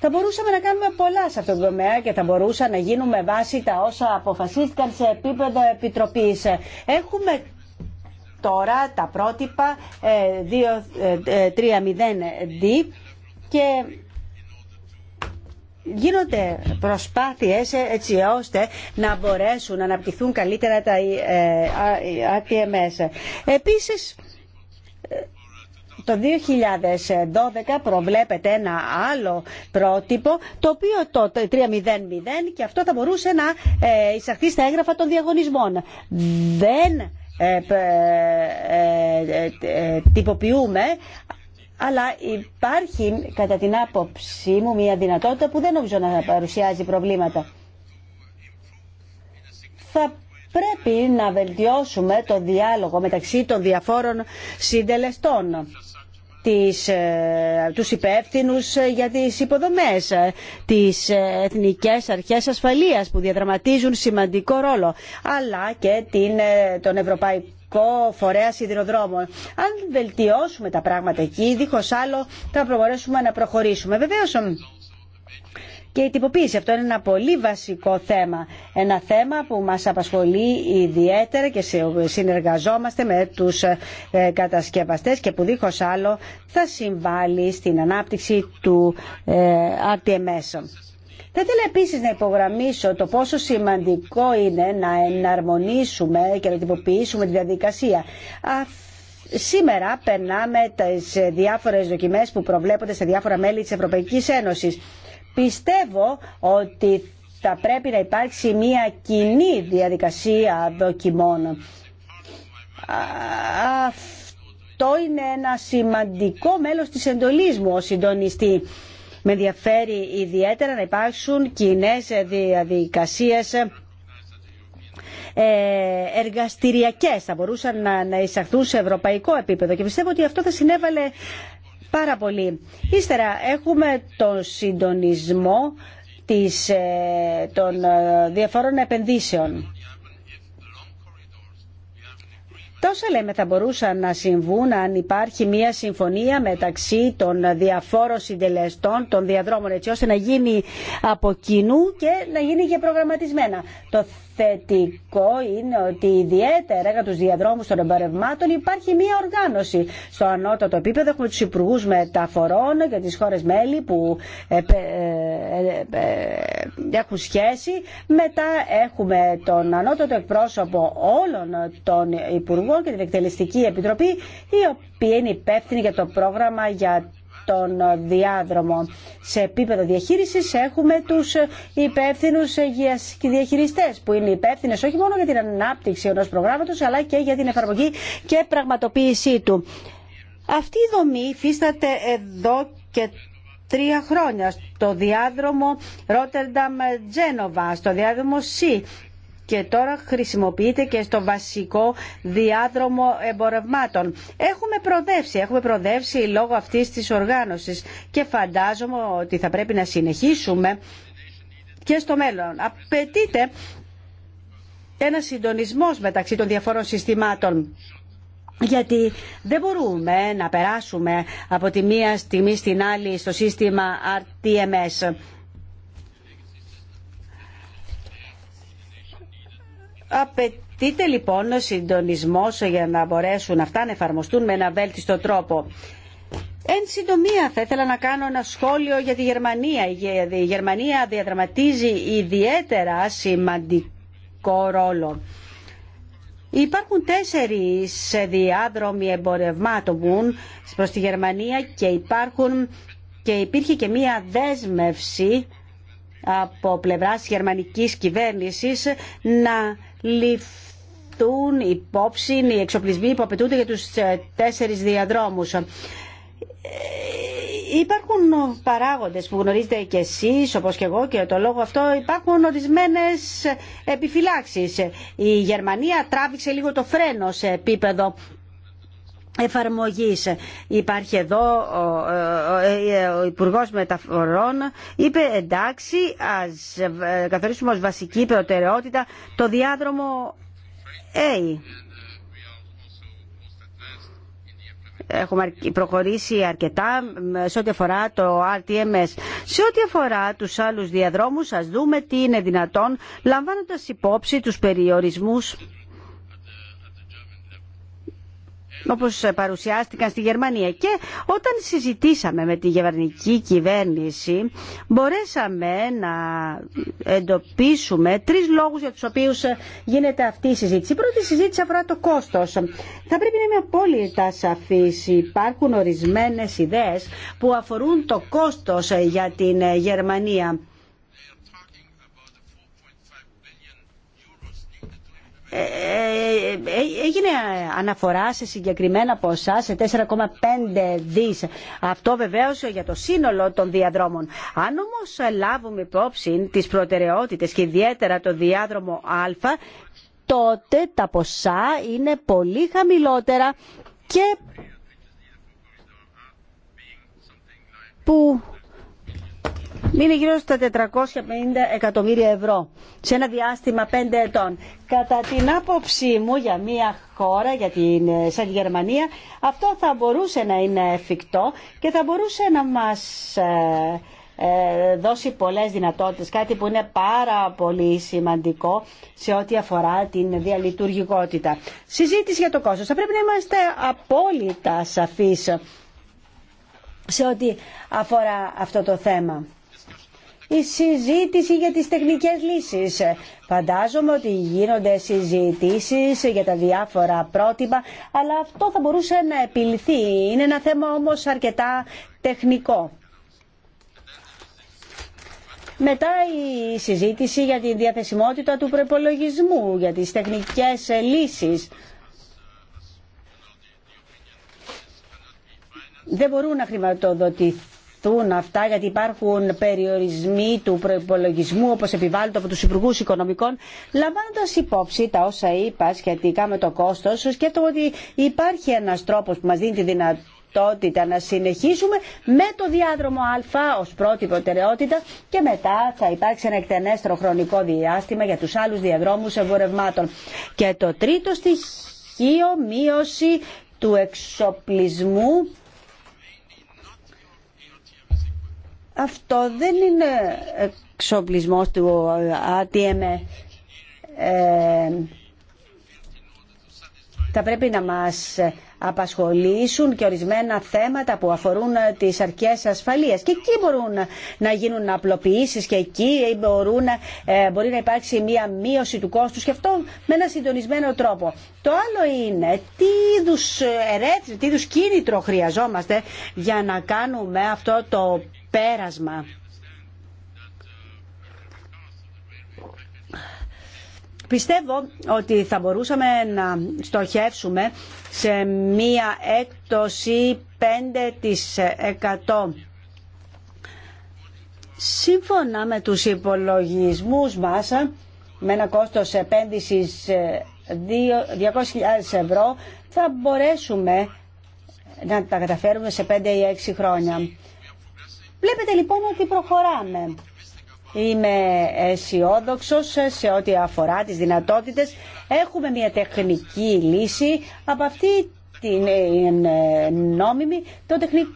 Θα μπορούσαμε να κάνουμε πολλά σε αυτό το τομέα και θα μπορούσα να γίνουμε βάση τα όσα αποφασίστηκαν σε επίπεδο επιτροπής. Έχουμε τώρα τα προτυπα 2 0 3.0D και γίνονται προσπάθειες έτσι ώστε να μπορέσουν να αναπτυχθούν καλύτερα τα ATMS. Ε, Επίσης, το 2012 προβλέπεται ένα άλλο πρότυπο το οποίο το 300 και αυτό θα μπορούσε να ε, εισαχθεί στα έγγραφα των διαγωνισμών. Δεν ε, τυποποιούμε αλλά υπάρχει κατά την άποψή μου μια δυνατότητα που δεν νομίζω να παρουσιάζει προβλήματα. Θα πρέπει να βελτιώσουμε το διάλογο μεταξύ των διαφόρων συντελεστών τις, ε, τους υπεύθυνους ε, για τις υποδομές, ε, τις εθνικές αρχές ασφαλείας που διαδραματίζουν σημαντικό ρόλο, αλλά και την, τον Ευρωπαϊκό Εθνικό Φορέα Αν βελτιώσουμε τα πράγματα εκεί, δίχως άλλο θα προχωρήσουμε να προχωρήσουμε. Βεβαίω, και η τυποποίηση. Αυτό είναι ένα πολύ βασικό θέμα. Ένα θέμα που μας απασχολεί ιδιαίτερα και συνεργαζόμαστε με τους ε, κατασκευαστές και που δίχως άλλο θα συμβάλλει στην ανάπτυξη του RTMS. Ε, θα ήθελα επίση να υπογραμμίσω το πόσο σημαντικό είναι να εναρμονίσουμε και να τυποποιήσουμε τη διαδικασία. Σήμερα περνάμε τις διάφορες δοκιμές που προβλέπονται σε διάφορα μέλη της Ευρωπαϊκής Ένωσης. Πιστεύω ότι θα πρέπει να υπάρξει μια κοινή διαδικασία δοκιμών. Αυτό είναι ένα σημαντικό μέλος της εντολής μου ως συντονιστή με ενδιαφέρει ιδιαίτερα να υπάρξουν κοινέ διαδικασίες ε, εργαστηριακές θα μπορούσαν να, να εισαχθούν σε ευρωπαϊκό επίπεδο και πιστεύω ότι αυτό θα συνέβαλε πάρα πολύ. Ύστερα έχουμε τον συντονισμό της, ε, των ε, διαφορών επενδύσεων. Τόσα λέμε θα μπορούσαν να συμβούν αν υπάρχει μια συμφωνία μεταξύ των διαφόρων συντελεστών των διαδρόμων έτσι ώστε να γίνει από κοινού και να γίνει και προγραμματισμένα θετικό είναι ότι ιδιαίτερα για του διαδρόμου των εμπορευμάτων υπάρχει μια οργάνωση. Στο ανώτατο επίπεδο έχουμε του υπουργού μεταφορών και τις χώρες μέλη που ε, ε, ε, έχουν σχέση. Μετά έχουμε τον ανώτατο εκπρόσωπο όλων των υπουργών και την Εκτελεστική Επιτροπή η οποία είναι υπεύθυνη για το πρόγραμμα για τον διάδρομο. Σε επίπεδο διαχείριση έχουμε τους υπεύθυνους διαχειριστέ, που είναι υπεύθυνε όχι μόνο για την ανάπτυξη ενό προγράμματο, αλλά και για την εφαρμογή και πραγματοποίησή του. Αυτή η δομή υφίσταται εδώ και τρία χρόνια στο διάδρομο Ρότερνταμ Τζένοβα, στο διάδρομο C και τώρα χρησιμοποιείται και στο βασικό διάδρομο εμπορευμάτων. Έχουμε προδεύσει, έχουμε προδεύσει λόγω αυτής της οργάνωσης και φαντάζομαι ότι θα πρέπει να συνεχίσουμε και στο μέλλον. Απαιτείται ένα συντονισμός μεταξύ των διαφόρων συστημάτων γιατί δεν μπορούμε να περάσουμε από τη μία στιγμή στην άλλη στο σύστημα RTMS. Απαιτείται λοιπόν ο συντονισμό για να μπορέσουν αυτά να εφαρμοστούν με ένα βέλτιστο τρόπο. Εν συντομία θα ήθελα να κάνω ένα σχόλιο για τη Γερμανία. Η Γερμανία διαδραματίζει ιδιαίτερα σημαντικό ρόλο. Υπάρχουν τέσσερις διάδρομοι εμπορευμάτων προς τη Γερμανία και υπάρχουν και υπήρχε και μία δέσμευση από πλευράς γερμανικής κυβέρνησης να ληφθούν υπόψη οι εξοπλισμοί που απαιτούνται για τους ε, τέσσερις διαδρόμους. Ε, υπάρχουν παράγοντες που γνωρίζετε και εσείς, όπως και εγώ και το λόγο αυτό, υπάρχουν ορισμένες επιφυλάξεις. Η Γερμανία τράβηξε λίγο το φρένο σε επίπεδο εφαρμογής. Υπάρχει εδώ ο Υπουργό Μεταφορών είπε εντάξει ας ε, καθορίσουμε ως βασική προτεραιότητα το διάδρομο A. έχουμε προχωρήσει αρκετά σε ό,τι αφορά το RTMS. Σε ό,τι αφορά τους άλλους διαδρόμους, ας δούμε τι είναι δυνατόν, λαμβάνοντας υπόψη τους περιορισμούς όπως παρουσιάστηκαν στη Γερμανία. Και όταν συζητήσαμε με τη γερμανική κυβέρνηση μπορέσαμε να εντοπίσουμε τρεις λόγους για τους οποίους γίνεται αυτή η συζήτηση. Η πρώτη συζήτηση αφορά το κόστος. Θα πρέπει να είμαι απόλυτα σαφής. Υπάρχουν ορισμένες ιδέες που αφορούν το κόστος για την Γερμανία. Ε, ε, ε, έγινε αναφορά σε συγκεκριμένα ποσά σε 4,5 δις. Αυτό βεβαίως για το σύνολο των διαδρόμων. Αν όμως λάβουμε υπόψη τις προτεραιότητες και ιδιαίτερα το διάδρομο Α, τότε τα ποσά είναι πολύ χαμηλότερα και που είναι γύρω στα 450 εκατομμύρια ευρώ σε ένα διάστημα 5 ετών. Κατά την άποψή μου για μια χώρα, για την, ε, σαν τη Γερμανία, αυτό θα μπορούσε να είναι εφικτό και θα μπορούσε να μας ε, ε, δώσει πολλές δυνατότητες, κάτι που είναι πάρα πολύ σημαντικό σε ό,τι αφορά την διαλειτουργικότητα. Συζήτηση για το κόστος. Θα πρέπει να είμαστε απόλυτα σαφείς σε ό,τι αφορά αυτό το θέμα η συζήτηση για τις τεχνικές λύσεις. Φαντάζομαι ότι γίνονται συζητήσεις για τα διάφορα πρότυπα, αλλά αυτό θα μπορούσε να επιληθεί. Είναι ένα θέμα όμως αρκετά τεχνικό. Μετά η συζήτηση για τη διαθεσιμότητα του προπολογισμού, για τις τεχνικές λύσεις. Δεν μπορούν να χρηματοδοτηθούν αυτά γιατί υπάρχουν περιορισμοί του προπολογισμού όπως επιβάλλονται από τους Υπουργού Οικονομικών λαμβάνοντας υπόψη τα όσα είπα σχετικά με το κόστος σκέφτομαι ότι υπάρχει ένας τρόπος που μας δίνει τη δυνατότητα να συνεχίσουμε με το διάδρομο Α ως πρώτη προτεραιότητα και μετά θα υπάρξει ένα εκτενέστερο χρονικό διάστημα για τους άλλους διαδρόμους εμπορευμάτων. Και το τρίτο στοιχείο, μείωση του εξοπλισμού Αυτό δεν είναι εξοπλισμό του ATM. Ε, θα πρέπει να μας απασχολήσουν και ορισμένα θέματα που αφορούν τις αρκές ασφαλείας. Και εκεί μπορούν να γίνουν απλοποιήσεις και εκεί μπορούν, ε, μπορεί να υπάρξει μία μείωση του κόστους και αυτό με ένα συντονισμένο τρόπο. Το άλλο είναι τι είδους ερέτηση, τι είδους κίνητρο χρειαζόμαστε για να κάνουμε αυτό το πέρασμα. Πιστεύω ότι θα μπορούσαμε να στοχεύσουμε σε μία έκπτωση 5%. Σύμφωνα με τους υπολογισμούς μας, με ένα κόστος επένδυσης 200.000 ευρώ, θα μπορέσουμε να τα καταφέρουμε σε 5 ή 6 χρόνια. Βλέπετε λοιπόν ότι προχωράμε. Είμαι αισιόδοξο σε ό,τι αφορά τις δυνατότητες. Έχουμε μια τεχνική λύση από αυτή την ε, ε, νόμιμη το τεχνικό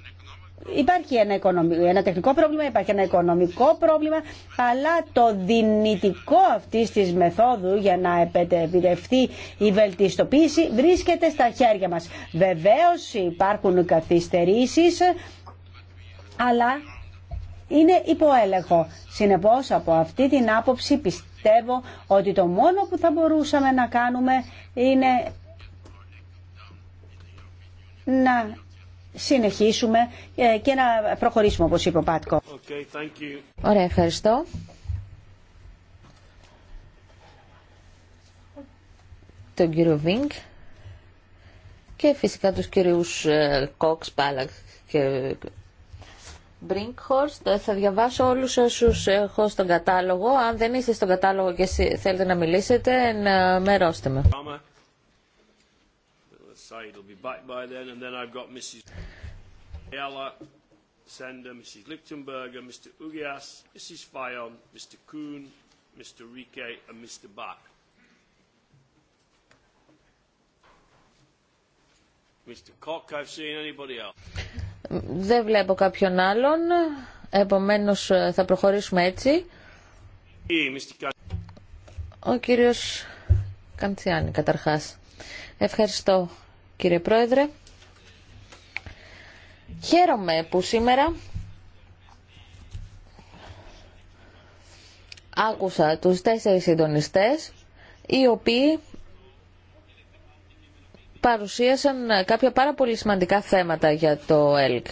Υπάρχει ένα, οικονομικό, ένα τεχνικό πρόβλημα, υπάρχει ένα οικονομικό πρόβλημα, αλλά το δυνητικό αυτή της μεθόδου για να επιτευχθεί η βελτιστοποίηση βρίσκεται στα χέρια μας. Βεβαίως υπάρχουν καθυστερήσεις, αλλά είναι υποέλεγχο. Συνεπώς από αυτή την άποψη πιστεύω ότι το μόνο που θα μπορούσαμε να κάνουμε είναι να συνεχίσουμε ε, και να προχωρήσουμε όπως είπε ο Πάτκο. Ωραία, ευχαριστώ. Τον κύριο Βίνκ και φυσικά τους κυρίους ε, Κόξ, Πάλακ και Brinkhorst. Θα διαβάσω όλου όσου έχω στον κατάλογο. Αν δεν είστε στον κατάλογο και θέλετε να μιλήσετε, να μερώστε με. Sender, Mrs. Lichtenberger, Mr. Urias, Mrs. Fayon, Mr. Kuhn, Mr. Rike, and Mr. Bach. Mr. Cock, I've seen anybody else. Δεν βλέπω κάποιον άλλον, επομένως ε, θα προχωρήσουμε έτσι. Ο κύριος Καντσιάνη καταρχάς. Ευχαριστώ κύριε Πρόεδρε. Χαίρομαι που σήμερα άκουσα τους τέσσερις συντονιστές οι οποίοι παρουσίασαν ε, κάποια πάρα πολύ σημαντικά θέματα για το ΕΛΚ.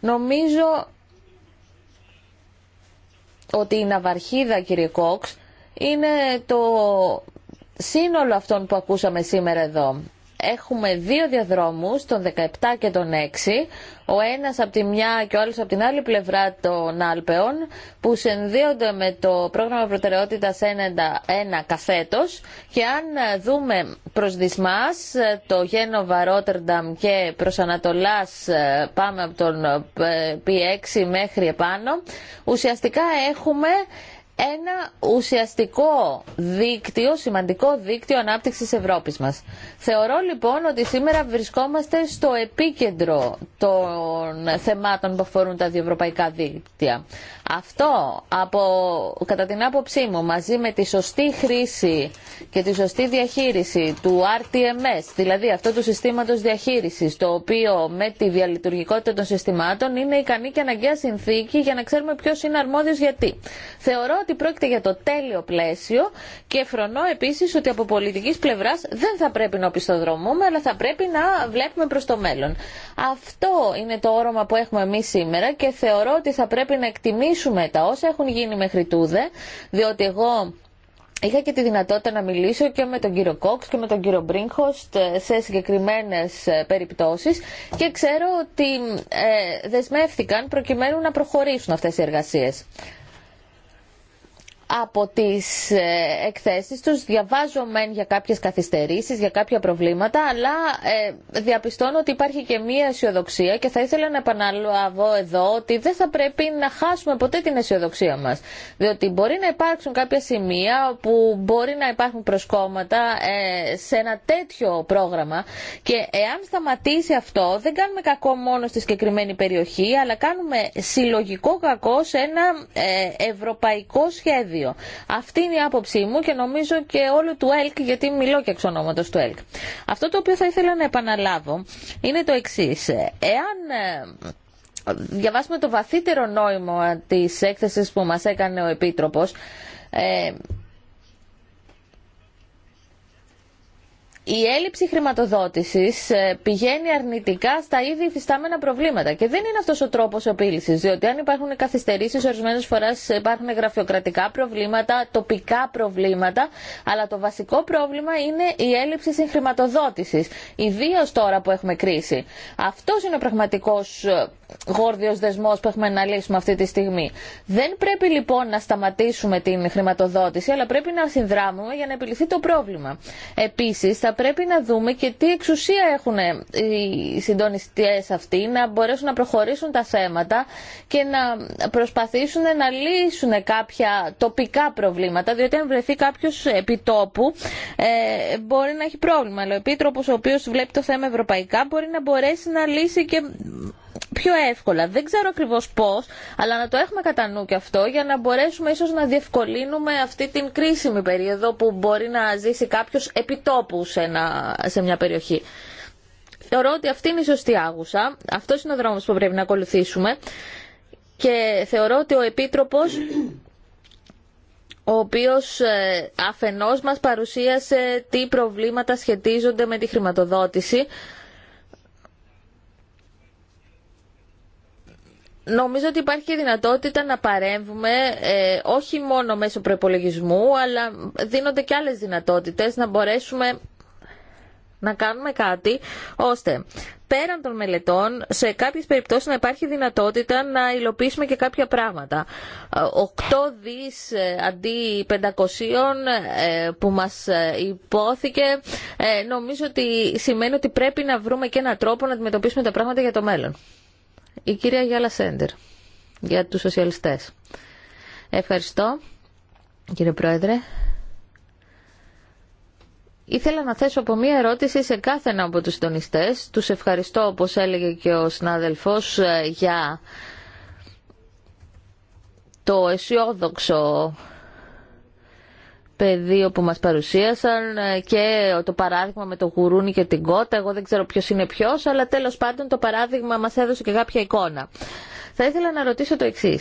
Νομίζω ότι η ναυαρχίδα, κύριε Κόξ, είναι το σύνολο αυτών που ακούσαμε σήμερα εδώ έχουμε δύο διαδρόμους, τον 17 και τον 6, ο ένας από τη μια και ο άλλος από την άλλη πλευρά των Άλπαιων, που συνδύονται με το πρόγραμμα προτεραιότητας 1, καθέτος και αν δούμε προς δυσμάς, το Γένοβα, Ρότερνταμ και προς Ανατολάς ε, πάμε από τον P6 ε, μέχρι επάνω, ουσιαστικά έχουμε ένα ουσιαστικό δίκτυο, σημαντικό δίκτυο ανάπτυξης Ευρώπης μας. Θεωρώ λοιπόν ότι σήμερα βρισκόμαστε στο επίκεντρο των θεμάτων που αφορούν τα διευρωπαϊκά δίκτυα. Αυτό, από, κατά την άποψή μου, μαζί με τη σωστή χρήση και τη σωστή διαχείριση του RTMS, δηλαδή αυτό του συστήματος διαχείρισης, το οποίο με τη διαλειτουργικότητα των συστημάτων είναι ικανή και αναγκαία συνθήκη για να ξέρουμε ποιο είναι αρμόδιος γιατί. Θεωρώ ότι πρόκειται για το τέλειο πλαίσιο και φρονώ επίση ότι από πολιτική πλευρά δεν θα πρέπει να οπισθοδρομούμε, αλλά θα πρέπει να βλέπουμε προ το μέλλον. Αυτό είναι το όρομα που έχουμε εμεί σήμερα και θεωρώ ότι θα πρέπει να εκτιμήσουμε τα όσα έχουν γίνει μέχρι τούδε, διότι εγώ Είχα και τη δυνατότητα να μιλήσω και με τον κύριο Κόξ και με τον κύριο Μπρίνχοστ ε, σε συγκεκριμένες ε, περιπτώσεις και ξέρω ότι ε, δεσμεύτηκαν προκειμένου να προχωρήσουν αυτές οι εργασίες από τις ε, εκθέσεις τους. Διαβάζω μεν για κάποιες καθυστερήσεις, για κάποια προβλήματα, αλλά ε, διαπιστώνω ότι υπάρχει και μία αισιοδοξία και θα ήθελα να επαναλάβω εδώ ότι δεν θα πρέπει να χάσουμε ποτέ την αισιοδοξία μας. Διότι μπορεί να υπάρξουν κάποια σημεία που μπορεί να υπάρχουν προσκόμματα ε, σε ένα τέτοιο πρόγραμμα και εάν σταματήσει αυτό δεν κάνουμε κακό μόνο στη συγκεκριμένη περιοχή αλλά κάνουμε συλλογικό κακό σε ένα ε, ευρωπαϊκό σχέδιο αυτή είναι η άποψή μου και νομίζω και όλου του ΕΛΚ, γιατί μιλώ και εξ ονόματος του ΕΛΚ. Αυτό το οποίο θα ήθελα να επαναλάβω είναι το εξή. Εάν ε, διαβάσουμε το βαθύτερο νόημα της έκθεσης που μας έκανε ο Επίτροπος, ε, η έλλειψη χρηματοδότηση ε, πηγαίνει αρνητικά στα ήδη υφιστάμενα προβλήματα και δεν είναι αυτό ο τρόπος επίλυσης, διότι αν υπάρχουν καθυστερήσει, ορισμένες φορές υπάρχουν γραφειοκρατικά προβλήματα, τοπικά προβλήματα, αλλά το βασικό πρόβλημα είναι η έλλειψη συγχρηματοδότηση. ιδίω τώρα που έχουμε κρίση. Αυτό είναι ο πραγματικό ε, γόρδιος δεσμό που έχουμε να λύσουμε αυτή τη στιγμή. Δεν πρέπει λοιπόν να σταματήσουμε την χρηματοδότηση, αλλά πρέπει να συνδράμουμε για να επιληθεί το πρόβλημα. Επίσης, πρέπει να δούμε και τι εξουσία έχουν οι συντονιστές αυτοί να μπορέσουν να προχωρήσουν τα θέματα και να προσπαθήσουν να λύσουν κάποια τοπικά προβλήματα, διότι αν βρεθεί κάποιο επιτόπου ε, μπορεί να έχει πρόβλημα. Αλλά ο Επίτροπος ο οποίος βλέπει το θέμα ευρωπαϊκά μπορεί να μπορέσει να λύσει και πιο εύκολα. Δεν ξέρω ακριβώ πώ, αλλά να το έχουμε κατά νου και αυτό για να μπορέσουμε ίσως να διευκολύνουμε αυτή την κρίσιμη περίοδο που μπορεί να ζήσει κάποιο επιτόπου σε, μια περιοχή. Θεωρώ ότι αυτή είναι η σωστή άγουσα. Αυτός είναι ο δρόμος που πρέπει να ακολουθήσουμε. Και θεωρώ ότι ο Επίτροπος ο οποίος ε, αφενός μας παρουσίασε τι προβλήματα σχετίζονται με τη χρηματοδότηση Νομίζω ότι υπάρχει δυνατότητα να παρέμβουμε ε, όχι μόνο μέσω προπολογισμού, αλλά δίνονται και άλλες δυνατότητες να μπορέσουμε να κάνουμε κάτι ώστε πέραν των μελετών σε κάποιες περιπτώσεις να υπάρχει δυνατότητα να υλοποιήσουμε και κάποια πράγματα. 8 δις ε, αντί 500 ε, που μας υπόθηκε νομίζω ότι σημαίνει ότι πρέπει να βρούμε και έναν τρόπο να αντιμετωπίσουμε τα πράγματα για το μέλλον. Η κυρία Γιάλα Σέντερ για τους σοσιαλιστές. Ευχαριστώ, κύριε Πρόεδρε. Ήθελα να θέσω από μία ερώτηση σε κάθε ένα από τους συντονιστές. Τους ευχαριστώ, όπως έλεγε και ο συνάδελφος, ε, για το αισιόδοξο πεδίο που μας παρουσίασαν ε, και το παράδειγμα με το γουρούνι και την κότα. Εγώ δεν ξέρω ποιος είναι ποιος, αλλά τέλος πάντων το παράδειγμα μας έδωσε και κάποια εικόνα. Θα ήθελα να ρωτήσω το εξή.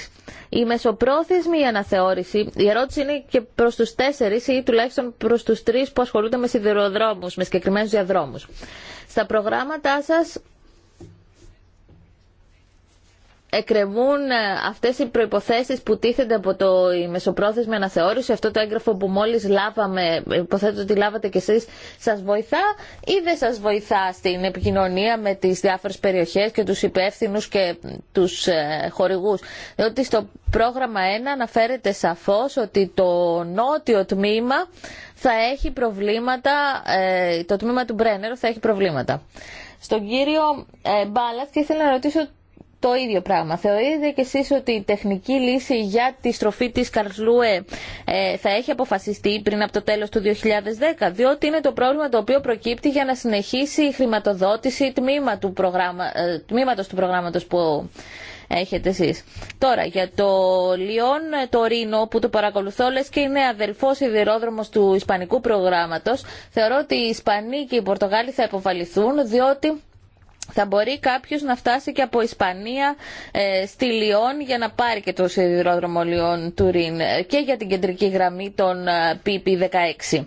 Η μεσοπρόθεσμη αναθεώρηση, η ερώτηση είναι και προ του τέσσερι ή τουλάχιστον προ του τρει που ασχολούνται με σιδηροδρόμου, με συγκεκριμένου διαδρόμου. Στα προγράμματά σα εκκρεμούν ε, αυτές οι προϋποθέσεις που τίθενται από το η μεσοπρόθεσμη αναθεώρηση, αυτό το έγγραφο που μόλις λάβαμε, υποθέτω ότι λάβατε κι εσείς, σας βοηθά ή δεν σας βοηθά στην επικοινωνία με τις διάφορες περιοχές και τους υπεύθυνους και τους ε, χορηγούς. Διότι στο πρόγραμμα 1 αναφέρεται σαφώς ότι το νότιο τμήμα θα έχει προβλήματα, ε, το τμήμα του Μπρένερου θα έχει προβλήματα. Στον κύριο Μπάλας και ήθελα να ρωτήσω το ίδιο πράγμα. Θεωρείτε και εσείς ότι η τεχνική λύση για τη στροφή της Καρλουέ ε, θα έχει αποφασιστεί πριν από το τέλος του 2010, διότι είναι το πρόβλημα το οποίο προκύπτει για να συνεχίσει η χρηματοδότηση τμήμα του προγράμμα, ε, τμήματος του προγράμματος που έχετε εσείς. Τώρα, για το Λιόν ε, το Ρίνο που το παρακολουθώ λες και είναι αδελφός σιδηρόδρομος του Ισπανικού προγράμματος, θεωρώ ότι οι Ισπανοί και οι Πορτογάλοι θα υποβαληθούν διότι θα μπορεί κάποιο να φτάσει και από Ισπανία ε, στη Λιόν για να πάρει και το σιδηρόδρομο Λιόν Τουρίν ε, και για την κεντρική γραμμή των PP16. Ε,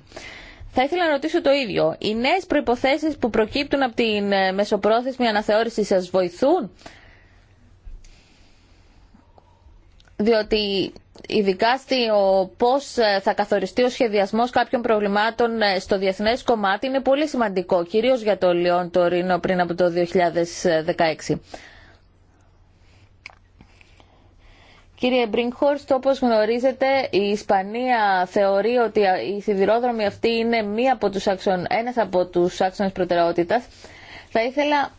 θα ήθελα να ρωτήσω το ίδιο. Οι νέε προϋποθέσεις που προκύπτουν από την μεσοπρόθεσμη αναθεώρηση σας βοηθούν? Διότι ειδικά στο πώ ε, θα καθοριστεί ο σχεδιασμός κάποιων προβλημάτων ε, στο διεθνέ κομμάτι είναι πολύ σημαντικό, Κυρίω για το Λιόν το πριν από το 2016. Κύριε Μπριγχόρστ, όπω γνωρίζετε, η Ισπανία θεωρεί ότι η σιδηρόδρομοι αυτή είναι μία από τους άξονε ένας από τους άξονες προτεραιότητας. Θα ήθελα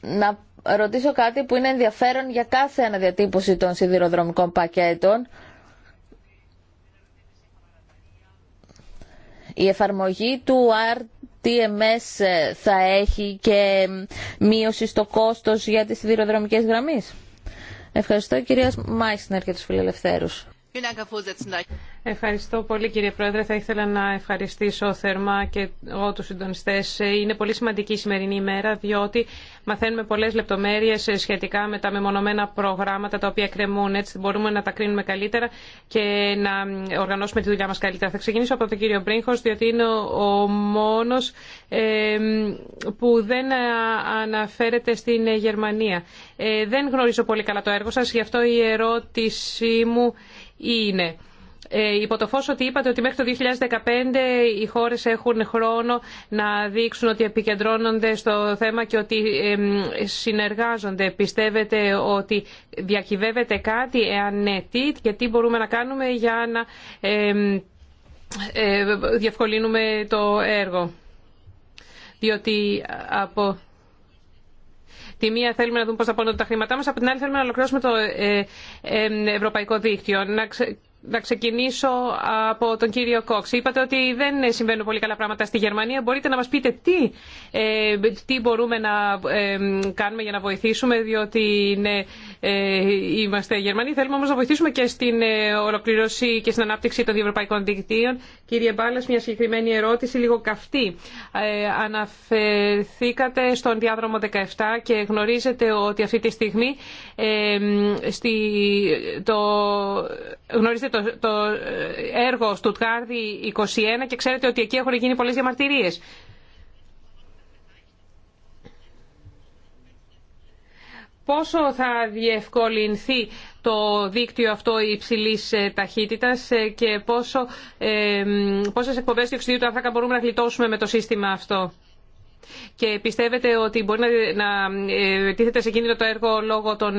να ρωτήσω κάτι που είναι ενδιαφέρον για κάθε αναδιατύπωση των σιδηροδρομικών πακέτων. Η εφαρμογή του RTMS θα έχει και μείωση στο κόστος για τις σιδηροδρομικές γραμμές. Ευχαριστώ κυρία Μάισνερ και τους φιλελευθέρους. Ευχαριστώ πολύ κύριε Πρόεδρε. Θα ήθελα να ευχαριστήσω θερμά και εγώ τους συντονιστές. Είναι πολύ σημαντική η σημερινή ημέρα διότι μαθαίνουμε πολλές λεπτομέρειες σχετικά με τα μεμονωμένα προγράμματα τα οποία κρεμούν. Έτσι μπορούμε να τα κρίνουμε καλύτερα και να οργανώσουμε τη δουλειά μας καλύτερα. Θα ξεκινήσω από τον κύριο Μπρίγχος διότι είναι ο μόνος που δεν αναφέρεται στην Γερμανία. Ε, δεν γνωρίζω πολύ καλά το έργο σας, γι' αυτό η ερώτησή μου είναι ε, υπό το φως ότι είπατε ότι μέχρι το 2015 οι χώρες έχουν χρόνο να δείξουν ότι επικεντρώνονται στο θέμα και ότι συνεργάζονται. Πιστεύετε ότι διακυβεύεται κάτι, εάν ναι, τι και τι μπορούμε να κάνουμε για να ε, διευκολύνουμε το έργο. Διότι από Τη μία θέλουμε να δούμε πώ θα πάνε τα χρήματά μα, από την άλλη θέλουμε να ολοκληρώσουμε το ε, ε, ευρωπαϊκό δίκτυο. Να να ξεκινήσω από τον κύριο Κόξ. Είπατε ότι δεν συμβαίνουν πολύ καλά πράγματα στη Γερμανία. Μπορείτε να μας πείτε τι, ε, τι μπορούμε να ε, κάνουμε για να βοηθήσουμε, διότι ναι, ε, είμαστε Γερμανοί. Θέλουμε όμως να βοηθήσουμε και στην ε, ολοκληρώση και στην ανάπτυξη των διευρωπαϊκών δικτύων. Κύριε Μπάλλας, μια συγκεκριμένη ερώτηση, λίγο καυτή. αναφερθήκατε στον διάδρομο 17 και γνωρίζετε ότι αυτή τη στιγμή στη, το, γνωρίζετε το, το ε, έργο Στουτγάρδη 21 και ξέρετε ότι εκεί έχουν γίνει πολλές διαμαρτυρίες. Πόσο θα διευκολυνθεί το δίκτυο αυτό υψηλής ε, ταχύτητας ε, και πόσο, ε, πόσες εκπομπές διοξιδίου του άνθρακα μπορούμε να γλιτώσουμε με το σύστημα αυτό. Και πιστεύετε ότι μπορεί να, να τίθεται σε κίνδυνο το έργο λόγω των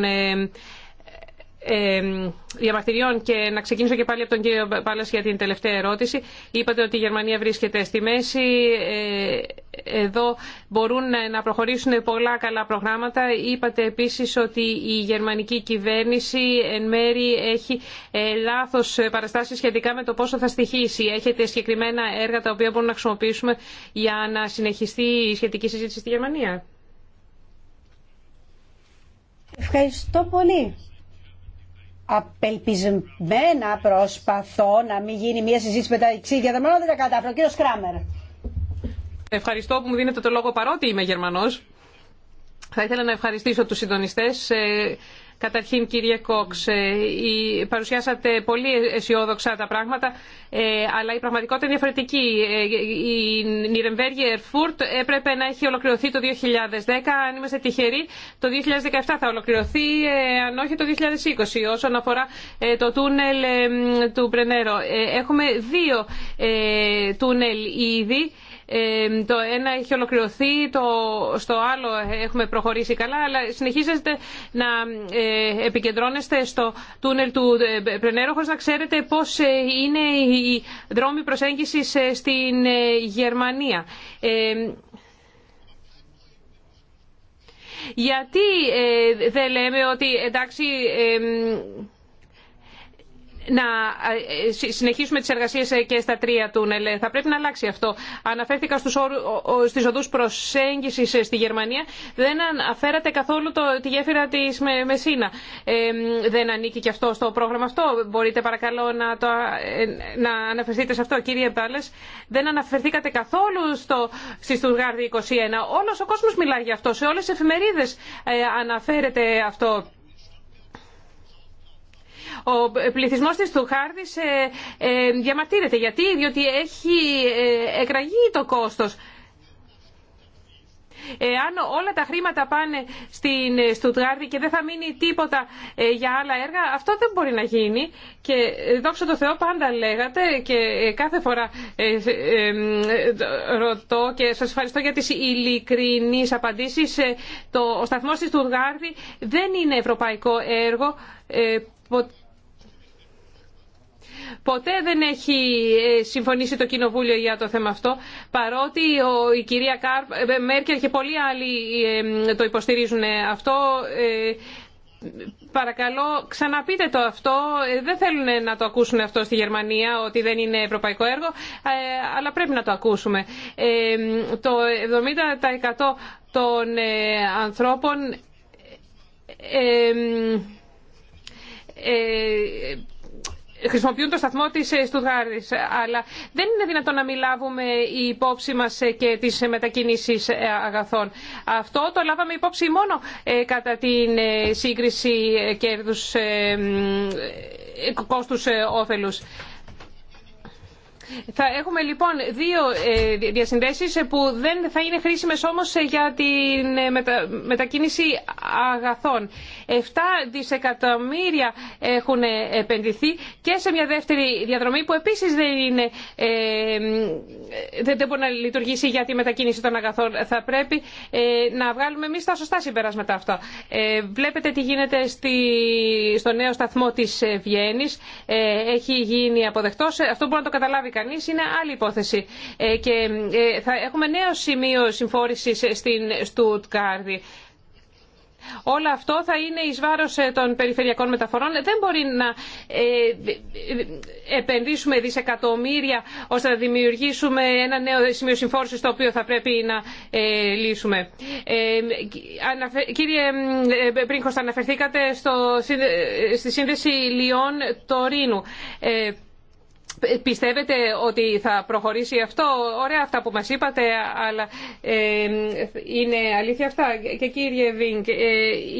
διαμαρτυριών και να ξεκινήσω και πάλι από τον κύριο Πάλλας για την τελευταία ερώτηση. Είπατε ότι η Γερμανία βρίσκεται στη μέση. Ε, εδώ μπορούν να προχωρήσουν πολλά καλά προγράμματα. Είπατε επίσης ότι η γερμανική κυβέρνηση εν μέρη έχει ε, λάθος παραστάσεις σχετικά με το πόσο θα στοιχήσει. Έχετε συγκεκριμένα έργα τα οποία μπορούμε να χρησιμοποιήσουμε για να συνεχιστεί η σχετική συζήτηση στη Γερμανία. Ευχαριστώ πολύ απελπισμένα προσπαθώ να μην γίνει μια συζήτηση μεταξύ εξήγια. δεν τα κατάφερα. Κύριο Κράμερ. Ευχαριστώ που μου δίνετε το λόγο παρότι είμαι Γερμανός. Θα ήθελα να ευχαριστήσω τους συντονιστές ε, Καταρχήν, κύριε Κόξ, ε, παρουσιάσατε πολύ αισιόδοξα τα πράγματα, ε, αλλά η πραγματικότητα είναι διαφορετική. Ε, η Νιρεμβέργη Ερφούρτ έπρεπε να έχει ολοκληρωθεί το 2010. Αν είμαστε τυχεροί, το 2017 θα ολοκληρωθεί, αν όχι το 2020, όσον αφορά το τούνελ του Πρενέρο. Έχουμε δύο τούνελ ήδη το ένα έχει ολοκληρωθεί, το, στο άλλο έχουμε προχωρήσει καλά, αλλά συνεχίζεστε να ε, επικεντρώνεστε στο τούνελ του ε, Πρενέρο, χωρίς να ξέρετε πώς ε, είναι οι δρόμοι προσέγγισης στην Γερμανία. Γιατί δεν λέμε ότι εντάξει να ε, ε, συνεχίσουμε τις εργασίες ε, και στα τρία τούνελ. Ναι, θα πρέπει να αλλάξει αυτό. Αναφέρθηκα στους όρου, στις οδούς προσέγγισης στη Γερμανία. Δεν αναφέρατε καθόλου το, τη γέφυρα της Μεσίνα. Ε, δεν ανήκει και αυτό στο πρόγραμμα αυτό. Μπορείτε παρακαλώ να, να αναφερθείτε σε αυτό. Κύριε Μπάλες, δεν αναφερθήκατε καθόλου στο, στη Στουργάρδη 21. Όλος ο κόσμος μιλάει για αυτό. Σε όλες τις εφημερίδες αναφέρεται αυτό. Ο πληθυσμό της του σε ε, διαμαρτύρεται. Γιατί, διότι έχει ε, εκραγεί το κόστος. Εάν όλα τα χρήματα πάνε στην ε, Στουτγάρδη και δεν θα μείνει τίποτα για άλλα έργα, αυτό δεν μπορεί να γίνει. Και δόξα τω Θεώ πάντα λέγατε και κάθε φορά ρωτώ και σας ευχαριστώ για τις ειλικρινείς απαντήσεις. Το, ο σταθμός της Στουτγάρδη δεν είναι ευρωπαϊκό έργο. Ε, Ποτέ δεν έχει ε, συμφωνήσει το Κοινοβούλιο για το θέμα αυτό, παρότι η κυρία ε, ε, Μέρκελ και πολλοί άλλοι το υποστηρίζουν αυτό. Παρακαλώ, ξαναπείτε το αυτό. Δεν θέλουν να το ακούσουν αυτό στη Γερμανία, ότι δεν είναι ευρωπαϊκό έργο, αλλά πρέπει να το ακούσουμε. Το 70% των ανθρώπων χρησιμοποιούν το σταθμό της ε, Στουτγάρδης. Αλλά δεν είναι δυνατόν να μην λάβουμε η υπόψη μας ε, και τι μετακινήσης ε, αγαθών. Αυτό το λάβαμε υπόψη μόνο κατά την σύγκριση κέρδους κόστους όφελους. Θα έχουμε λοιπόν δύο ε, διασυνδέσει ε, που δεν θα είναι χρήσιμε όμως ε, για την μετακίνηση αγαθών. 7 δισεκατομμύρια έχουν επενδυθεί και σε μια δεύτερη διαδρομή που επίσης δεν, είναι, δεν μπορεί να λειτουργήσει για τη μετακίνηση των αγαθών. Θα πρέπει να βγάλουμε εμεί τα σωστά συμπεράσματα αυτά. Βλέπετε τι γίνεται στη... στο νέο σταθμό της Βιέννης. Έχει γίνει αποδεκτός. Αυτό μπορεί να το καταλάβει κανεί είναι άλλη υπόθεση. Ε, και ε, θα έχουμε νέο σημείο συμφόρηση στην Στουτκάρδη. Όλο αυτό θα είναι εις βάρος ε, των περιφερειακών μεταφορών. Δεν μπορεί να επενδύσουμε δισεκατομμύρια ώστε να δημιουργήσουμε ένα νέο σημείο συμφόρηση το οποίο θα πρέπει να λύσουμε. Κύριε Πρίγκο, αναφερθήκατε στο, στη σύνδεση Λιών-Τωρίνου. Πιστεύετε ότι θα προχωρήσει αυτό. Ωραία αυτά που μας είπατε, αλλά ε, είναι αλήθεια αυτά. Και κύριε Βίνκ, ε,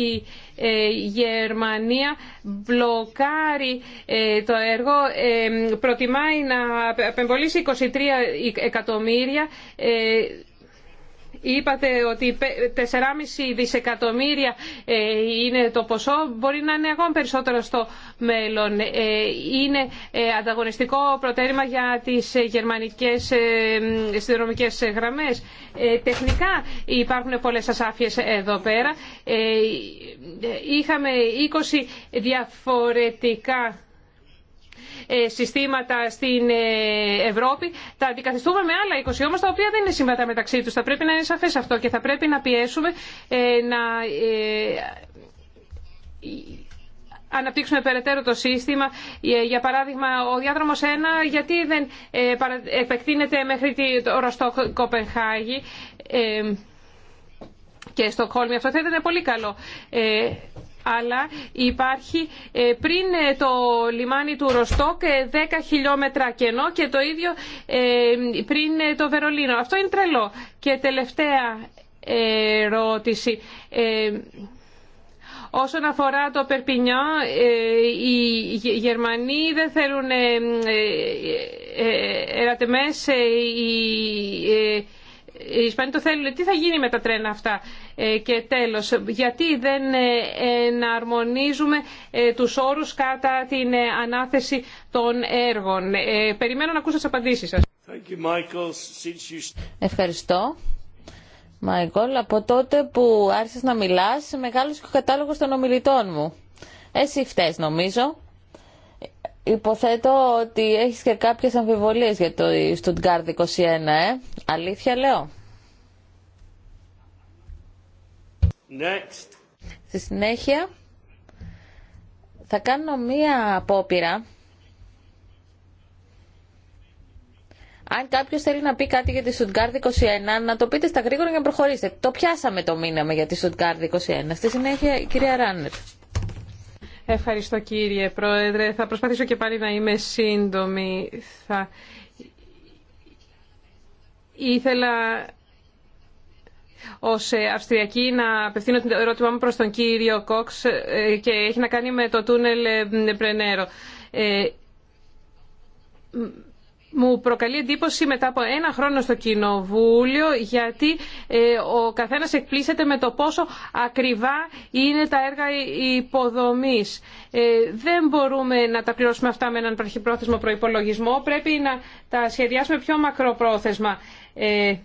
η ε, Γερμανία μπλοκάρει ε, το έργο, προτιμάει να απεμβολήσει 23 εκατομμύρια Είπατε ότι 4,5 δισεκατομμύρια ε, είναι το ποσό, μπορεί να είναι ακόμα περισσότερο στο μέλλον. Ε, είναι ε, ανταγωνιστικό προτέρημα για τις γερμανικές συνδρομικές γραμμές. Τεχνικά υπάρχουν πολλές ασάφειες εδώ πέρα. Είχαμε 20 διαφορετικά ε, συστήματα στην ε, Ευρώπη, τα αντικαθιστούμε με άλλα 20 όμω τα οποία δεν είναι συμβατά μεταξύ τους. Θα πρέπει να είναι σαφέ αυτό και θα πρέπει να πιέσουμε ε, να αναπτύξουμε περαιτέρω το σύστημα. Για παράδειγμα, ο διάδρομος 1 γιατί δεν επεκτείνεται μέχρι το Ρωστό Κοπενχάγη και Στοκχόλμη. Αυτό θα ήταν πολύ καλό αλλά υπάρχει ε, πριν ε, το λιμάνι του Ροστόκ 10 ε, χιλιόμετρα κενό και το ίδιο πριν το Βερολίνο. Αυτό είναι τρελό. Και τελευταία ερώτηση. Όσον αφορά το Περπινιά, οι Γερμανοί δεν θέλουν ερατεμές, οι οι Ισπανοί το θέλουν. Τι θα γίνει με τα τρένα αυτά. Ε, και τέλος, γιατί δεν ε, εναρμονίζουμε ε, τους όρους κατά την ανάθεση των έργων. περιμένω να ακούσω τις απαντήσεις σας. Ευχαριστώ. Μάικολ, από τότε που άρχισες να μιλάς, μεγάλωσε και ο κατάλογος των ομιλητών μου. Εσύ φταίς νομίζω. Υποθέτω ότι έχεις και κάποιες αμφιβολίες για το Stuttgart 21, ε. Αλήθεια λέω. Next. Στη συνέχεια θα κάνω μία απόπειρα. Αν κάποιο θέλει να πει κάτι για τη Στουτγκάρδη 21, να το πείτε στα γρήγορα για να προχωρήσετε. Το πιάσαμε το μήνυμα για τη Στουτγκάρδη 21. Στη συνέχεια, η κυρία Ράνερ. Ευχαριστώ κύριε Πρόεδρε. Θα προσπαθήσω και πάλι να είμαι σύντομη. Θα... Ήθελα ως Αυστριακή να απευθύνω την ερώτημά μου προς τον κύριο Κόξ ε, και έχει να κάνει με το τούνελ ε, Πρενέρο. Ε, μου προκαλεί εντύπωση μετά από ένα χρόνο στο Κοινοβούλιο γιατί ε, ο καθένας εκπλήσεται με το πόσο ακριβά είναι τα έργα υποδομής. Ε, δεν μπορούμε να τα πληρώσουμε αυτά με έναν πραχυπρόθεσμο προϋπολογισμό. Πρέπει να τα σχεδιάσουμε πιο μακροπρόθεσμα. Ε,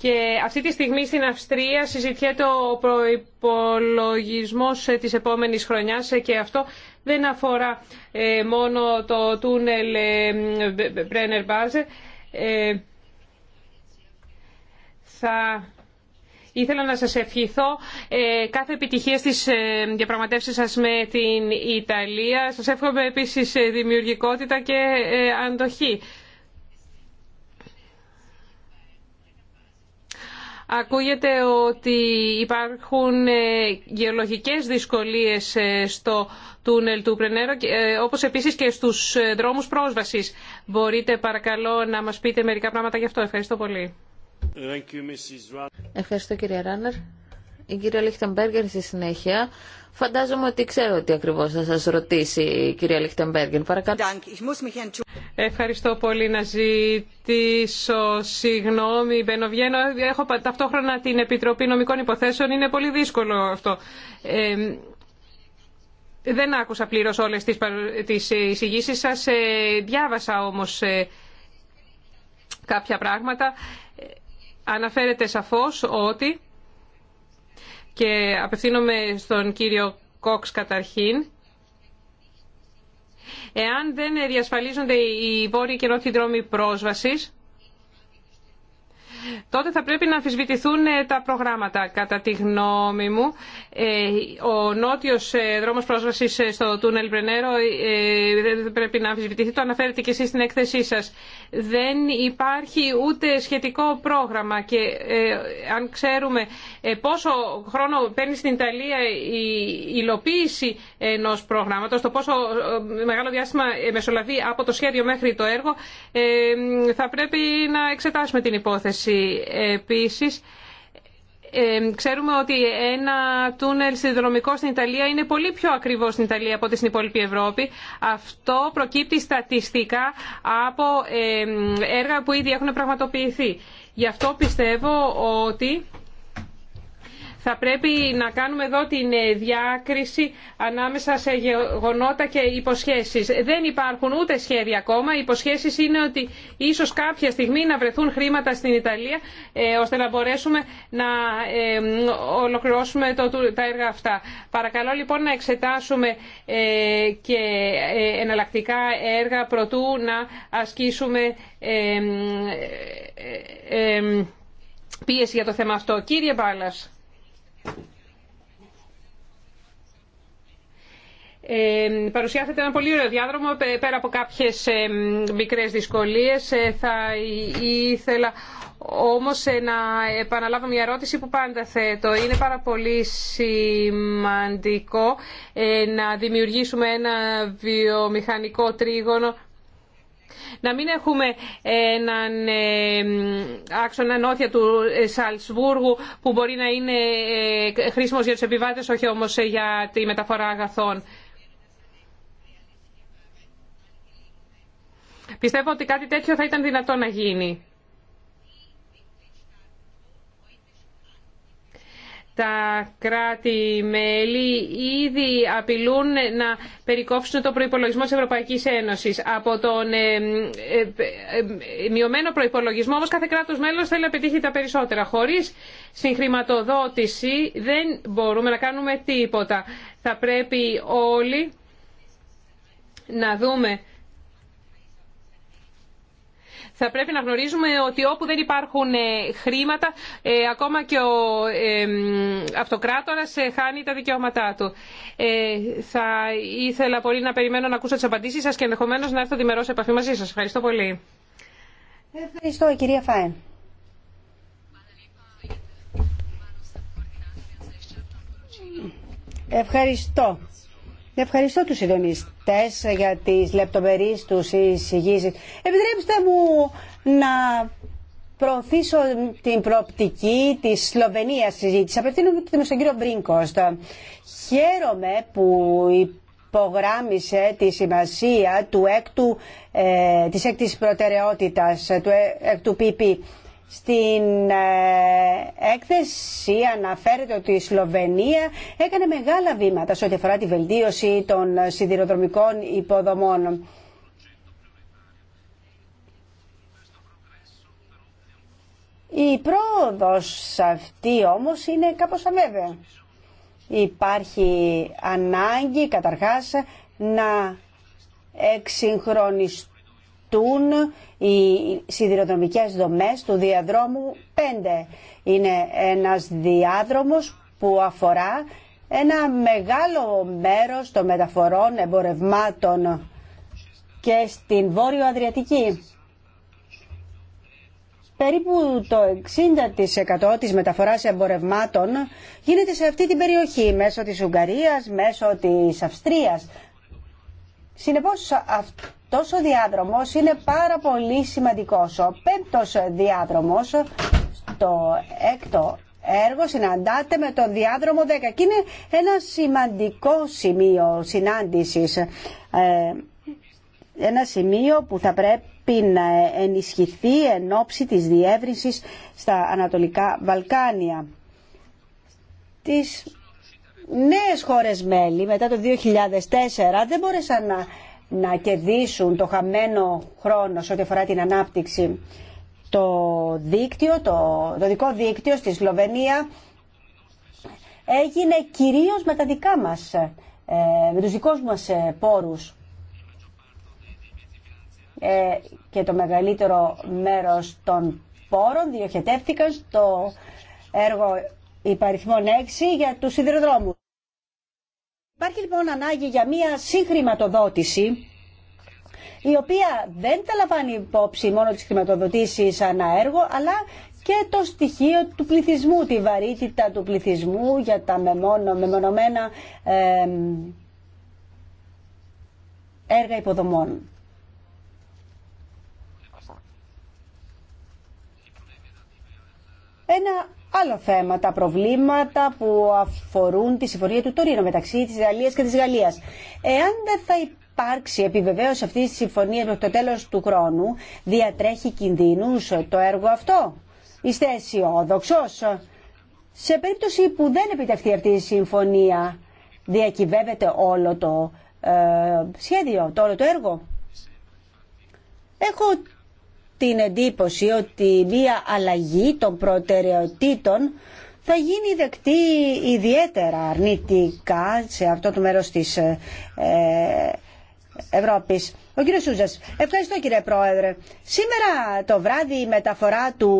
και αυτή τη στιγμή στην Αυστρία συζητιέται ο προϋπολογισμός της επόμενης χρονιάς και αυτό δεν αφορά ε, μόνο το τούνελ ε, brenner Μπάζε. Θα ήθελα να σας ευχηθώ ε, κάθε επιτυχία στις διαπραγματεύσεις σας με την Ιταλία. Σας εύχομαι επίσης δημιουργικότητα και αντοχή. Ακούγεται ότι υπάρχουν γεωλογικές δυσκολίες στο τούνελ του Πρενέρο, ε, όπως επίσης και στους ε, δρόμους πρόσβασης. Μπορείτε παρακαλώ να μας πείτε μερικά πράγματα γι' αυτό. Ευχαριστώ πολύ. Ευχαριστώ κύριε Ράνερ. Η κυρία Λίχτεμπέργκερ στη συνέχεια. Φαντάζομαι ότι ξέρω τι ακριβώς θα σας ρωτήσει η κυρία Λίχτεμπέργκερ. Παρακαλώ. Ευχαριστώ πολύ να ζητήσω συγγνώμη. Μπαινοβγαίνω, έχω ταυτόχρονα την Επιτροπή Νομικών Υποθέσεων. Είναι πολύ δύσκολο αυτό. Ε, δεν άκουσα πλήρως όλες τις, ε, εισηγήσει σα. σας, ε, διάβασα όμως ε, κάποια πράγματα. Αναφέρεται σαφώς ότι, και απευθύνομαι στον κύριο Κόξ καταρχήν, εάν δεν διασφαλίζονται οι βόρειοι και νότιοι δρόμοι πρόσβασης, τότε θα πρέπει να αμφισβητηθούν ε, τα προγράμματα. Κατά τη γνώμη μου, ε, ο νότιος ε, δρόμος πρόσβασης στο τούνελ Πρενέρο δεν πρέπει να αμφισβητηθεί. Το αναφέρετε και εσείς στην έκθεσή σας. Δεν υπάρχει ούτε σχετικό πρόγραμμα και αν ξέρουμε πόσο χρόνο παίρνει στην Ιταλία η υλοποίηση ενός προγράμματος, το πόσο μεγάλο διάστημα μεσολαβεί από το σχέδιο μέχρι το έργο, θα πρέπει να εξετάσουμε την υπόθεση επίσης. Ε, ξέρουμε ότι ένα τούνελ συνδρομικό στην Ιταλία είναι πολύ πιο ακριβό στην Ιταλία από ό,τι στην υπόλοιπη Ευρώπη. Αυτό προκύπτει στατιστικά από ε, έργα που ήδη έχουν πραγματοποιηθεί. Γι' αυτό πιστεύω ότι θα πρέπει να κάνουμε εδώ την διάκριση ανάμεσα σε γεγονότα και υποσχέσεις. Δεν υπάρχουν ούτε σχέδια ακόμα. Οι υποσχέσεις είναι ότι ίσως κάποια στιγμή να βρεθούν χρήματα στην Ιταλία ώστε να μπορέσουμε να ολοκληρώσουμε τα έργα αυτά. Παρακαλώ λοιπόν να εξετάσουμε και εναλλακτικά έργα προτού να ασκήσουμε πίεση για το θέμα αυτό. Κύριε Μπάλλας. Ε, ένα πολύ ωραίο διάδρομο πέρα από κάποιες μικρές δυσκολίες. Ε, θα ήθελα όμως ε, να επαναλάβω μια ερώτηση που πάντα θέτω. Είναι πάρα πολύ σημαντικό ε, να δημιουργήσουμε ένα βιομηχανικό τρίγωνο να μην έχουμε έναν ε, άξονα νότια του ε, Σαλσβούργου που μπορεί να είναι ε, χρήσιμος για τους επιβάτες, όχι όμως για τη μεταφορά αγαθών. Πιστεύω ότι κάτι τέτοιο θα ήταν δυνατό να γίνει. τα κράτη-μέλη ήδη απειλούν να περικόψουν το προϋπολογισμό της Ευρωπαϊκής Ένωσης. Από τον ε, ε, ε, ε, μειωμένο προϋπολογισμό όμως κάθε κράτος μέλος θέλει να πετύχει τα περισσότερα. Χωρίς συγχρηματοδότηση δεν μπορούμε να κάνουμε τίποτα. Θα πρέπει όλοι να δούμε θα πρέπει να γνωρίζουμε ότι όπου δεν υπάρχουν ε, χρήματα, ε, ακόμα και ο ε, αυτοκράτορας χάνει τα δικαιώματά του. Θα ήθελα πολύ να περιμένω να ακούσω τις απαντήσεις σας και ενδεχομένως να έρθω διμερώς σε επαφή μαζί σας. Ευχαριστώ πολύ. Ευχαριστώ, κυρία Φάεν. Ευχαριστώ. Ευχαριστώ τους συντονιστές για τις λεπτομερείς τους εισηγήσεις. Επιτρέψτε μου να προωθήσω την προοπτική της Σλοβενίας συζήτηση. Απευθύνομαι στον κύριο Μπρίνκοστ. Χαίρομαι που υπογράμισε τη σημασία του έκτου, ε, της έκτης προτεραιότητας του έκτου ΠΠ. Στην ε, έκθεση αναφέρεται ότι η Σλοβενία έκανε μεγάλα βήματα σε ό,τι αφορά τη βελτίωση των σιδηροδρομικών υποδομών. Η πρόοδος αυτή όμως είναι κάπως αβέβαια. Υπάρχει ανάγκη καταρχάς να εξυγχρονιστούν οι σιδηροδρομικές δομές του διαδρόμου 5. Είναι ένας διάδρομος που αφορά ένα μεγάλο μέρος των μεταφορών εμπορευμάτων και στην Βόρειο Αδριατική. Περίπου το 60% της μεταφοράς εμπορευμάτων γίνεται σε αυτή την περιοχή, μέσω της Ουγγαρίας, μέσω της Αυστρίας. Συνεπώς αυτό τόσο διάδρομος είναι πάρα πολύ σημαντικός. Ο πέμπτος διάδρομος, το έκτο έργο συναντάται με τον διάδρομο 10 και είναι ένα σημαντικό σημείο συνάντησης. Ε, ένα σημείο που θα πρέπει να ενισχυθεί εν ώψη της διεύρυνσης στα Ανατολικά Βαλκάνια. Τις νέες χώρες μέλη μετά το 2004 δεν μπόρεσαν να να κερδίσουν το χαμένο χρόνο σε ό,τι αφορά την ανάπτυξη. Το, δίκτυο, το, το δικό δίκτυο στη Σλοβενία έγινε κυρίως με τα δικά μας, ε, με τους δικούς μας ε, πόρους. Ε, και το μεγαλύτερο μέρος των πόρων διοχετεύτηκαν στο έργο υπαριθμών 6 για τους σιδηροδρόμους. Υπάρχει λοιπόν ανάγκη για μια συγχρηματοδότηση η οποία δεν τα λαμβάνει υπόψη μόνο τις χρηματοδοτήσεις ανά έργο, αλλά και το στοιχείο του πληθυσμού, τη βαρύτητα του πληθυσμού για τα μεμονωμένα έργα υποδομών. Ένα άλλα θέματα, προβλήματα που αφορούν τη συμφωνία του Τωρίνου μεταξύ της Ιταλίας και της Γαλλίας. Εάν δεν θα υπάρξει επιβεβαίωση αυτή τη συμφωνία με το τέλος του χρόνου, διατρέχει κινδύνους το έργο αυτό. Είστε αισιόδοξο. Σε περίπτωση που δεν επιτευχθεί αυτή η συμφωνία, διακυβεύεται όλο το ε, σχέδιο, το όλο το έργο. Έχω την εντύπωση ότι μία αλλαγή των προτεραιοτήτων θα γίνει δεκτή ιδιαίτερα αρνητικά σε αυτό το μέρος της ε, ε Ευρώπης. Ο κύριος Σούζας. Ευχαριστώ κύριε Πρόεδρε. Σήμερα το βράδυ η μεταφορά του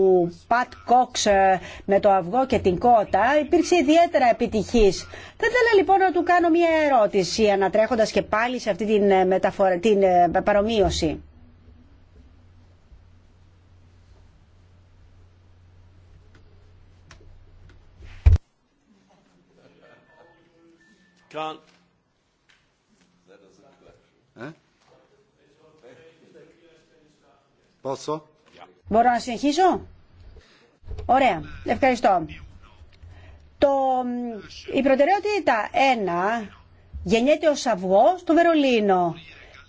Πατ Κόξ ε, με το αυγό και την κότα υπήρξε ιδιαίτερα επιτυχής. Θα ήθελα λοιπόν να του κάνω μια ερώτηση ανατρέχοντας και πάλι σε αυτή την, ε, μεταφορα... την παρομοίωση. Ε? Μπορώ να συνεχίσω. Ωραία. Ευχαριστώ. Το, η προτεραιότητα 1 γεννιέται ο αυγό στο Βερολίνο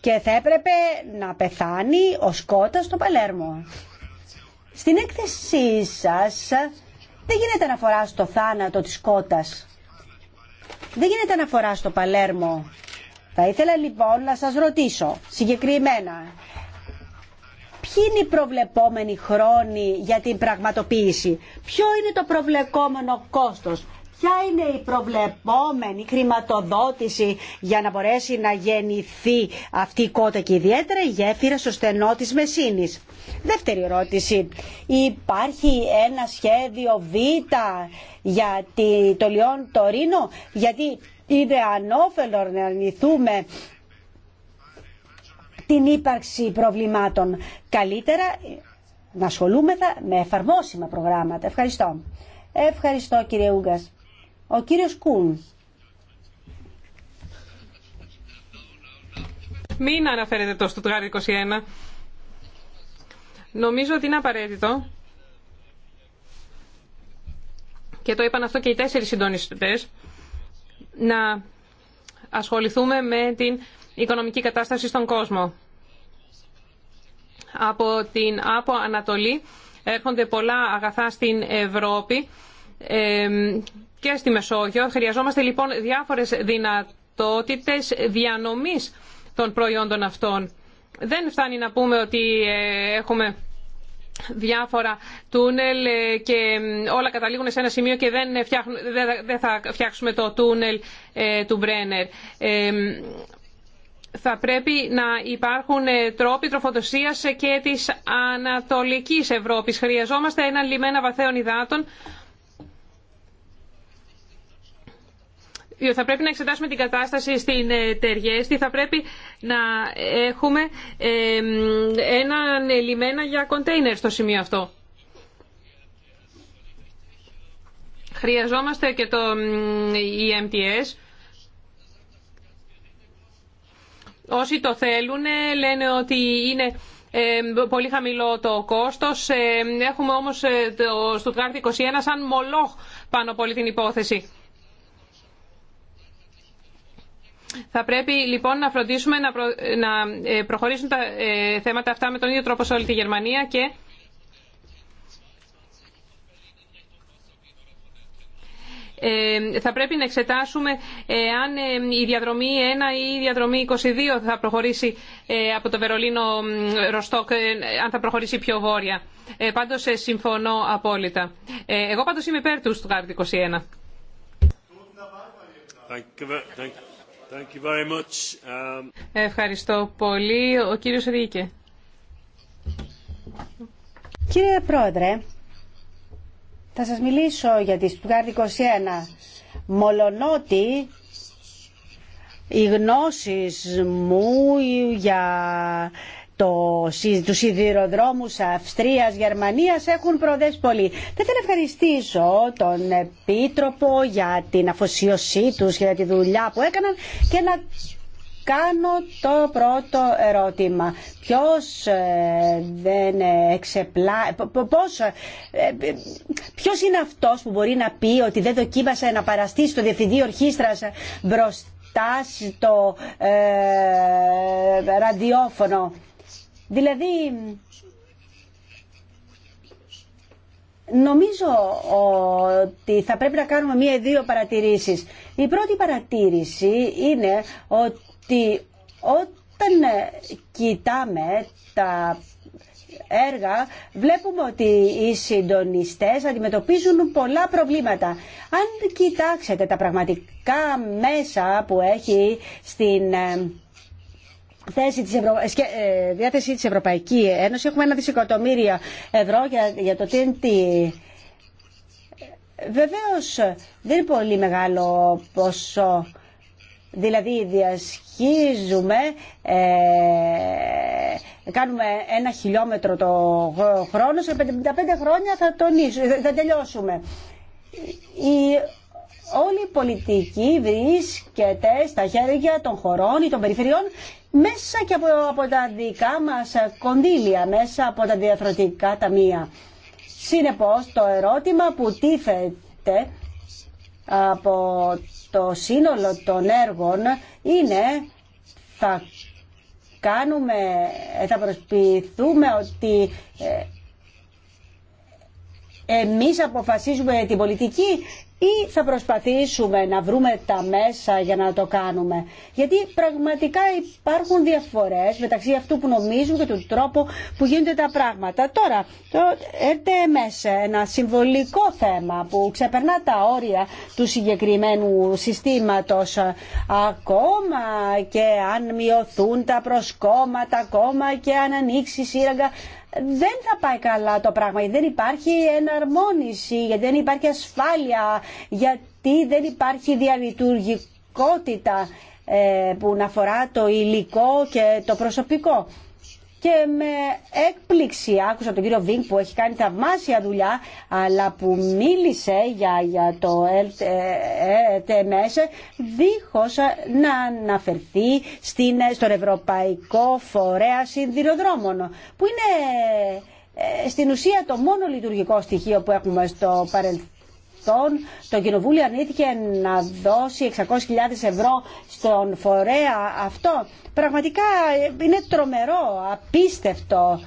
και θα έπρεπε να πεθάνει ο Σκότα στο Παλέρμο. Στην έκθεσή σας δεν γίνεται αναφορά στο θάνατο της Σκότας. Δεν γίνεται αναφορά στο Παλέρμο. Θα ήθελα λοιπόν να σας ρωτήσω συγκεκριμένα ποιοι είναι οι προβλεπόμενοι χρόνοι για την πραγματοποίηση, ποιο είναι το προβλεπόμενο κόστος, Ποια είναι η προβλεπόμενη χρηματοδότηση για να μπορέσει να γεννηθεί αυτή η κότα και ιδιαίτερα η γέφυρα στο στενό της Μεσίνης. Δεύτερη ερώτηση. Υπάρχει ένα σχέδιο Β για το Λιόν Τωρίνο γιατί είναι ανώφελο να αρνηθούμε την ύπαρξη προβλημάτων. Καλύτερα να ασχολούμεθα με εφαρμόσιμα προγράμματα. Ευχαριστώ. Ευχαριστώ κύριε Ούγκας. Ο κύριος Κούν. Μην αναφέρετε το Στουτγάρ 21. Νομίζω ότι είναι απαραίτητο και το είπαν αυτό και οι τέσσερις συντονιστές, να ασχοληθούμε με την οικονομική κατάσταση στον κόσμο. Από την από Ανατολή έρχονται πολλά αγαθά στην Ευρώπη και στη Μεσόγειο. Χρειαζόμαστε λοιπόν διάφορες δυνατότητες διανομής των προϊόντων αυτών. Δεν φτάνει να πούμε ότι ε, έχουμε διάφορα τούνελ ε, και όλα καταλήγουν σε ένα σημείο και δεν, δεν θα φτιάξουμε το τούνελ ε, του Μπρένερ. Θα πρέπει να υπάρχουν τρόποι τροφοδοσίας και της Ανατολικής Ευρώπης. Χρειαζόμαστε έναν λιμένα βαθέων υδάτων Ε, θα πρέπει να εξετάσουμε την κατάσταση στην ε, Τεριέστη, θα πρέπει να έχουμε ε, έναν λιμένα για κοντέινερ στο σημείο αυτό. Χρειαζόμαστε και το EMTS. Όσοι το θέλουν λένε ότι είναι πολύ χαμηλό το κόστος. Έχουμε όμως το Stuttgart 21 σαν μολόχ πάνω πολύ την υπόθεση. Θα πρέπει λοιπόν να φροντίσουμε να, να ε, προχωρήσουν τα ε, θέματα αυτά με τον ίδιο τρόπο σε όλη τη Γερμανία και ε, θα πρέπει να εξετάσουμε αν η διαδρομή 1 ή η διαδρομή 22 θα προχωρήσει από το Βερολίνο Ροστόκ, αν θα προχωρήσει πιο βόρεια. Πάντως συμφωνώ απόλυτα. Εγώ πάντως είμαι υπέρ του Στουγάρτη 21. Um, Ευχαριστώ πολύ. Ο κύριος Ρίκε. Κύριε Πρόεδρε, θα σας μιλήσω για τη Στουτγκάρδη 21. Μολονότι οι γνώσεις μου για το, τους σιδηροδρόμους Αυστρίας, Γερμανίας έχουν προοδέσει πολύ. Θα θέλω να ευχαριστήσω τον Επίτροπο για την αφοσίωσή τους και για τη δουλειά που έκαναν και να κάνω το πρώτο ερώτημα. Ποιος ε, δεν εξεπλά... Πώς... Ε, ε, ποιος είναι αυτός που μπορεί να πει ότι δεν δοκίμασε να παραστήσει το Διευθυντή Ορχήστρα μπροστά στο ε, ραδιόφωνο Δηλαδή, Νομίζω ότι θα πρέπει να κάνουμε μία ή δύο παρατηρήσεις. πρώτη παρατήρηση είναι ότι όταν κοιτάμε τα έργα βλέπουμε ότι οι συντονιστές αντιμετωπίζουν πολλά προβλήματα. Αν κοιτάξετε τα πραγματικά μέσα που έχει στην ε, θέση της Ευρω... Ε, ε, διάθεση της Ευρωπαϊκή Ένωση. Έχουμε ένα δισεκατομμύρια ευρώ για, για το TNT. Βεβαίως δεν είναι πολύ μεγάλο ποσό. Δηλαδή διασχίζουμε, ε, κάνουμε ένα χιλιόμετρο το χρόνο, σε 55 χρόνια θα, θα τελειώσουμε. Η, όλη η πολιτική βρίσκεται στα χέρια των χωρών ή των περιφερειών μέσα και από, τα δικά μας κονδύλια, μέσα από τα διαφορετικά ταμεία. Συνεπώς το ερώτημα που τίθεται από το σύνολο των έργων είναι θα κάνουμε, θα προσποιηθούμε ότι ε, εμείς αποφασίζουμε την πολιτική ή θα προσπαθήσουμε να βρούμε τα μέσα για να το κάνουμε. Γιατί πραγματικά υπάρχουν διαφορές μεταξύ αυτού που νομίζουμε και του τρόπου που γίνονται τα πράγματα. Τώρα, το μέσα ένα συμβολικό θέμα που ξεπερνά τα όρια του συγκεκριμένου συστήματος ακόμα και αν μειωθούν τα προσκόμματα ακόμα και αν ανοίξει σύραγγα δεν θα πάει καλά το πράγμα, δεν υπάρχει εναρμόνιση, γιατί δεν υπάρχει ασφάλεια, γιατί δεν υπάρχει διαλειτουργικότητα ε, που να αφορά το υλικό και το προσωπικό και με έκπληξη άκουσα τον κύριο Βίνκ που έχει κάνει θαυμάσια δουλειά αλλά που μίλησε για, για το ΕΤΜΣ δίχως να αναφερθεί στην, στον Ευρωπαϊκό Φορέα Συνδυροδρόμων που είναι ε, στην ουσία το μόνο λειτουργικό στοιχείο που έχουμε στο παρελθόν το Κοινοβούλιο αρνήθηκε να δώσει 600.000 ευρώ στον φορέα αυτό Πραγματικά ε, είναι τρομερό, απίστευτο.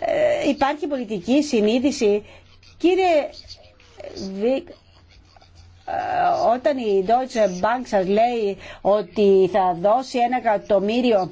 Ε, υπάρχει πολιτική συνείδηση. Κύριε Βίκ, ε, όταν η Deutsche Bank σας λέει ότι θα δώσει ένα εκατομμύριο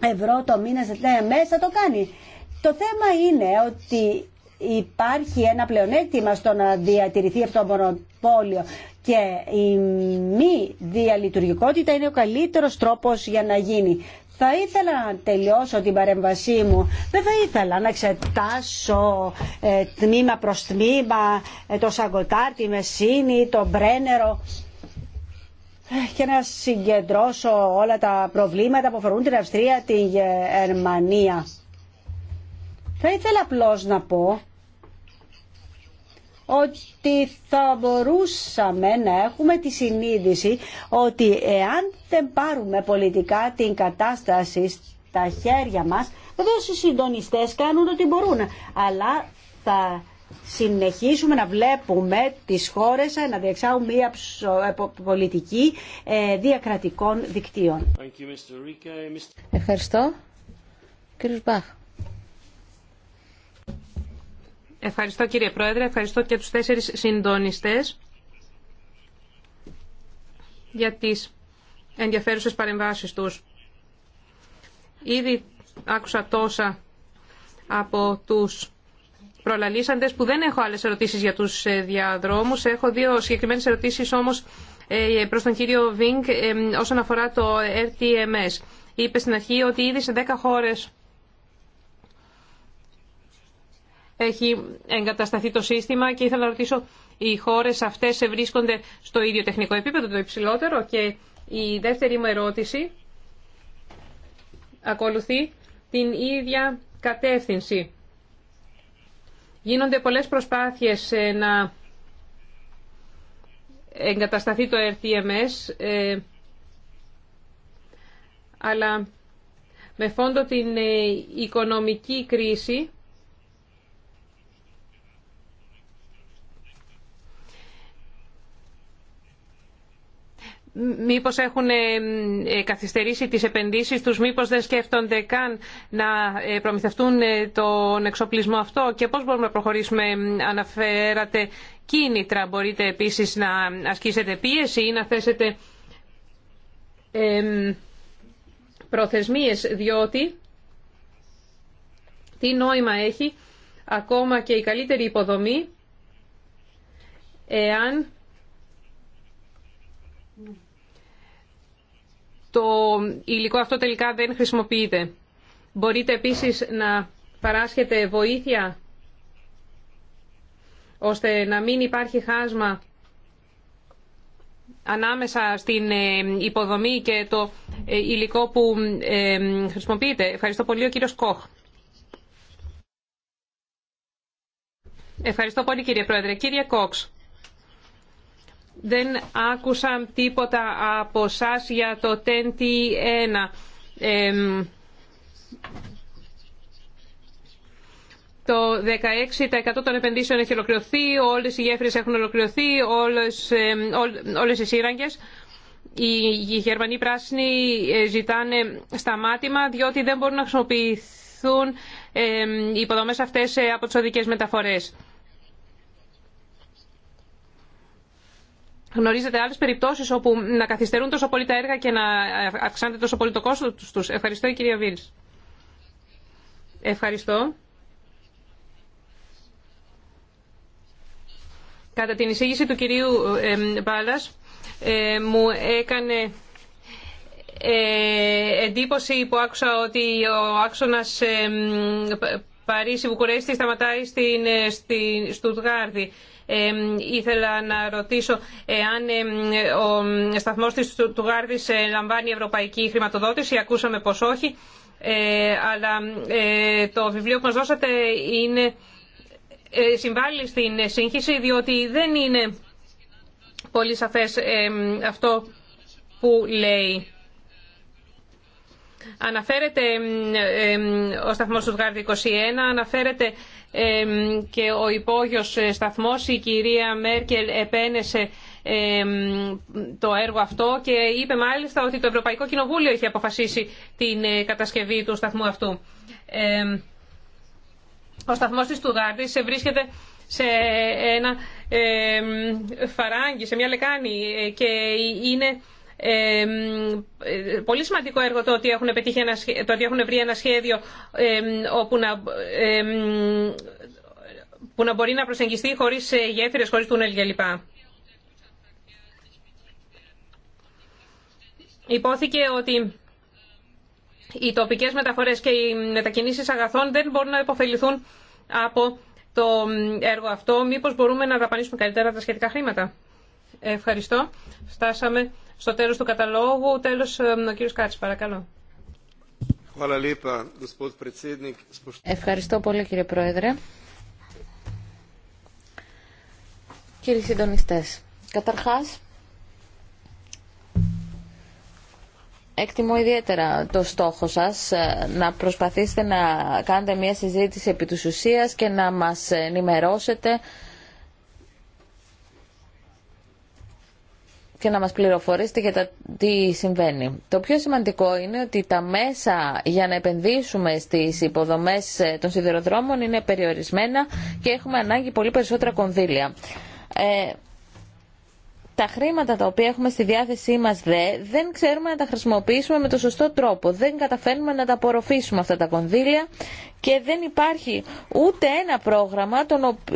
ευρώ το μήνα σε τέτοια μέσα, το κάνει. Το θέμα είναι ότι υπάρχει ένα πλεονέκτημα στο να διατηρηθεί αυτό το μονοπόλιο και η μη διαλειτουργικότητα είναι ο καλύτερος τρόπος για να γίνει. Θα ήθελα να τελειώσω την παρέμβασή μου. Δεν θα ήθελα να εξετάσω ε, τμήμα προς τμήμα ε, το Σαγκοτάρ, τη Μεσίνη, το Μπρένερο ε, και να συγκεντρώσω όλα τα προβλήματα που αφορούν την Αυστρία, τη Γερμανία. Θα ήθελα απλώς να πω ότι θα μπορούσαμε να έχουμε τη συνείδηση ότι εάν δεν πάρουμε πολιτικά την κατάσταση στα χέρια μας, εδώ οι συντονιστές κάνουν ό,τι μπορούν, αλλά θα συνεχίσουμε να βλέπουμε τις χώρες να διεξάγουν μια πολιτική ε, διακρατικών δικτύων. Ευχαριστώ. Κύριος Μπάχ. Ευχαριστώ κύριε Πρόεδρε, ευχαριστώ και τους τέσσερις συντονιστές για τις ενδιαφέρουσες παρεμβάσεις τους. Ήδη άκουσα τόσα από τους προλαλήσαντες που δεν έχω άλλες ερωτήσεις για τους ε, διαδρόμους. Έχω δύο συγκεκριμένες ερωτήσεις όμως ε, προς τον κύριο Βίνκ ε, όσον αφορά το RTMS. Είπε στην αρχή ότι ήδη σε 10 χώρες έχει εγκατασταθεί το σύστημα και ήθελα να ρωτήσω οι χώρες αυτές βρίσκονται στο ίδιο τεχνικό επίπεδο, το υψηλότερο και η δεύτερη μου ερώτηση ακολουθεί την ίδια κατεύθυνση. Γίνονται πολλές προσπάθειες ε, να εγκατασταθεί το RTMS, ε, αλλά με φόντο την ε, οικονομική κρίση μήπως έχουν ε, ε, καθυστερήσει τις επενδύσεις τους, μήπως δεν σκέφτονται καν να ε, προμηθευτούν τον εξοπλισμό αυτό και πώς μπορούμε να προχωρήσουμε, αναφέρατε κίνητρα, μπορείτε επίσης να ασκήσετε πίεση ή να θέσετε προθεσμίες, διότι τι νόημα έχει ακόμα και η καλύτερη υποδομή εάν το υλικό αυτό τελικά δεν χρησιμοποιείται. Μπορείτε επίσης να παράσχετε βοήθεια ώστε να μην υπάρχει χάσμα ανάμεσα στην ε, υποδομή και το ε, υλικό που ε, χρησιμοποιείται. Ευχαριστώ πολύ ο κύριος Κόχ. Ευχαριστώ πολύ κύριε Πρόεδρε. Κύριε Κόξ. Δεν άκουσα τίποτα από εσά για το τέντι 1. Ε, το 16% των επενδύσεων έχει ολοκληρωθεί, όλες οι γέφυρες έχουν ολοκληρωθεί, όλες, όλες οι σύραγγες. Οι Γερμανοί πράσινοι ε, ζητάνε σταμάτημα διότι δεν μπορούν να χρησιμοποιηθούν οι υποδομές αυτές ε, από τις οδικές μεταφορές. Γνωρίζετε άλλες περιπτώσεις όπου να καθυστερούν τόσο πολύ τα έργα και να αυξάνεται τόσο πολύ το κόστος τους. Ευχαριστώ η κυρία Βίλ. Ευχαριστώ. Κατά την εισήγηση του κυρίου ε, Μπάλας ε, μου έκανε ε, εντύπωση που άκουσα ότι ο άξονας Παρίσι-Βουκουρέστη σταματάει στην Στουτγάρδη ήθελα να ρωτήσω αν ο σταθμός της, του Γάρδης ε, λαμβάνει ευρωπαϊκή χρηματοδότηση. Ακούσαμε πως όχι. Ε, αλλά ε, το βιβλίο που μας δώσατε είναι, συμβάλλει στην σύγχυση διότι δεν είναι πολύ σαφές αυτό που λέει. Αναφέρεται ο σταθμός Γκάρδη 21, αναφέρεται και ο υπόγειος ε, σταθμός. Η κυρία Μέρκελ επένεσε το έργο αυτό και είπε μάλιστα ότι το Ευρωπαϊκό Κοινοβούλιο έχει αποφασίσει την ε, κατασκευή του σταθμού αυτού. Ο σταθμός της σε βρίσκεται σε ε, ένα φαράγγι, σε μια λεκάνη και είναι ε, πολύ σημαντικό έργο το ότι έχουν, πετύχει ένα, το ότι έχουν βρει ένα σχέδιο όπου να, που να μπορεί να προσεγγιστεί χωρίς ε, γέφυρες, χωρίς τούνελ κλπ. Υπόθηκε ότι οι τοπικές μεταφορές και οι μετακινήσεις αγαθών δεν μπορούν να υποφεληθούν από το έργο αυτό. Μήπως μπορούμε να δαπανίσουμε καλύτερα τα σχετικά χρήματα. Ευχαριστώ στο τέλος του καταλόγου. Τέλος, ε, ο κύριος Κάτσης, παρακαλώ. Ευχαριστώ πολύ κύριε Πρόεδρε. Κύριοι συντονιστές, καταρχάς εκτιμώ ιδιαίτερα το στόχο σας ε, να προσπαθήσετε να κάνετε μια συζήτηση επί της ουσίας και να μας ενημερώσετε και να μας πληροφορήσετε για τι συμβαίνει. Το πιο σημαντικό είναι ότι τα μέσα για να επενδύσουμε στις υποδομές ε, των σιδηροδρόμων είναι περιορισμένα και έχουμε ανάγκη πολύ περισσότερα κονδύλια. Ε, τα χρήματα τα οποία έχουμε στη διάθεσή μας δε, δεν ξέρουμε να τα χρησιμοποιήσουμε με το σωστό τρόπο. Δεν καταφέρνουμε να τα απορροφήσουμε αυτά τα κονδύλια και δεν υπάρχει ούτε ένα πρόγραμμα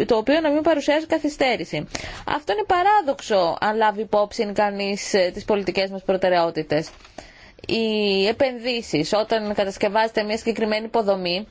το οποίο να μην παρουσιάζει καθυστέρηση. Αυτό είναι παράδοξο αν λάβει υπόψη κανείς ε, τις πολιτικές μας προτεραιότητες. Οι επενδύσεις όταν κατασκευάζεται μια συγκεκριμένη υποδομή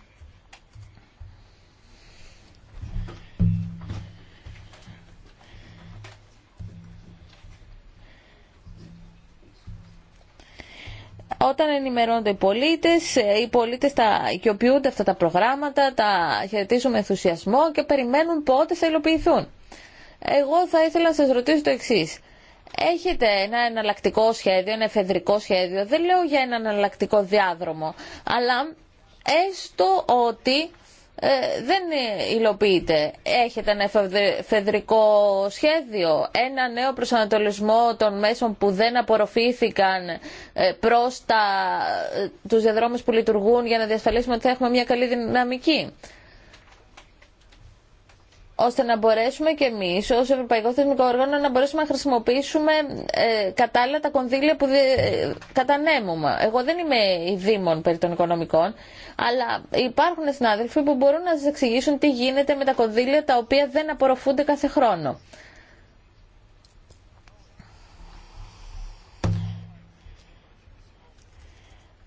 Όταν ενημερώνονται οι πολίτες, ε, οι πολίτε τα οικειοποιούνται αυτά τα προγράμματα, τα χαιρετίζουν με ενθουσιασμό και περιμένουν πότε θα υλοποιηθούν. Εγώ θα ήθελα να σα ρωτήσω το εξή. Έχετε ένα εναλλακτικό σχέδιο, ένα εφεδρικό σχέδιο, δεν λέω για ένα εναλλακτικό διάδρομο, αλλά έστω ότι ε, δεν υλοποιείται. Έχετε ένα εφεδρικό σχέδιο, ένα νέο προσανατολισμό των μέσων που δεν απορροφήθηκαν ε, προς τα, ε, τους διαδρόμους που λειτουργούν για να διασφαλίσουμε ότι θα έχουμε μια καλή δυναμική ώστε να μπορέσουμε και εμεί, ω Ευρωπαϊκό Θεσμικό Όργανο να μπορέσουμε να χρησιμοποιήσουμε ε, κατάλληλα τα κονδύλια που ε, κατανέμουμε. Εγώ δεν είμαι η Δήμων περί των οικονομικών, αλλά υπάρχουν συνάδελφοι που μπορούν να σα εξηγήσουν τι γίνεται με τα κονδύλια τα οποία δεν απορροφούνται κάθε χρόνο.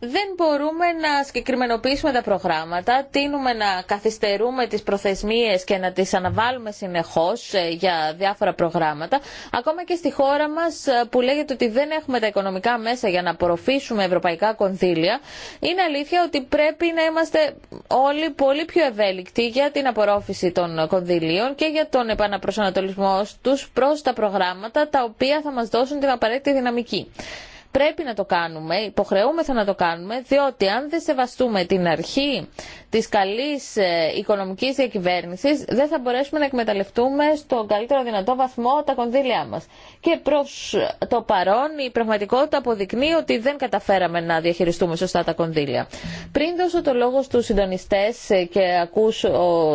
δεν μπορούμε να συγκεκριμενοποιήσουμε τα προγράμματα, τίνουμε να καθυστερούμε τις προθεσμίες και να τις αναβάλουμε συνεχώς ε, για διάφορα προγράμματα. Ακόμα και στη χώρα μας ε, που λέγεται ότι δεν έχουμε τα οικονομικά μέσα για να απορροφήσουμε ευρωπαϊκά κονδύλια, είναι αλήθεια ότι πρέπει να είμαστε όλοι πολύ πιο ευέλικτοι για την απορρόφηση των κονδυλίων και για τον επαναπροσανατολισμό τους προς τα προγράμματα τα οποία θα μας δώσουν την απαραίτητη δυναμική. Πρέπει να το κάνουμε, υποχρεούμεθα να το κάνουμε, διότι αν δεν σεβαστούμε την αρχή της καλής ε, οικονομικής διακυβέρνησης, δεν θα μπορέσουμε να εκμεταλλευτούμε στον καλύτερο δυνατό βαθμό τα κονδύλια μας. Και προς το παρόν η πραγματικότητα αποδεικνύει ότι δεν καταφέραμε να διαχειριστούμε σωστά τα κονδύλια. Πριν δώσω το λόγο στους συντονιστές ε, και ακούσω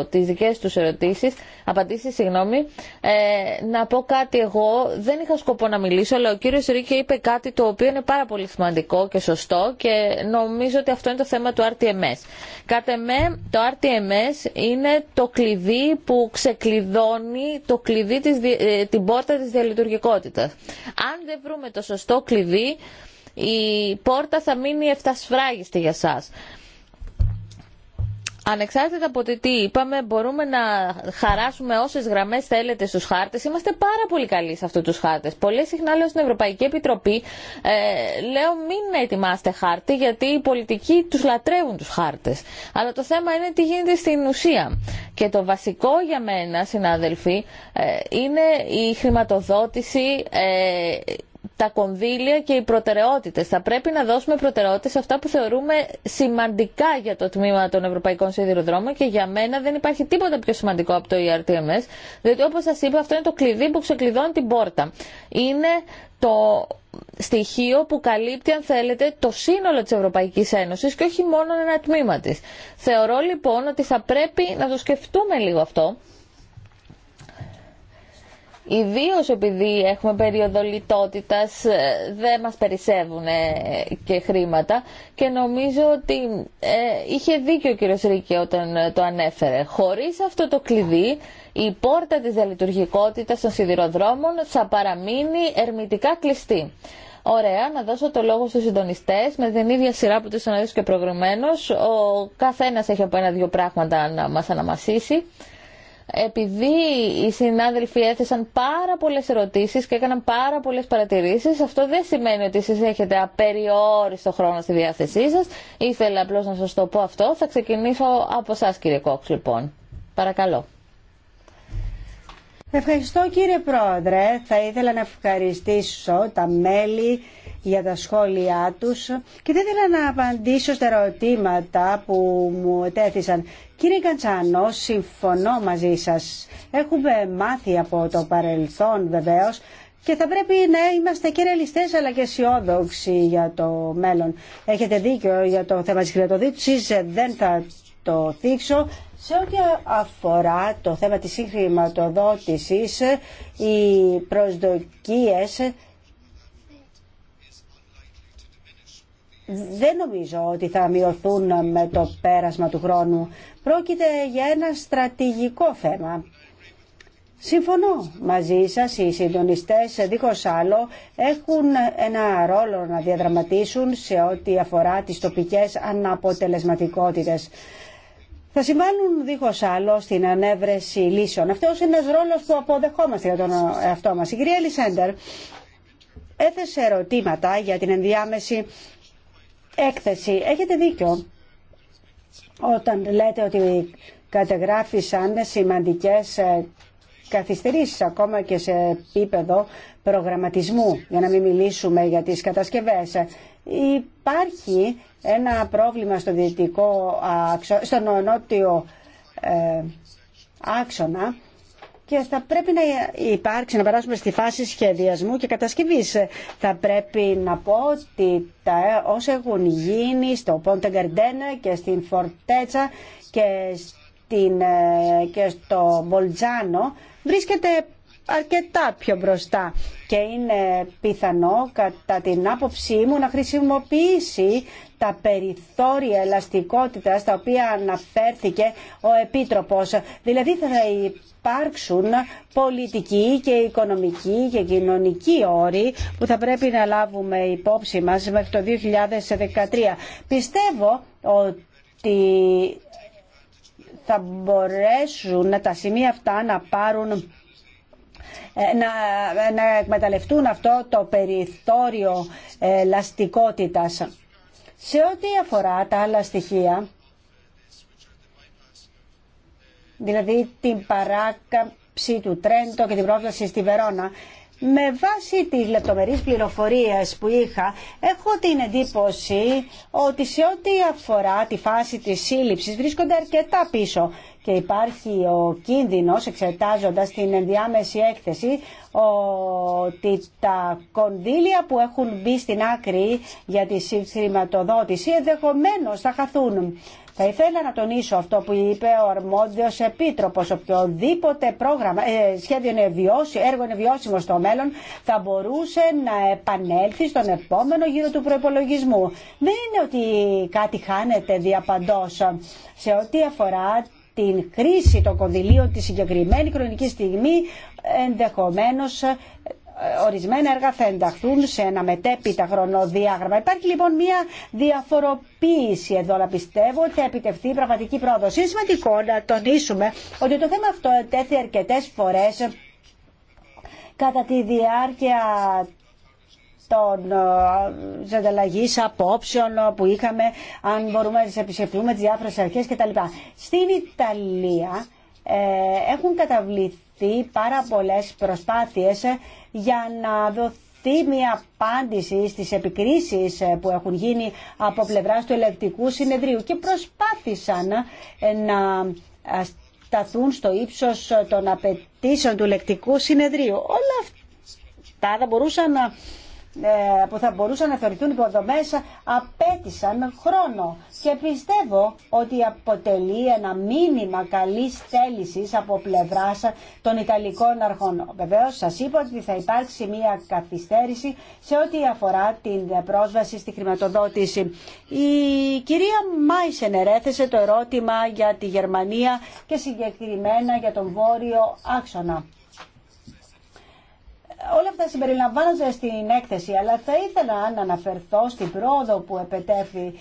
τις δικές τους ερωτήσεις, απαντήσεις, συγγνώμη, ε, να πω κάτι εγώ. Δεν είχα σκοπό να μιλήσω, αλλά ο κύριος Ρίκε είπε κάτι το οποίο είναι πάρα πολύ σημαντικό και σωστό και νομίζω ότι αυτό είναι το θέμα του RTMS. Κάτε με, το RTMS είναι το κλειδί που ξεκλειδώνει το κλειδί της, ε, την πόρτα της διαλειτουργικότητας. Αν δεν βρούμε το σωστό κλειδί, η πόρτα θα μείνει εφτασφράγιστη για σας. Ανεξάρτητα από τι είπαμε, μπορούμε να χαράσουμε όσε γραμμέ θέλετε στου χάρτε. Είμαστε πάρα πολύ καλοί σε αυτού του χάρτε. Πολύ συχνά λέω στην Ευρωπαϊκή Επιτροπή, ε, λέω μην ετοιμάστε χάρτη, γιατί οι πολιτικοί του λατρεύουν του χάρτε. Αλλά το θέμα είναι τι γίνεται στην ουσία. Και το βασικό για μένα, συνάδελφοι, ε, είναι η χρηματοδότηση ε, τα κονδύλια και οι προτεραιότητες. Θα πρέπει να δώσουμε προτεραιότητες σε αυτά που θεωρούμε σημαντικά για το τμήμα των Ευρωπαϊκών Σιδηροδρόμων και για μένα δεν υπάρχει τίποτα πιο σημαντικό από το ERTMS, διότι όπως σας είπα αυτό είναι το κλειδί που ξεκλειδώνει την πόρτα. Είναι το στοιχείο που καλύπτει, αν θέλετε, το σύνολο της Ευρωπαϊκής Ένωσης και όχι μόνο ένα τμήμα της. Θεωρώ λοιπόν ότι θα πρέπει να το σκεφτούμε λίγο αυτό Ιδίω επειδή έχουμε περίοδο λιτότητας ε, δεν μας περισσεύουν ε, και χρήματα και νομίζω ότι ε, είχε δίκιο ο κύριο Ρίκε όταν το ανέφερε. Χωρίς αυτό το κλειδί η πόρτα της διαλειτουργικότητα των σιδηροδρόμων θα παραμείνει ερμητικά κλειστή. Ωραία, να δώσω το λόγο στους συντονιστές με την ίδια σειρά που τους αναδείξω και προγραμμένος. Ο καθένας έχει από ένα-δύο πράγματα να μας αναμασίσει επειδή οι συνάδελφοι έθεσαν πάρα πολλές ερωτήσεις και έκαναν πάρα πολλές παρατηρήσεις, αυτό δεν σημαίνει ότι εσείς έχετε απεριόριστο χρόνο στη διάθεσή σας. Ήθελα απλώς να σας το πω αυτό. Θα ξεκινήσω από εσά κύριε Κόξ, λοιπόν. Παρακαλώ. Ευχαριστώ κύριε Πρόεδρε. Θα ήθελα να ευχαριστήσω τα μέλη για τα σχόλιά τους και θα ήθελα να απαντήσω στα ερωτήματα που μου τέθησαν. Κύριε Κατσάνο, συμφωνώ μαζί σας. Έχουμε μάθει από το παρελθόν βεβαίως και θα πρέπει να είμαστε και ρεαλιστές αλλά και αισιόδοξοι για το μέλλον. Έχετε δίκιο για το θέμα της χρηματοδότησης, δεν θα το θίξω. Σε ό,τι αφορά το θέμα της συγχρηματοδότησης, οι προσδοκίες δεν νομίζω ότι θα μειωθούν με το πέρασμα του χρόνου. Πρόκειται για ένα στρατηγικό θέμα. Συμφωνώ μαζί σας, οι συντονιστές δίχως άλλο έχουν ένα ρόλο να διαδραματίσουν σε ό,τι αφορά τις τοπικές αναποτελεσματικότητες θα συμβάλλουν δίχως άλλο στην ανέβρεση λύσεων. Αυτό είναι ένα ρόλος που αποδεχόμαστε για τον εαυτό μα. Η κυρία Λισέντερ έθεσε ερωτήματα για την ενδιάμεση έκθεση. Έχετε δίκιο όταν λέτε ότι κατεγράφησαν σημαντικές ε, καθυστερήσεις ακόμα και σε επίπεδο προγραμματισμού, για να μην μιλήσουμε για τις κατασκευές. Υπάρχει ένα πρόβλημα στο δυτικό στον νότιο ε, άξονα και θα πρέπει να υπάρξει, να περάσουμε στη φάση σχεδιασμού και κατασκευής. Θα πρέπει να πω ότι τα όσα έχουν γίνει στο Πόντε Γκαρντένα και στην Φορτέτσα και, στην, ε, και στο Μπολτζάνο βρίσκεται αρκετά πιο μπροστά και είναι πιθανό κατά την άποψή μου να χρησιμοποιήσει τα περιθώρια ελαστικότητας τα οποία αναφέρθηκε ο Επίτροπος. Δηλαδή θα υπάρξουν πολιτικοί και οικονομικοί και κοινωνικοί όροι που θα πρέπει να λάβουμε υπόψη μας μέχρι το 2013. Πιστεύω ότι θα μπορέσουν τα σημεία αυτά να πάρουν ε, να, να εκμεταλλευτούν αυτό το περιθώριο ε, λαστικότητας. Σε ό,τι αφορά τα άλλα στοιχεία, δηλαδή την παράκαψη του Τρέντο και την πρόσβαση στη Βερόνα, με βάση τις λεπτομερείς πληροφορίες που είχα, έχω την εντύπωση ότι σε ό,τι αφορά τη φάση της σύλληψης βρίσκονται αρκετά πίσω και υπάρχει ο κίνδυνος εξετάζοντας την ενδιάμεση έκθεση ότι τα κονδύλια που έχουν μπει στην άκρη για τη χρηματοδότηση ενδεχομένω θα χαθούν. Θα ήθελα να τονίσω αυτό που είπε ο αρμόδιος επίτροπος. Οποιοδήποτε πρόγραμμα, ε, σχέδιο είναι βιώσι, έργο είναι βιώσιμο στο μέλλον θα μπορούσε να επανέλθει στον επόμενο γύρο του προπολογισμού. Δεν είναι ότι κάτι χάνεται διαπαντός σε ό,τι αφορά την χρήση των κονδυλίων τη συγκεκριμένη χρονική στιγμή ενδεχομένως ε, ορισμένα έργα θα ενταχθούν σε ένα μετέπειτα χρονοδιάγραμμα. Υπάρχει λοιπόν μια διαφοροποίηση εδώ να πιστεύω ότι θα επιτευχθεί η πραγματική πρόοδο. Είναι σημαντικό να τονίσουμε ότι το θέμα αυτό ετέθη αρκετέ φορέ κατά τη διάρκεια των ε, ανταλλαγή απόψεων ε, που είχαμε, αν μπορούμε να τις επισκεφτούμε τις διάφορες αρχές κτλ. Στην Ιταλία ε, έχουν καταβληθεί πάρα πολλές προσπάθειες για να δοθεί μια απάντηση στις επικρίσεις που έχουν γίνει από πλευράς του ελεκτικού συνεδρίου και προσπάθησαν να σταθούν στο ύψος των απαιτήσεων του ελεκτικού συνεδρίου. Όλα αυτά θα μπορούσαν να ε, που θα μπορούσαν να θεωρηθούν υποδομές απέτησαν χρόνο και πιστεύω ότι αποτελεί ένα μήνυμα καλής θέληση από πλευρά των Ιταλικών αρχών. Βεβαίω, σας είπα ότι θα υπάρξει μια καθυστέρηση σε ό,τι αφορά την πρόσβαση στη χρηματοδότηση. Η κυρία Μάισεν ερέθεσε το ερώτημα για τη Γερμανία και συγκεκριμένα για τον Βόρειο Άξονα όλα αυτά συμπεριλαμβάνονται στην έκθεση, αλλά θα ήθελα να αναφερθώ στην πρόοδο που επετέφθη.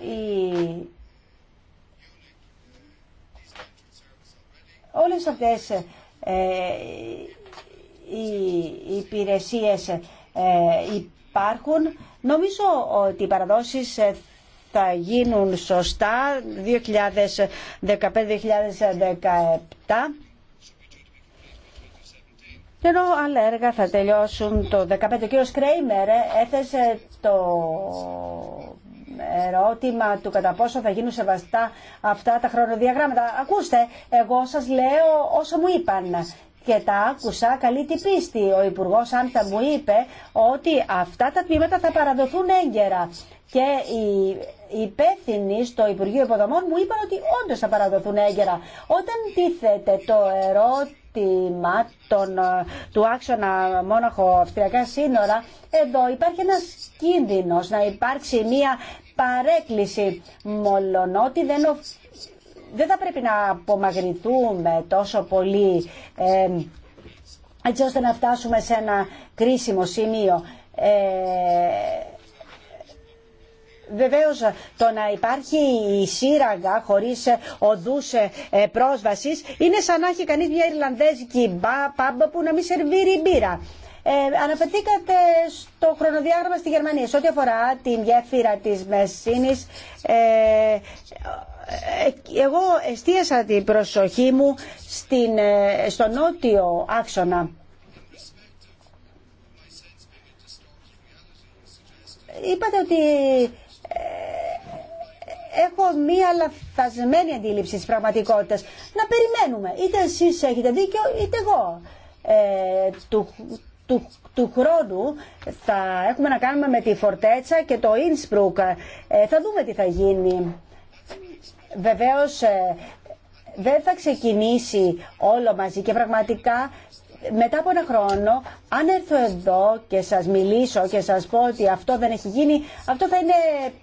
Η... Όλες αυτές ε, οι υπηρεσίες ε, υπάρχουν. Νομίζω ότι οι παραδόσεις ε, θα γίνουν σωστά 2015-2017 ενώ άλλα έργα θα τελειώσουν το 15. Ο κύριος Κρέιμερ έθεσε το ερώτημα του κατά πόσο θα γίνουν σεβαστά αυτά τα χρονοδιαγράμματα. Ακούστε, εγώ σας λέω όσα μου είπαν και τα άκουσα καλή την πίστη. Ο Υπουργό Άντα μου είπε ότι αυτά τα τμήματα θα παραδοθούν έγκαιρα. Και οι υπεύθυνοι στο Υπουργείο Υποδομών μου είπαν ότι όντω θα παραδοθούν έγκαιρα. Όταν τίθεται το ερώτημα των, ε, του άξονα μόναχο αυστριακά σύνορα, εδώ υπάρχει ένας κίνδυνος να υπάρξει μία παρέκκληση μολονότι δεν, δεν θα πρέπει να απομαγνηθούμε τόσο πολύ ε, έτσι ώστε να φτάσουμε σε ένα κρίσιμο σημείο. Ε, Βεβαίω το να υπάρχει η σύραγγα χωρί οδού ε, πρόσβαση είναι σαν να έχει κανεί μια Ιρλανδέζικη μπαμπ που να μην σερβίρει μπύρα. Ε, στο χρονοδιάγραμμα στη Γερμανία. Σε ό,τι αφορά τη γέφυρα τη μεσίνη. Ε, ε, εγώ εστίασα την προσοχή μου στην, στο νότιο άξονα. Είπατε ότι έχω μία λαθασμένη αντίληψη της πραγματικότητας. Να περιμένουμε. Είτε εσείς έχετε δίκιο, είτε εγώ. Ε, του, του, χρόνου θα έχουμε να κάνουμε με τη Φορτέτσα και το Ινσπρουκ. Ε, θα δούμε τι θα γίνει. Βεβαίως ε, δεν θα ξεκινήσει όλο μαζί και πραγματικά μετά από ένα χρόνο, αν έρθω εδώ και σας μιλήσω και σας πω ότι αυτό δεν έχει γίνει, αυτό θα είναι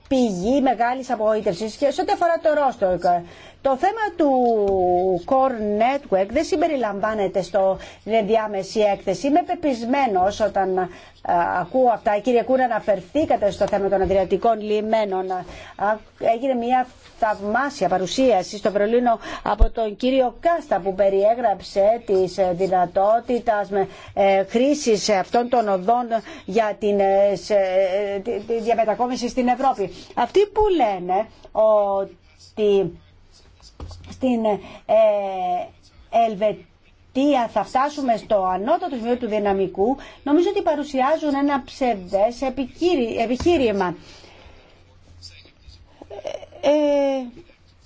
πηγή μεγάλης απογοήτευση. Και σε ό,τι αφορά το ρόστο, το θέμα του Core Network δεν συμπεριλαμβάνεται στο διάμεση έκθεση. Είμαι πεπισμένο όταν ακούω αυτά. Κύριε Κούρα, αναφερθήκατε στο θέμα των Αδριατικών λιμένων. Έγινε μια θαυμάσια παρουσίαση στο Βερολίνο από τον κύριο Κάστα που περιέγραψε τις ε, δυνατότητα με ε, χρήσης αυτών των οδών για την ε, διαμετακόμιση στην Ευρώπη. Αυτοί που λένε ότι στην ε, ε, Ελβετία θα φτάσουμε στο ανώτατο σημείο του δυναμικού, νομίζω ότι παρουσιάζουν ένα ψευδές επιχείρημα. Ε, ε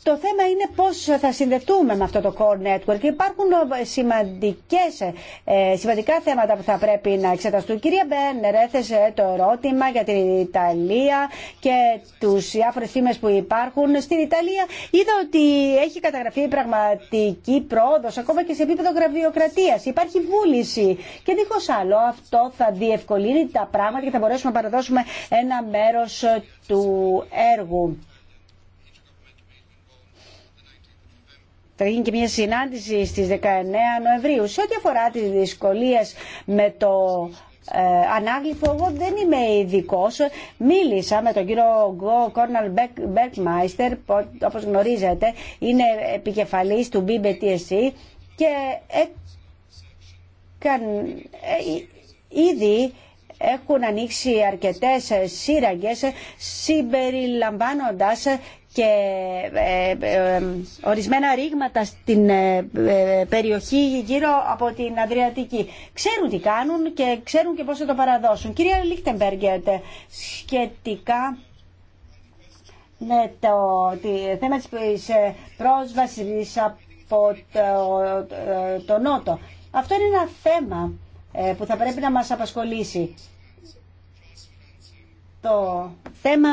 το θέμα είναι πώς θα συνδεθούμε με αυτό το core network. Υπάρχουν ε, σημαντικές, ε, σημαντικά θέματα που θα πρέπει να εξεταστούν. Κυρία Μπέρνερ έθεσε το ερώτημα για την Ιταλία και τους διάφορε θύμες που υπάρχουν. Στην Ιταλία είδα ότι έχει καταγραφεί πραγματική πρόοδος ακόμα και σε επίπεδο γραφειοκρατίας. Υπάρχει βούληση και δίχως άλλο αυτό θα διευκολύνει τα πράγματα και θα μπορέσουμε να παραδώσουμε ένα μέρος του έργου. θα γίνει και μια συνάντηση στις 19 Νοεμβρίου. Σε ό,τι αφορά τις δυσκολίες με το ε, ανάγλυφο, εγώ δεν είμαι ειδικό. Μίλησα με τον κύριο Κόρναλ Μπέρκμαϊστερ, όπως γνωρίζετε, είναι επικεφαλής του BBTSC και έκαν, ε, ήδη έχουν ανοίξει αρκετές σύραγγες συμπεριλαμβάνοντας και ε, ε, ε, ορισμένα ρήγματα στην περιοχή γύρω από την Αδριατική. Ξέρουν τι κάνουν και ξέρουν και πώς θα το παραδώσουν. Κυρία Λίχτεμπεργκερ, σχετικά με το θέμα της πρόσβασης από το, το Νότο. Αυτό είναι ένα θέμα που θα πρέπει να μας απασχολήσει. Το θέμα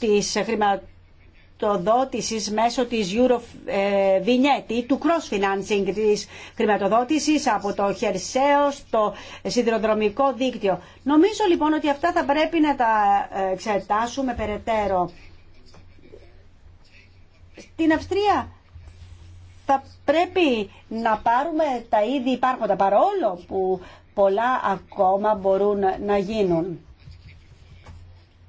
της χρηματοδότησης μέσω της Eurovignette του cross-financing της χρηματοδότησης από το χερσαίο στο σιδηροδρομικό δίκτυο. Νομίζω λοιπόν ότι αυτά θα πρέπει να τα εξετάσουμε περαιτέρω. Στην Αυστρία θα πρέπει να πάρουμε τα ήδη υπάρχοντα παρόλο που πολλά ακόμα μπορούν να γίνουν.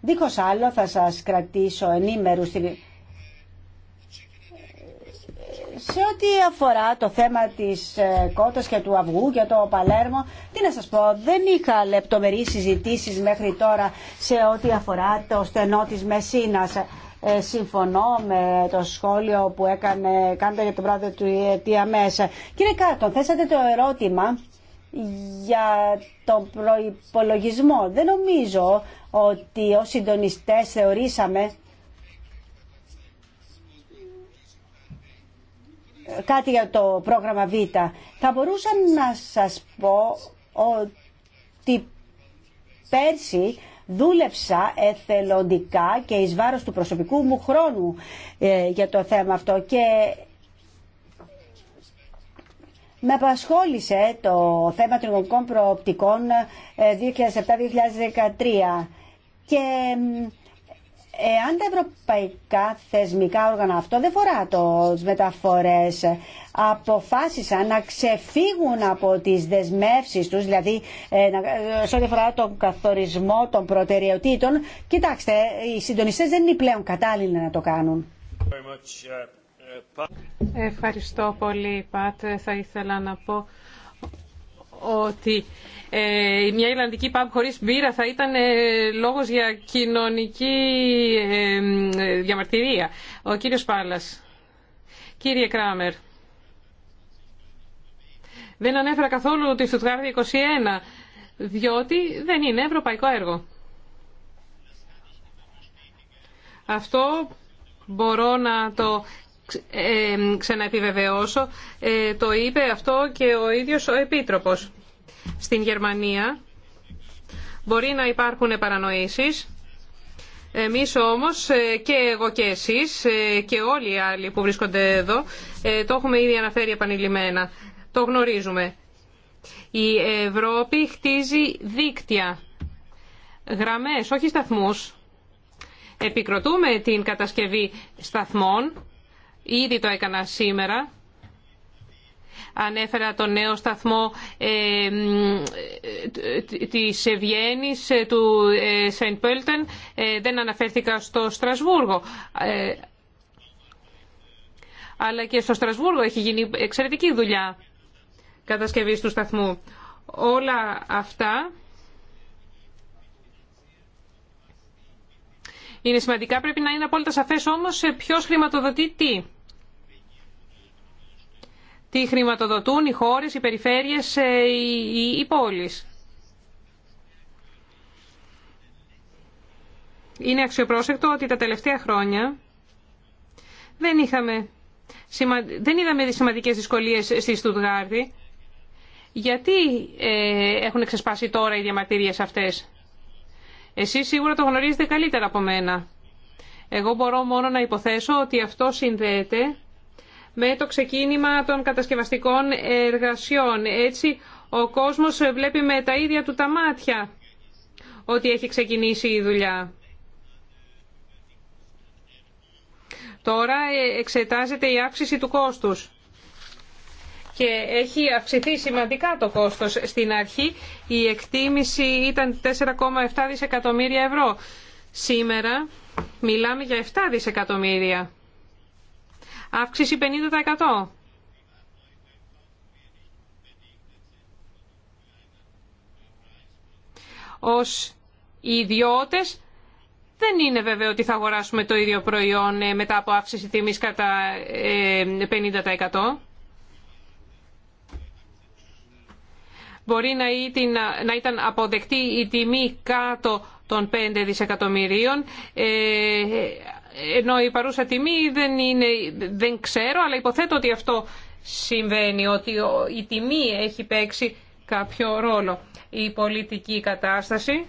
Δίχως άλλο θα σας κρατήσω ενήμερου στην... Σε ό,τι αφορά το θέμα της ε, κότας και του αυγού και το Παλέρμο, τι να σας πω, δεν είχα λεπτομερείς συζητήσεις μέχρι τώρα σε ό,τι αφορά το στενό της Μεσίνας. Ε, συμφωνώ με το σχόλιο που έκανε, κάντε για το πρόεδρο του Μέσα. Κύριε Κάρτον, θέσατε το ερώτημα για τον προϋπολογισμό. Δεν νομίζω ότι ως συντονιστές θεωρήσαμε κάτι για το πρόγραμμα Β. Θα μπορούσα να σας πω ότι πέρσι δούλεψα εθελοντικά και εις βάρος του προσωπικού μου χρόνου ε, για το θέμα αυτό και με απασχόλησε το θέμα των προοπτικών 2007-2013. Ε, και εάν τα ευρωπαϊκά θεσμικά όργανα αυτό δεν φορά το μεταφορές αποφάσισαν να ξεφύγουν από τις δεσμεύσεις τους δηλαδή ε, ε, σε ό,τι αφορά τον καθορισμό των προτεραιοτήτων κοιτάξτε οι συντονιστές δεν είναι πλέον κατάλληλοι να το κάνουν uh, uh, Ευχαριστώ πολύ Πάτ θα ήθελα να πω ότι ε, μια Ιρλανδική pub χωρίς μπύρα θα ήταν ε, λόγος για κοινωνική ε, διαμαρτυρία. Ο κύριος Πάλλας. Κύριε Κράμερ. Δεν ανέφερα καθόλου τη Στουτγάρδη 21, διότι δεν είναι ευρωπαϊκό έργο. Αυτό μπορώ να το ε, ξαναεπιβεβαιώσω, ε, το είπε αυτό και ο ίδιος ο Επίτροπος. Στην Γερμανία μπορεί να υπάρχουν παρανοήσεις, εμείς όμως ε, και εγώ και εσείς και όλοι οι άλλοι που βρίσκονται εδώ το έχουμε ήδη αναφέρει επανειλημμένα. Το γνωρίζουμε. Η Ευρώπη χτίζει δίκτυα, γραμμές, όχι σταθμούς. Επικροτούμε την κατασκευή σταθμών Ήδη το έκανα σήμερα. Ανέφερα τον νέο σταθμό ε, ε της ε, του ε, Σεντ Πέλτεν. Δεν αναφέρθηκα στο Στρασβούργο. Αλλά και στο Στρασβούργο έχει γίνει εξαιρετική δουλειά κατασκευής του σταθμού. Όλα αυτά είναι σημαντικά. Πρέπει να είναι απόλυτα σαφές όμως ποιος χρηματοδοτεί τι. Τι χρηματοδοτούν οι χώρες, οι περιφέρειες, ε, οι, οι πόλεις. Είναι αξιοπρόσεκτο ότι τα τελευταία χρόνια δεν, είχαμε, δεν είδαμε σημαντικές δυσκολίες στη Στουτγάρδη. Γιατί ε, έχουν ξεσπάσει τώρα οι διαμαρτυρίες αυτές εσύ σίγουρα το γνωρίζετε καλύτερα από μένα. Εγώ μπορώ μόνο να υποθέσω ότι αυτό συνδέεται με το ξεκίνημα των κατασκευαστικών εργασιών. Έτσι, ο κόσμος βλέπει με τα ίδια του τα μάτια ότι έχει ξεκινήσει η δουλειά. Τώρα ε, εξετάζεται η αύξηση του κόστους και έχει αυξηθεί σημαντικά το κόστος. Στην αρχή η εκτίμηση ήταν 4,7 δισεκατομμύρια ευρώ. Σήμερα μιλάμε για 7 δισεκατομμύρια. Αύξηση 50%. Ως ιδιώτες δεν είναι βέβαιο ότι θα αγοράσουμε το ίδιο προϊόν ε, μετά από αύξηση τιμής κατά 50%. Ε, μπορεί να ήταν αποδεκτή η τιμή κάτω των 5 δισεκατομμυρίων ε, ενώ η παρούσα τιμή δεν, είναι, δεν ξέρω αλλά υποθέτω ότι αυτό συμβαίνει ότι η τιμή έχει παίξει κάποιο ρόλο. Η πολιτική κατάσταση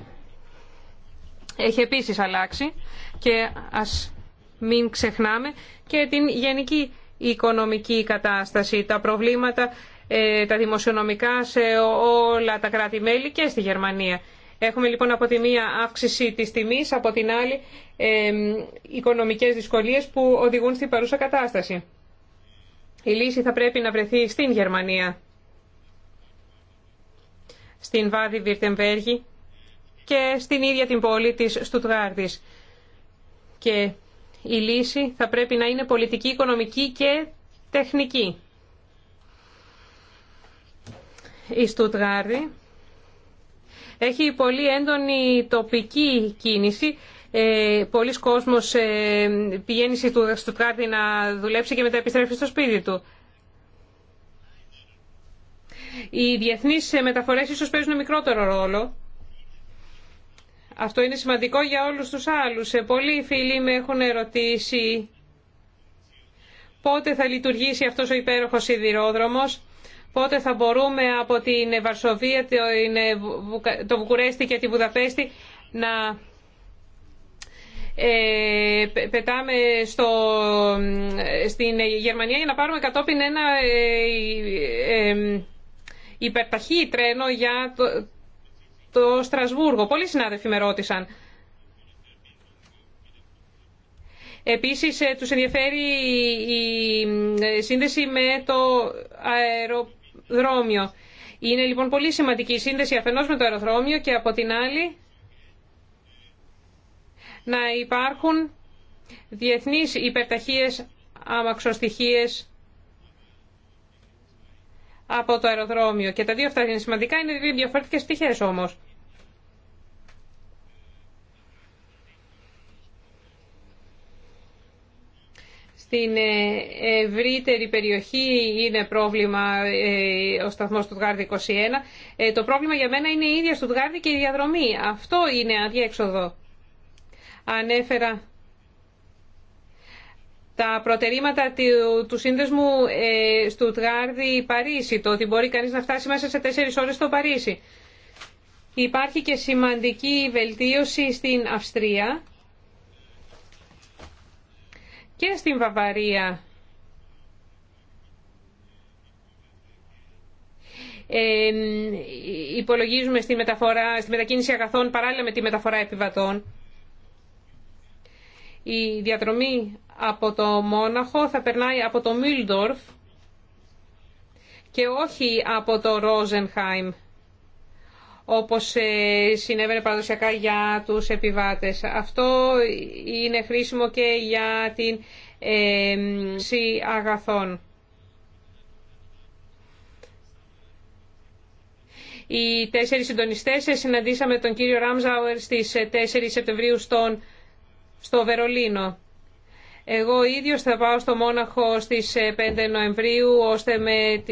έχει επίσης αλλάξει και ας μην ξεχνάμε και την γενική οικονομική κατάσταση, τα προβλήματα ε, τα δημοσιονομικά σε όλα τα κράτη-μέλη και στη Γερμανία. Έχουμε λοιπόν από τη μία αύξηση της τιμής, από την άλλη ε, οικονομικές δυσκολίες που οδηγούν στην παρούσα κατάσταση. Η λύση θα πρέπει να βρεθεί στην Γερμανία, στην Βάδη Βιρτεμβέργη και στην ίδια την πόλη της Στουτγάρδης. Και η λύση θα πρέπει να είναι πολιτική, οικονομική και τεχνική η Στουτγάρδη έχει πολύ έντονη τοπική κίνηση. Ε, πολλοί κόσμος ε, πηγαίνει στη Στουτγάρδη να δουλέψει και μετά επιστρέφει στο σπίτι του. Οι διεθνείς ε, μεταφορές ίσως παίζουν μικρότερο ρόλο. Αυτό είναι σημαντικό για όλους τους άλλους. Ε, πολλοί φίλοι με έχουν ερωτήσει πότε θα λειτουργήσει αυτός ο υπέροχος σιδηρόδρομος πότε θα μπορούμε από την Βαρσοβία, το Βουκουρέστι και τη Βουδαπέστη να ε, πετάμε στο, στην Γερμανία για να πάρουμε κατόπιν ένα ε, ε, υπερταχή τρένο για το, το Στρασβούργο. Πολλοί συνάδελφοι με ρώτησαν. Επίσης, τους ενδιαφέρει η σύνδεση με το αερο αεροδρόμιο. Είναι λοιπόν πολύ σημαντική η σύνδεση αφενός με το αεροδρόμιο και από την άλλη να υπάρχουν διεθνείς υπερταχείες αμαξοστοιχίες από το αεροδρόμιο. Και τα δύο αυτά είναι σημαντικά, είναι δύο διαφορετικές πτυχές όμως. στην ε, ευρύτερη περιοχή είναι πρόβλημα ε, ο σταθμός του 21. Ε, το πρόβλημα για μένα είναι η ίδια Στουτγάρδη και η διαδρομή. Αυτό είναι αδιέξοδο. Ανέφερα τα προτερήματα του σύνδεσμου Στουτγάρδη-Παρίσι, το ότι μπορεί κανείς να φτάσει μέσα σε τέσσερις ώρες στο Παρίσι. Υπάρχει και σημαντική βελτίωση στην Αυστρία και στην Βαβαρία Ε, υπολογίζουμε στη, μεταφορά, στη μετακίνηση αγαθών παράλληλα με τη μεταφορά επιβατών. Η διαδρομή από το Μόναχο θα περνάει από το Μίλντορφ και όχι από το Ρόζενχάιμ όπως ε, συνέβαινε παραδοσιακά για τους επιβάτες. Αυτό είναι χρήσιμο και για την ε, αγαθών. Οι τέσσερις συντονιστές ε, συναντήσαμε τον κύριο Ράμζαουερ στις 4 ε, Σεπτεμβρίου στον, στο Βερολίνο. Εγώ ίδιος θα πάω στο Μόναχο στις 5 Νοεμβρίου ώστε με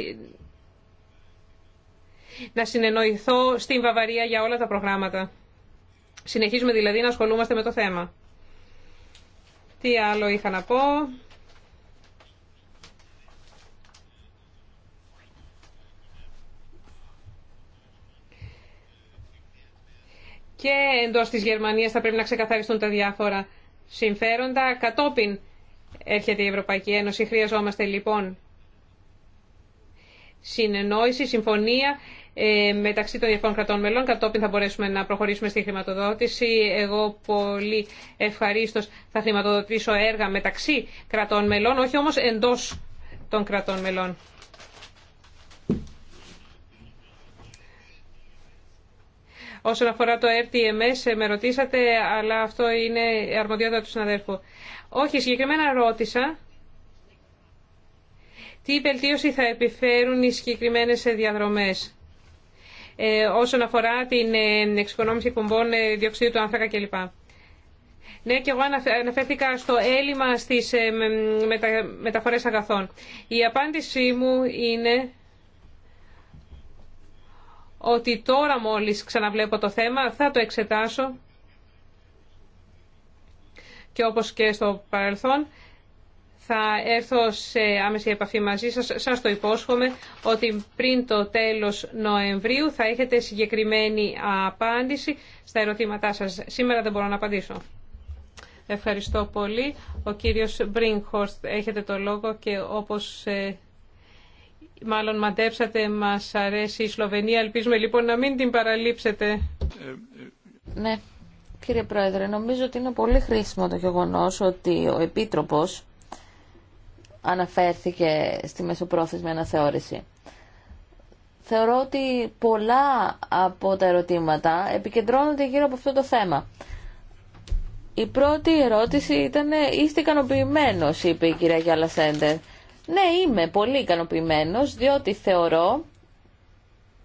να συνεννοηθώ στην Βαβαρία για όλα τα προγράμματα. Συνεχίζουμε δηλαδή να ασχολούμαστε με το θέμα. Τι άλλο είχα να πω. Και εντός της Γερμανίας θα πρέπει να ξεκαθαριστούν τα διάφορα συμφέροντα. Κατόπιν έρχεται η Ευρωπαϊκή Ένωση. Χρειαζόμαστε λοιπόν συνεννόηση, συμφωνία ε, μεταξύ των διαφόρων κρατών μελών. Κατόπιν θα μπορέσουμε να προχωρήσουμε στη χρηματοδότηση. Εγώ πολύ ευχαρίστως θα χρηματοδοτήσω έργα μεταξύ κρατών μελών, όχι όμως εντός των κρατών μελών. Όσον αφορά το RTMS, ε, με ρωτήσατε, αλλά αυτό είναι αρμοδιότητα του συναδέλφου. Όχι, συγκεκριμένα ρώτησα τι βελτίωση θα επιφέρουν οι συγκεκριμένες διαδρομές. Ε, όσον αφορά την ε, εξοικονόμηση εκπομπών ε, διοξείδου του άνθρακα κλπ. Ναι, και εγώ αναφέρθηκα στο έλλειμμα στις μεταφορές αγαθών. Η απάντησή μου είναι ότι τώρα μόλις ξαναβλέπω το θέμα θα το εξετάσω και όπως και στο παρελθόν θα έρθω σε άμεση επαφή μαζί σας. Σας το υπόσχομαι ότι πριν το τέλος Νοεμβρίου θα έχετε συγκεκριμένη απάντηση στα ερωτήματά σας. Σήμερα δεν μπορώ να απαντήσω. Ευχαριστώ πολύ. Ο κύριος Μπριγχορστ έχετε το λόγο και όπως μάλλον μαντέψατε μας αρέσει η Σλοβενία. Ελπίζουμε λοιπόν να μην την παραλείψετε. Ναι, κύριε Πρόεδρε, νομίζω ότι είναι πολύ χρήσιμο το γεγονός ότι ο Επίτροπος αναφέρθηκε στη μεσοπρόθεσμη αναθεώρηση. Θεωρώ ότι πολλά από τα ερωτήματα επικεντρώνονται γύρω από αυτό το θέμα. Η πρώτη ερώτηση ήταν ε, «Είστε ικανοποιημένο, είπε η κυρία Γιάλα Σέντερ. Ναι, είμαι πολύ ικανοποιημένο, διότι θεωρώ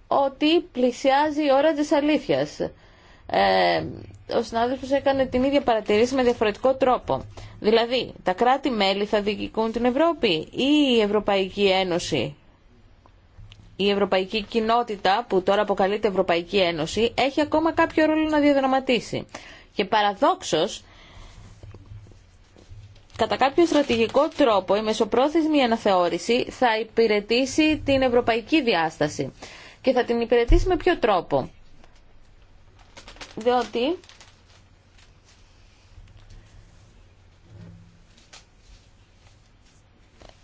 ότι πλησιάζει η ώρα της αλήθειας. Ε, ο συνάδελφος έκανε την ίδια παρατηρήση με διαφορετικό τρόπο. Δηλαδή, τα κράτη-μέλη θα διοικούν την Ευρώπη ή η Ευρωπαϊκή Ένωση. Η Ευρωπαϊκή Κοινότητα, που τώρα αποκαλείται Ευρωπαϊκή Ένωση, έχει ακόμα κάποιο ρόλο να διαδραματίσει. Και παραδόξως, κατά κάποιο στρατηγικό τρόπο, η μεσοπρόθεσμη αναθεώρηση θα υπηρετήσει την ευρωπαϊκή διάσταση. Και θα την υπηρετήσει με ποιο τρόπο. Διότι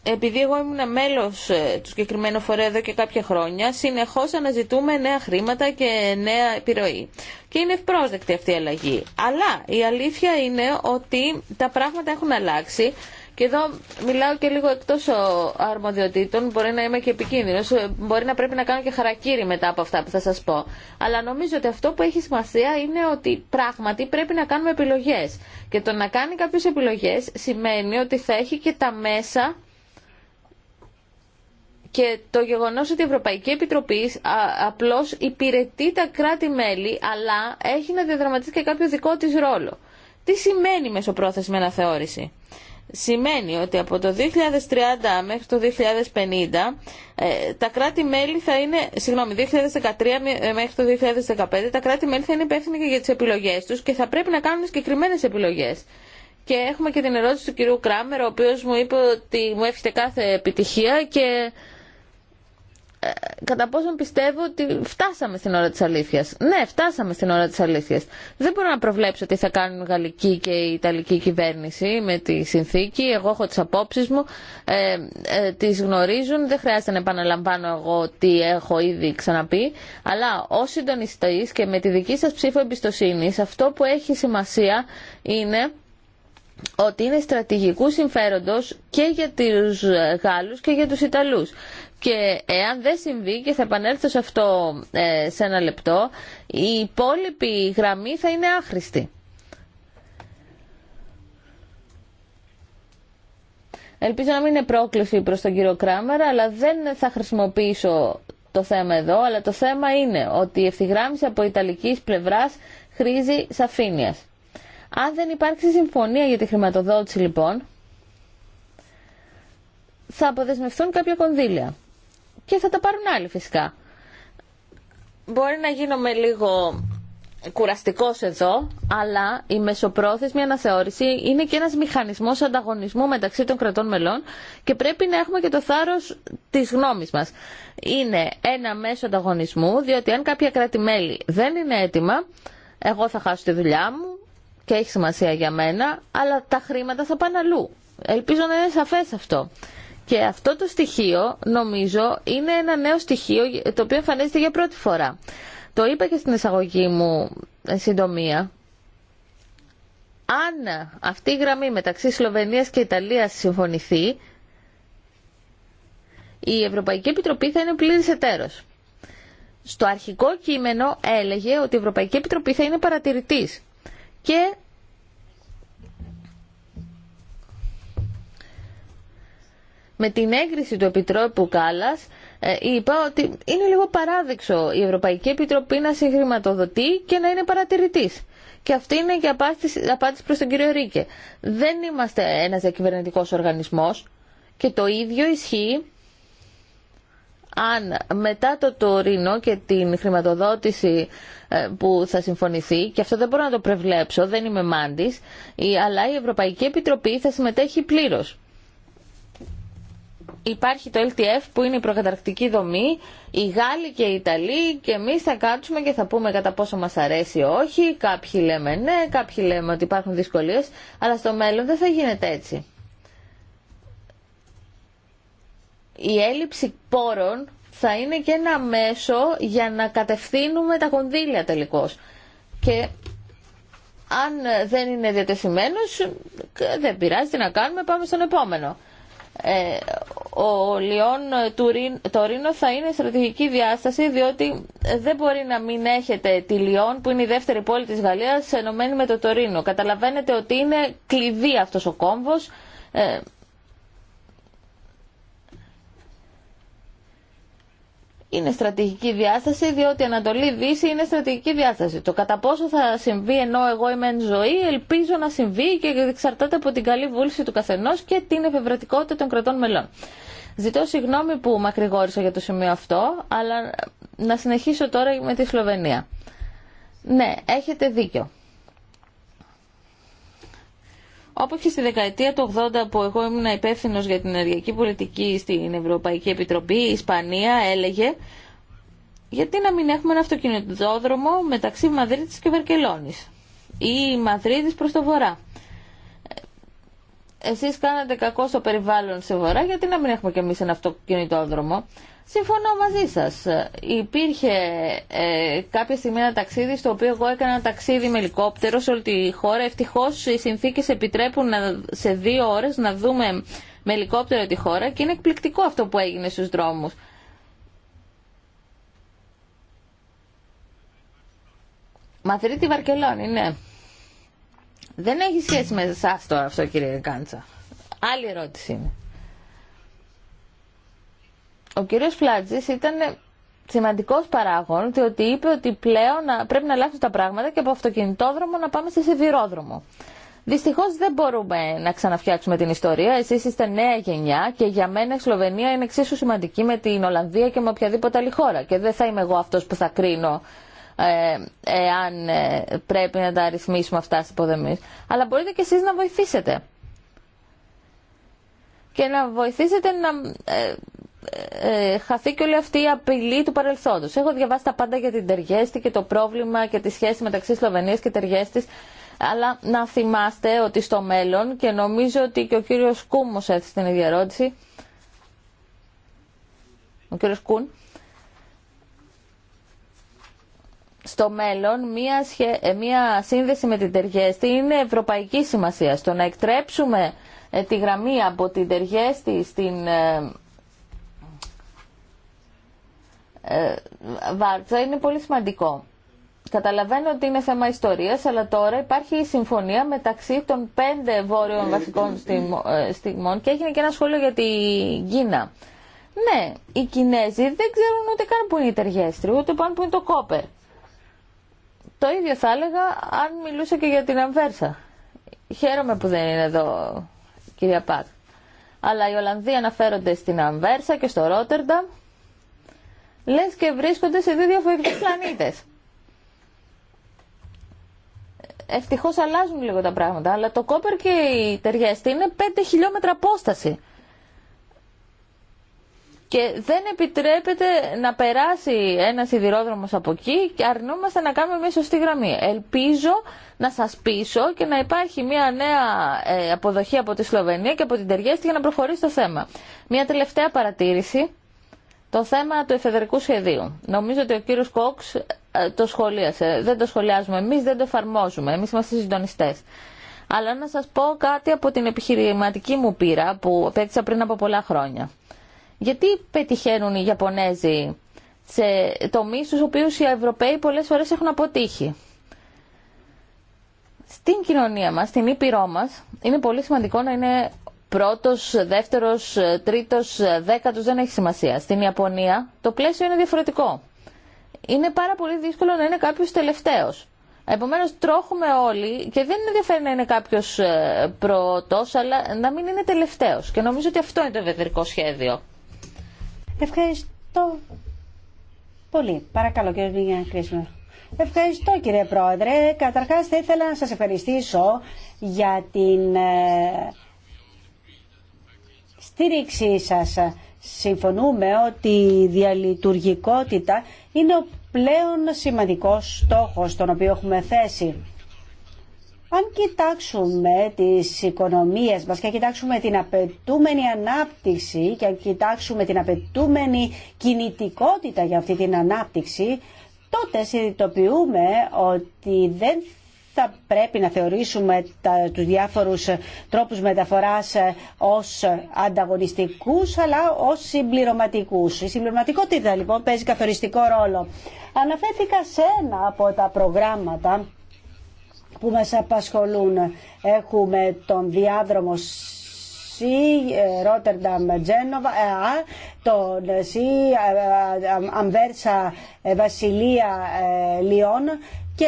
επειδή εγώ ήμουν μέλο ε, του συγκεκριμένου φορέα εδώ και κάποια χρόνια, Συνεχώ αναζητούμε νέα χρήματα και νέα επιρροή. Και είναι ευπρόσδεκτη αυτή η αλλαγή. Αλλά η αλήθεια είναι ότι τα πράγματα έχουν αλλάξει. Και εδώ μιλάω και λίγο εκτό αρμοδιοτήτων, μπορεί να είμαι και επικίνδυνο, ε, μπορεί να πρέπει να κάνω και χαρακτήρι μετά από αυτά που θα σα πω. Αλλά νομίζω ότι αυτό που έχει σημασία είναι ότι πράγματι πρέπει να κάνουμε επιλογέ. Και το να κάνει κάποιε επιλογέ σημαίνει ότι θα έχει και τα μέσα και το γεγονός ότι η Ευρωπαϊκή Επιτροπή απλώς υπηρετεί τα κράτη-μέλη αλλά έχει να διαδραματίσει και κάποιο δικό της ρόλο. Τι σημαίνει με αναθεώρηση. Σημαίνει ότι από το 2030 μέχρι το 2050 ε, τα κράτη-μέλη θα είναι, συγγνώμη, 2013 ε, μέχρι το 2015 τα κράτη-μέλη θα είναι υπεύθυνοι και για τις επιλογές τους και θα πρέπει να κάνουν συγκεκριμένε επιλογές. Και έχουμε και την ερώτηση του κυρίου Κράμερ, ο οποίος μου είπε ότι μου εύχεται κάθε επιτυχία και ε, κατά πόσον πιστεύω ότι φτάσαμε στην ώρα της αλήθειας. Ναι, φτάσαμε στην ώρα της αλήθειας. Δεν μπορώ να προβλέψω τι θα κάνουν η γαλλική και η ιταλική κυβέρνηση με τη συνθήκη. Εγώ έχω τις απόψεις μου, ε, ε τις γνωρίζουν, δεν χρειάζεται να επαναλαμβάνω εγώ τι έχω ήδη ξαναπεί. Αλλά ω συντονιστή και με τη δική σας ψήφο εμπιστοσύνη, αυτό που έχει σημασία είναι ότι είναι στρατηγικού συμφέροντος και για τους Γάλλους και για τους Ιταλούς. Και εάν δεν συμβεί, και θα επανέλθω σε αυτό ε, σε ένα λεπτό, η υπόλοιπη γραμμή θα είναι άχρηστη. Ελπίζω να μην είναι πρόκληση προς τον κύριο Κράμερα, αλλά δεν θα χρησιμοποιήσω το θέμα εδώ, αλλά το θέμα είναι ότι η ευθυγράμμιση από ιταλικής πλευράς χρήζει σαφήνειας. Αν δεν υπάρξει συμφωνία για τη χρηματοδότηση λοιπόν, θα αποδεσμευτούν κάποια κονδύλια και θα τα πάρουν άλλοι φυσικά. Μπορεί να γίνομαι λίγο κουραστικός εδώ, αλλά η μεσοπρόθεσμη αναθεώρηση είναι και ένας μηχανισμός ανταγωνισμού μεταξύ των κρατών μελών και πρέπει να έχουμε και το θάρρος της γνώμης μας. Είναι ένα μέσο ανταγωνισμού, διότι αν κάποια κράτη-μέλη δεν είναι έτοιμα, εγώ θα χάσω τη δουλειά μου και έχει σημασία για μένα, αλλά τα χρήματα θα πάνε αλλού. Ελπίζω να είναι σαφές αυτό. Και αυτό το στοιχείο νομίζω είναι ένα νέο στοιχείο το οποίο εμφανίζεται για πρώτη φορά. Το είπα και στην εισαγωγή μου ε, συντομία. Αν αυτή η γραμμή μεταξύ Σλοβενίας και Ιταλίας συμφωνηθεί, η Ευρωπαϊκή Επιτροπή θα είναι πλήρης εταίρος. Στο αρχικό κείμενο έλεγε ότι η Ευρωπαϊκή Επιτροπή θα είναι παρατηρητής και με την έγκριση του Επιτρόπου Κάλλας ε, είπα ότι είναι λίγο παράδειξο η Ευρωπαϊκή Επιτροπή να συγχρηματοδοτεί και να είναι παρατηρητής. Και αυτή είναι και απάντηση προς τον κύριο Ρίκε. Δεν είμαστε ένας διακυβερνητικός οργανισμός και το ίδιο ισχύει αν μετά το τωρινό και την χρηματοδότηση ε, που θα συμφωνηθεί, και αυτό δεν μπορώ να το προβλέψω, δεν είμαι μάντης, αλλά η Ευρωπαϊκή Επιτροπή θα συμμετέχει πλήρως υπάρχει το LTF που είναι η προκαταρκτική δομή, οι Γάλλοι και οι Ιταλοί και εμεί θα κάτσουμε και θα πούμε κατά πόσο μα αρέσει όχι. Κάποιοι λέμε ναι, κάποιοι λέμε ότι υπάρχουν δυσκολίε, αλλά στο μέλλον δεν θα γίνεται έτσι. Η έλλειψη πόρων θα είναι και ένα μέσο για να κατευθύνουμε τα κονδύλια τελικώς. Και αν δεν είναι διατεθειμένος, δεν πειράζει τι να κάνουμε, πάμε στον επόμενο. Ε, ο Λιόν ε, το Ρήνο θα είναι στρατηγική διάσταση διότι ε, δεν μπορεί να μην έχετε τη Λιόν που είναι η δεύτερη πόλη της Γαλλίας ενωμένη με το Τωρίνο. Καταλαβαίνετε ότι είναι κλειδί αυτός ο κόμβος είναι στρατηγική διάσταση, διότι Ανατολή Δύση είναι στρατηγική διάσταση. Το κατά πόσο θα συμβεί ενώ εγώ είμαι εν ζωή, ελπίζω να συμβεί και εξαρτάται από την καλή βούληση του καθενό και την εφευρετικότητα των κρατών μελών. Ζητώ συγγνώμη που μακρηγόρησα για το σημείο αυτό, αλλά να συνεχίσω τώρα με τη Σλοβενία. Ναι, έχετε δίκιο. Όπω και στη δεκαετία του 80 που εγώ ήμουν υπεύθυνο για την ενεργειακή πολιτική στην Ευρωπαϊκή Επιτροπή, η Ισπανία έλεγε γιατί να μην έχουμε ένα αυτοκινητόδρομο μεταξύ Μαδρίτης και Βαρκελόνης ή Μαδρίτης προς το βορρά. Εσείς κάνατε κακό στο περιβάλλον σε βορρά, γιατί να μην έχουμε κι εμείς ένα αυτοκινητόδρομο. Συμφωνώ μαζί σας. Υπήρχε ε, κάποια στιγμή ένα ταξίδι στο οποίο εγώ έκανα ένα ταξίδι με ελικόπτερο σε όλη τη χώρα. Ευτυχώς οι συνθήκες επιτρέπουν σε δύο ώρες να δούμε με ελικόπτερο τη χώρα και είναι εκπληκτικό αυτό που έγινε στους δρόμους. Μαδρίτη Βαρκελόνη, ναι. Δεν έχει σχέση με εσά τώρα αυτό κύριε Κάντσα. Άλλη ερώτηση είναι ο κύριος Φλάτζης ήταν σημαντικός παράγων, διότι είπε ότι πλέον πρέπει να αλλάξουν τα πράγματα και από αυτοκινητόδρομο να πάμε σε σιδηρόδρομο. Δυστυχώ δεν μπορούμε να ξαναφτιάξουμε την ιστορία. Εσεί είστε νέα γενιά και για μένα η Σλοβενία είναι εξίσου σημαντική με την Ολλανδία και με οποιαδήποτε άλλη χώρα. Και δεν θα είμαι εγώ αυτό που θα κρίνω ε, εάν ε, πρέπει να τα αριθμίσουμε αυτά στι υποδομέ. Αλλά μπορείτε κι εσεί να βοηθήσετε. Και να βοηθήσετε να ε, ε, χαθεί και όλη αυτή η απειλή του παρελθόντος. Έχω διαβάσει τα πάντα για την Τεργέστη και το πρόβλημα και τη σχέση μεταξύ Σλοβενίας και Τεργέστης αλλά να θυμάστε ότι στο μέλλον και νομίζω ότι και ο κύριος Κούμος έθεσε την ίδια ερώτηση ο κύριος Κούν στο μέλλον μία, σχε... Ε, μία σύνδεση με την Τεργέστη είναι ευρωπαϊκή σημασία. Στο να εκτρέψουμε ε, τη γραμμή από την Τεργέστη στην ε, Βάρτσα είναι πολύ σημαντικό. Καταλαβαίνω ότι είναι θέμα ιστορίας, αλλά τώρα υπάρχει η συμφωνία μεταξύ των πέντε βόρειων βασικών ε, στιγμών και έγινε και ένα σχόλιο για την Κίνα. Ναι, οι Κινέζοι δεν ξέρουν ούτε καν που είναι η Τεργέστρη, ούτε που είναι το Κόπερ. Το ίδιο θα έλεγα αν μιλούσε και για την Αμβέρσα. Χαίρομαι που δεν είναι εδώ, κυρία Πάτ. Αλλά οι Ολλανδοί αναφέρονται στην Αμβέρσα και στο Ρότερνταμ λες και βρίσκονται σε δύο διαφορετικούς πλανήτες. Ευτυχώς αλλάζουν λίγο τα πράγματα, αλλά το κόπερ και η ταιριαστή είναι 5 χιλιόμετρα απόσταση. Και δεν επιτρέπεται να περάσει ένα σιδηρόδρομο από εκεί και αρνούμαστε να κάνουμε μια σωστή γραμμή. Ελπίζω να σα πείσω και να υπάρχει μια νέα ε, αποδοχή από τη Σλοβενία και από την Τεργέστη για να προχωρήσει το θέμα. Μια τελευταία παρατήρηση. Το θέμα του εφεδρικού σχεδίου. Νομίζω ότι ο κύριος Κόξ ε, το σχολίασε. Δεν το σχολιάζουμε εμείς, δεν το εφαρμόζουμε. Εμείς είμαστε συντονιστέ. Αλλά να σας πω κάτι από την επιχειρηματική μου πείρα που απέκτησα πριν από πολλά χρόνια. Γιατί πετυχαίνουν οι Ιαπωνέζοι σε τομείς στους οποίους οι Ευρωπαίοι πολλές φορές έχουν αποτύχει. Στην κοινωνία μας, στην ήπειρό μας, είναι πολύ σημαντικό να είναι πρώτος, δεύτερος, τρίτος, δέκατο δεν έχει σημασία. Στην Ιαπωνία το πλαίσιο είναι διαφορετικό. Είναι πάρα πολύ δύσκολο να είναι κάποιος τελευταίος. Επομένω, τρώχουμε όλοι και δεν ενδιαφέρει να είναι κάποιο ε, πρώτο, αλλά να μην είναι τελευταίο. Και νομίζω ότι αυτό είναι το ευεδρικό σχέδιο. Ευχαριστώ πολύ. Παρακαλώ, κύριε Βίγια Ευχαριστώ κύριε Πρόεδρε. Καταρχάς θα ήθελα να σας ευχαριστήσω για την ε, στήριξή σας. Συμφωνούμε ότι η διαλειτουργικότητα είναι ο πλέον σημαντικός στόχος τον οποίο έχουμε θέσει. Αν κοιτάξουμε τις οικονομίες μας και κοιτάξουμε την απαιτούμενη ανάπτυξη και αν κοιτάξουμε την απαιτούμενη κινητικότητα για αυτή την ανάπτυξη, τότε συνειδητοποιούμε ότι δεν θα πρέπει να θεωρήσουμε τα, τους διάφορους τρόπους μεταφοράς ε, ως ανταγωνιστικούς αλλά ως συμπληρωματικούς. Η συμπληρωματικότητα λοιπόν παίζει καθοριστικό ρόλο. Αναφέρθηκα σε ένα από τα προγράμματα που μας απασχολούν. Έχουμε τον διάδρομο Ρότερνταμ, Τζένοβα, ε, τον σί ε, Αμβέρσα, Βασιλεία, λιον και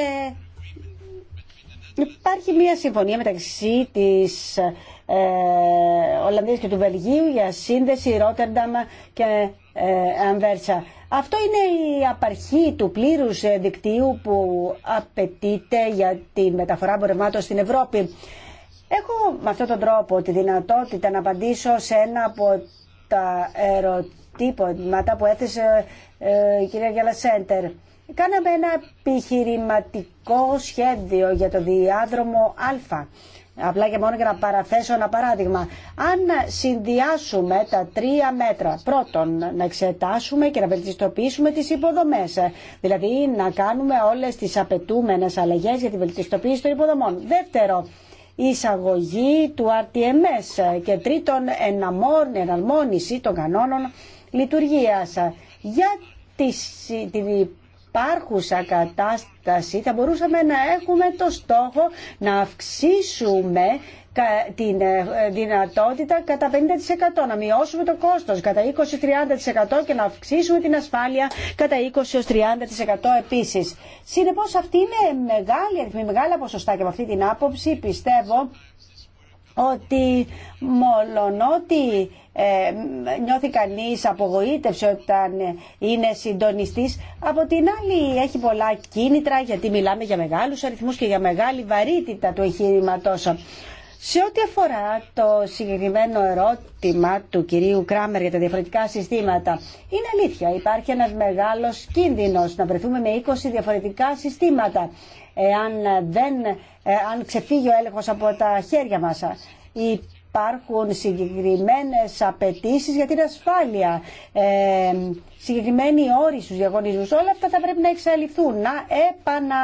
Υπάρχει μια συμφωνία μεταξύ της ε, και του Βελγίου για σύνδεση Ρότερνταμ και ε, Αμβέρσα. Αυτό είναι η απαρχή του πλήρους ε, δικτύου που απαιτείται για τη μεταφορά εμπορευμάτων στην Ευρώπη. Έχω με αυτόν τον τρόπο τη δυνατότητα να απαντήσω σε ένα από τα ερωτήματα που έθεσε ε, η κυρία Γελασέντερ. Κάναμε ένα επιχειρηματικό σχέδιο για το διάδρομο Α. Απλά και μόνο για να παραθέσω ένα παράδειγμα. Αν συνδυάσουμε τα τρία μέτρα, πρώτον να εξετάσουμε και να βελτιστοποιήσουμε τις υποδομές, δηλαδή να κάνουμε όλες τις απαιτούμενες αλλαγές για τη βελτιστοποίηση των υποδομών. Δεύτερο, η εισαγωγή του RTMS και τρίτον, εναρμόνιση των κανόνων λειτουργίας. Για τη υπάρχουσα κατάσταση θα μπορούσαμε να έχουμε το στόχο να αυξήσουμε την ε, δυνατότητα κατά 50%, να μειώσουμε το κόστος κατά 20-30% και να αυξήσουμε την ασφάλεια κατά 20-30% επίσης. Συνεπώς αυτή είναι μεγάλη αριθμή, μεγάλα ποσοστά και με αυτή την άποψη πιστεύω ότι μολονότι ε, νιώθει κανείς απογοήτευση όταν είναι συντονιστής. Από την άλλη έχει πολλά κίνητρα γιατί μιλάμε για μεγάλους αριθμούς και για μεγάλη βαρύτητα του εγχειρήματό. Σε ό,τι αφορά το συγκεκριμένο ερώτημα του κυρίου Κράμερ για τα διαφορετικά συστήματα, είναι αλήθεια, υπάρχει ένας μεγάλος κίνδυνος να βρεθούμε με 20 διαφορετικά συστήματα δεν, ε, αν ξεφύγει ο έλεγχος από τα χέρια μας. Η υπάρχουν συγκεκριμένες απαιτήσει για την ασφάλεια, ε, συγκεκριμένοι όροι στους διαγωνισμούς. Όλα αυτά θα πρέπει να εξαλειφθούν, να, επανα,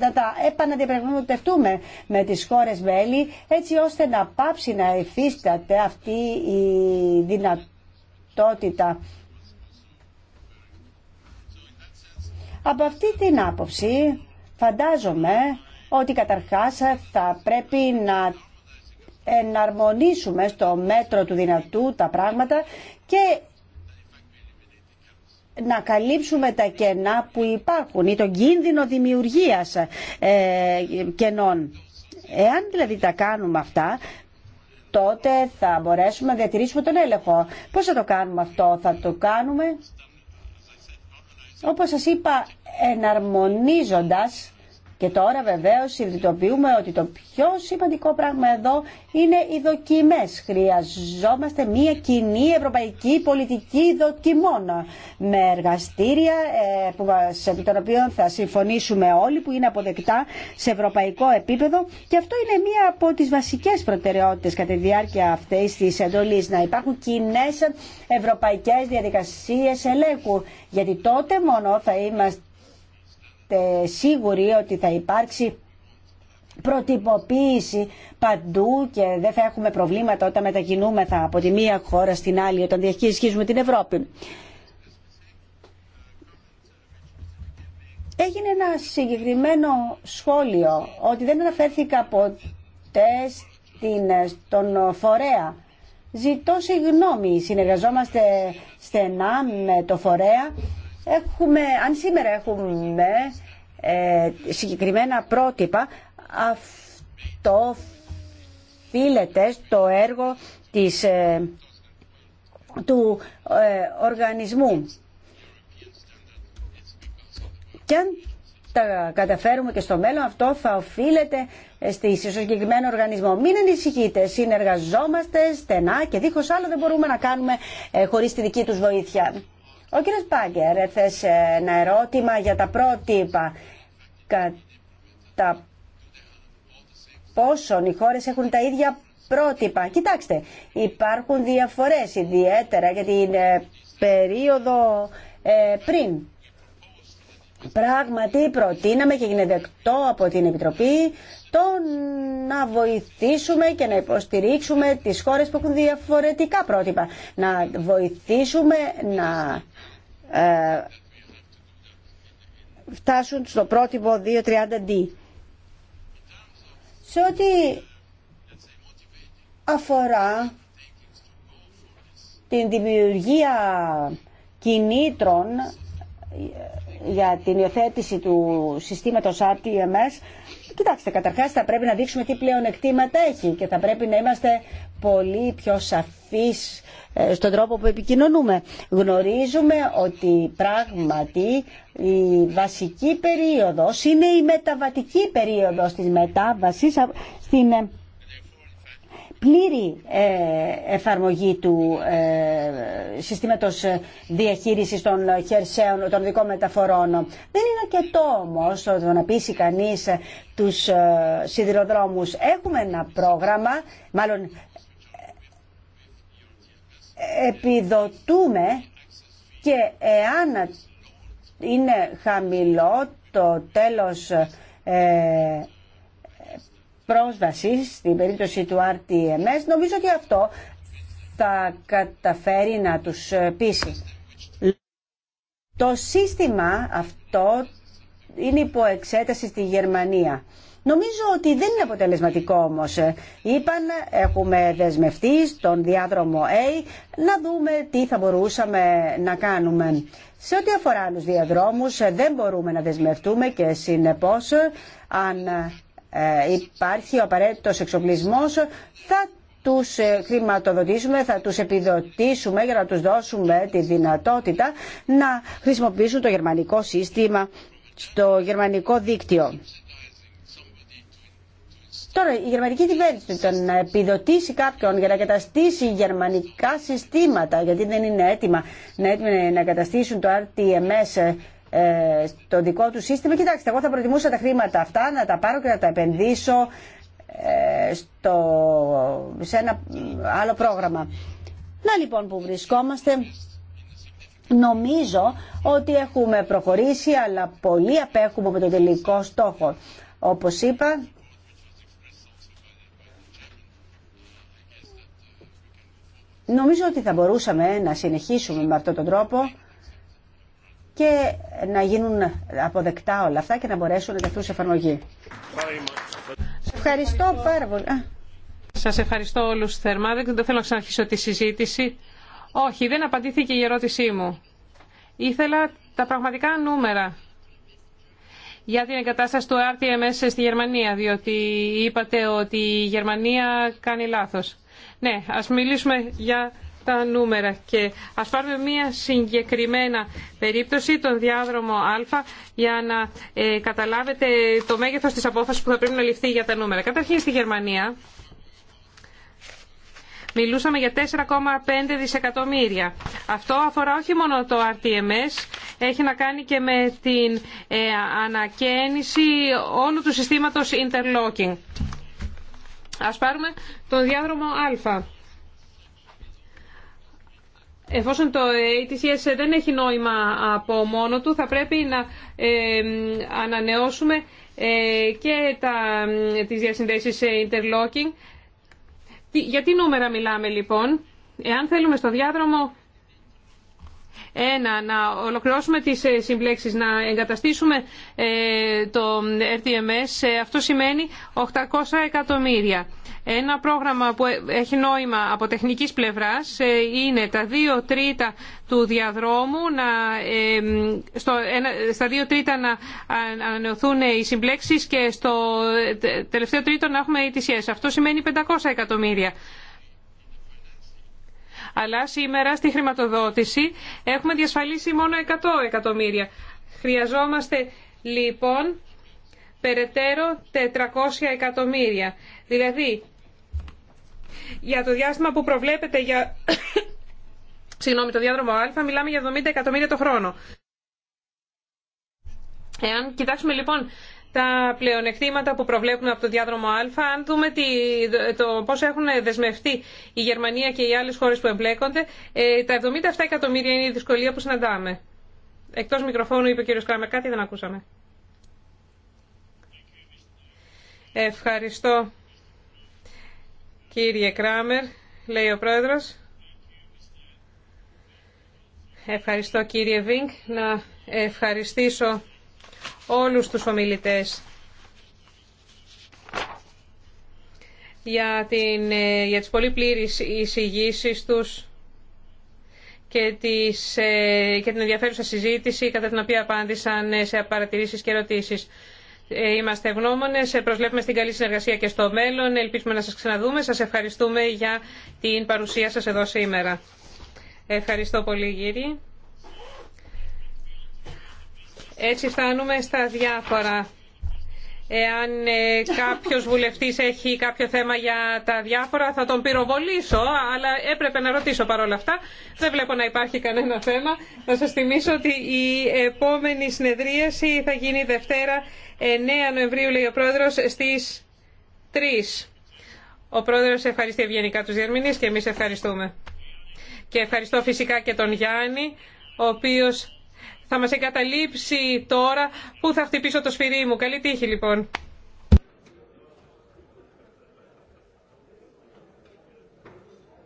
να τα επαναδιαπραγματευτούμε με τις χώρες μέλη, έτσι ώστε να πάψει να υφίσταται αυτή η δυνατότητα. Από αυτή την άποψη φαντάζομαι ότι καταρχάς θα πρέπει να εναρμονίσουμε στο μέτρο του δυνατού τα πράγματα και να καλύψουμε τα κενά που υπάρχουν ή τον κίνδυνο δημιουργίας ε, κενών. Εάν δηλαδή τα κάνουμε αυτά, τότε θα μπορέσουμε να διατηρήσουμε τον έλεγχο. Πώς θα το κάνουμε αυτό, θα το κάνουμε, όπως σας είπα, εναρμονίζοντας και τώρα βεβαίως συνειδητοποιούμε ότι το πιο σημαντικό πράγμα εδώ είναι οι δοκιμές. Χρειαζόμαστε μια κοινή ευρωπαϊκή πολιτική δοκιμών με εργαστήρια ε, που, επί των οποίων θα συμφωνήσουμε όλοι που είναι αποδεκτά σε ευρωπαϊκό επίπεδο και αυτό είναι μία από τις βασικές προτεραιότητες κατά τη διάρκεια αυτής της εντολής να υπάρχουν κοινές ευρωπαϊκές διαδικασίες ελέγχου γιατί τότε μόνο θα είμαστε Είμαστε σίγουροι ότι θα υπάρξει προτυποποίηση παντού και δεν θα έχουμε προβλήματα όταν μετακινούμεθα από τη μία χώρα στην άλλη όταν διαχειρισχύσουμε την Ευρώπη. Έγινε ένα συγκεκριμένο σχόλιο ότι δεν αναφέρθηκα ποτέ στην, στον φορέα. Ζητώ συγγνώμη, συνεργαζόμαστε στενά με το φορέα έχουμε, αν σήμερα έχουμε ε, συγκεκριμένα πρότυπα, αυτό οφείλεται στο έργο της, ε, του ε, οργανισμού. Και αν τα καταφέρουμε και στο μέλλον, αυτό θα οφείλεται ε, στη συγκεκριμένο οργανισμό. Μην ανησυχείτε, συνεργαζόμαστε στενά και δίχως άλλο δεν μπορούμε να κάνουμε χωρίς τη δική τους βοήθεια. Ο κύριος Μπάγκερ έθεσε ένα ερώτημα για τα πρότυπα. Κατά πόσον οι χώρες έχουν τα ίδια πρότυπα. Κοιτάξτε, υπάρχουν διαφορές ιδιαίτερα για την ε, περίοδο ε, πριν. Πράγματι προτείναμε και γίνεται δεκτό από την Επιτροπή το να βοηθήσουμε και να υποστηρίξουμε τις χώρες που έχουν διαφορετικά πρότυπα. Να βοηθήσουμε να ε, φτάσουν στο πρότυπο 230D. Σε ό,τι αφορά την δημιουργία κινήτρων για την υιοθέτηση του συστήματος RTMS, κοιτάξτε, καταρχάς θα πρέπει να δείξουμε τι πλέον εκτίματα έχει και θα πρέπει να είμαστε πολύ πιο σαφείς ε, στον τρόπο που επικοινωνούμε. Γνωρίζουμε ότι πράγματι η βασική περίοδος είναι η μεταβατική περίοδος της μετάβασης στην ε, πλήρη ε, εφαρμογή του ε, συστήματος διαχείρισης των χερσαίων, των δικών μεταφορών. Δεν είναι αρκετό όμως το να πείσει κανείς τους ε, σιδηροδρόμους. Έχουμε ένα πρόγραμμα, μάλλον επιδοτούμε και εάν είναι χαμηλό το τέλος ε, πρόσβαση στην περίπτωση του RTMS, νομίζω ότι αυτό θα καταφέρει να τους πείσει. Το σύστημα αυτό είναι υπό εξέταση στη Γερμανία. Νομίζω ότι δεν είναι αποτελεσματικό όμως. Είπαν, έχουμε δεσμευτεί στον διάδρομο A, να δούμε τι θα μπορούσαμε να κάνουμε. Σε ό,τι αφορά τους διαδρόμους δεν μπορούμε να δεσμευτούμε και συνεπώς αν ε, υπάρχει ο απαραίτητος εξοπλισμός, θα τους ε, χρηματοδοτήσουμε, θα τους επιδοτήσουμε για να τους δώσουμε τη δυνατότητα να χρησιμοποιήσουν το γερμανικό σύστημα στο γερμανικό δίκτυο. Τώρα, η γερμανική κυβέρνηση το να επιδοτήσει κάποιον για να καταστήσει γερμανικά συστήματα, γιατί δεν είναι έτοιμα να, να καταστήσουν το RTMS ε, ε, στο δικό του σύστημα. Κοιτάξτε, εγώ θα προτιμούσα τα χρήματα αυτά να τα πάρω και να τα επενδύσω ε, στο, σε ένα άλλο πρόγραμμα. Να λοιπόν που βρισκόμαστε. Νομίζω ότι έχουμε προχωρήσει, αλλά πολύ απέχουμε με τον τελικό στόχο. Όπως είπα, νομίζω ότι θα μπορούσαμε να συνεχίσουμε με αυτόν τον τρόπο και να γίνουν αποδεκτά όλα αυτά και να μπορέσουν να τεθούν σε εφαρμογή. Ευχαριστώ πάρα πολύ. Σας ευχαριστώ όλους θερμά. Δεν θέλω να ξαναρχίσω τη συζήτηση. Όχι, δεν απαντήθηκε η ερώτησή μου. Ήθελα τα πραγματικά νούμερα για την εγκατάσταση του RTMS στη Γερμανία, διότι είπατε ότι η Γερμανία κάνει λάθος. Ναι, ας μιλήσουμε για τα νούμερα και ας πάρουμε μία συγκεκριμένα περίπτωση, τον διάδρομο Α, για να ε, καταλάβετε το μέγεθος της απόφασης που θα πρέπει να ληφθεί για τα νούμερα. Καταρχήν στη Γερμανία μιλούσαμε για 4,5 δισεκατομμύρια. Αυτό αφορά όχι μόνο το RTMS, έχει να κάνει και με την ε, ανακαίνιση όλου του συστήματος interlocking. Ας πάρουμε τον διάδρομο Α Εφόσον το ATCS ε δεν έχει νόημα από μόνο του, θα πρέπει να ε, ανανεώσουμε ε, και τα, τις διασυνδέσεις interlocking. Για τι νούμερα μιλάμε λοιπόν. Εάν θέλουμε στο διάδρομο ένα, να ολοκληρώσουμε τις ε, συμπλέξεις, να εγκαταστήσουμε ε, το RTMS. Ε, αυτό σημαίνει 800 εκατομμύρια. Ένα πρόγραμμα που έχει νόημα από τεχνικής πλευράς είναι τα δύο τρίτα του διαδρόμου, να, στο, στα δύο τρίτα να ανανεωθούν οι συμπλέξεις και στο τελευταίο τρίτο να έχουμε ETCS. Αυτό σημαίνει 500 εκατομμύρια. Αλλά σήμερα στη χρηματοδότηση έχουμε διασφαλίσει μόνο 100 εκατομμύρια. Χρειαζόμαστε λοιπόν περαιτέρω 400 εκατομμύρια. Δηλαδή, για το διάστημα που προβλέπετε για [coughs] συγγνώμη, το διάδρομο Α, μιλάμε για 70 εκατομμύρια το χρόνο. Εάν κοιτάξουμε λοιπόν τα πλεονεκτήματα που προβλέπουν από το διάδρομο Α. Αν δούμε τι, το πώς έχουν δεσμευτεί η Γερμανία και οι άλλες χώρες που εμπλέκονται, ε, τα 77 εκατομμύρια είναι η δυσκολία που συναντάμε. Εκτός μικροφώνου είπε ο κύριος Κράμερ, κάτι δεν ακούσαμε. Ευχαριστώ κύριε Κράμερ, λέει ο πρόεδρος. Ευχαριστώ κύριε Βίνκ. Να ευχαριστήσω όλους τους ομιλητές για, την, ε, για τις πολύ πλήρεις εισηγήσεις τους και, τις, ε, και την ενδιαφέρουσα συζήτηση κατά την οποία απάντησαν ε, σε παρατηρήσεις και ερωτήσεις. Είμαστε ευγνώμονε, προσβλέπουμε στην καλή συνεργασία και στο μέλλον. Ελπίζουμε να σας ξαναδούμε. Σας ευχαριστούμε για την παρουσία σας εδώ σήμερα. Ευχαριστώ πολύ κύριε. Έτσι φτάνουμε στα διάφορα. Εάν ε, κάποιος βουλευτής έχει κάποιο θέμα για τα διάφορα θα τον πυροβολήσω, αλλά έπρεπε να ρωτήσω παρόλα αυτά. Δεν βλέπω να υπάρχει κανένα θέμα. Να σας θυμίσω ότι η επόμενη συνεδρίαση θα γίνει Δευτέρα 9 Νοεμβρίου, λέει ο Πρόεδρος, στις 3. Ο Πρόεδρος ευχαριστεί ευγενικά τους διερμηνείς και εμείς ευχαριστούμε. Και ευχαριστώ φυσικά και τον Γιάννη, ο οποίος θα μας εγκαταλείψει τώρα. Πού θα χτυπήσω το σφυρί μου. Καλή τύχη λοιπόν.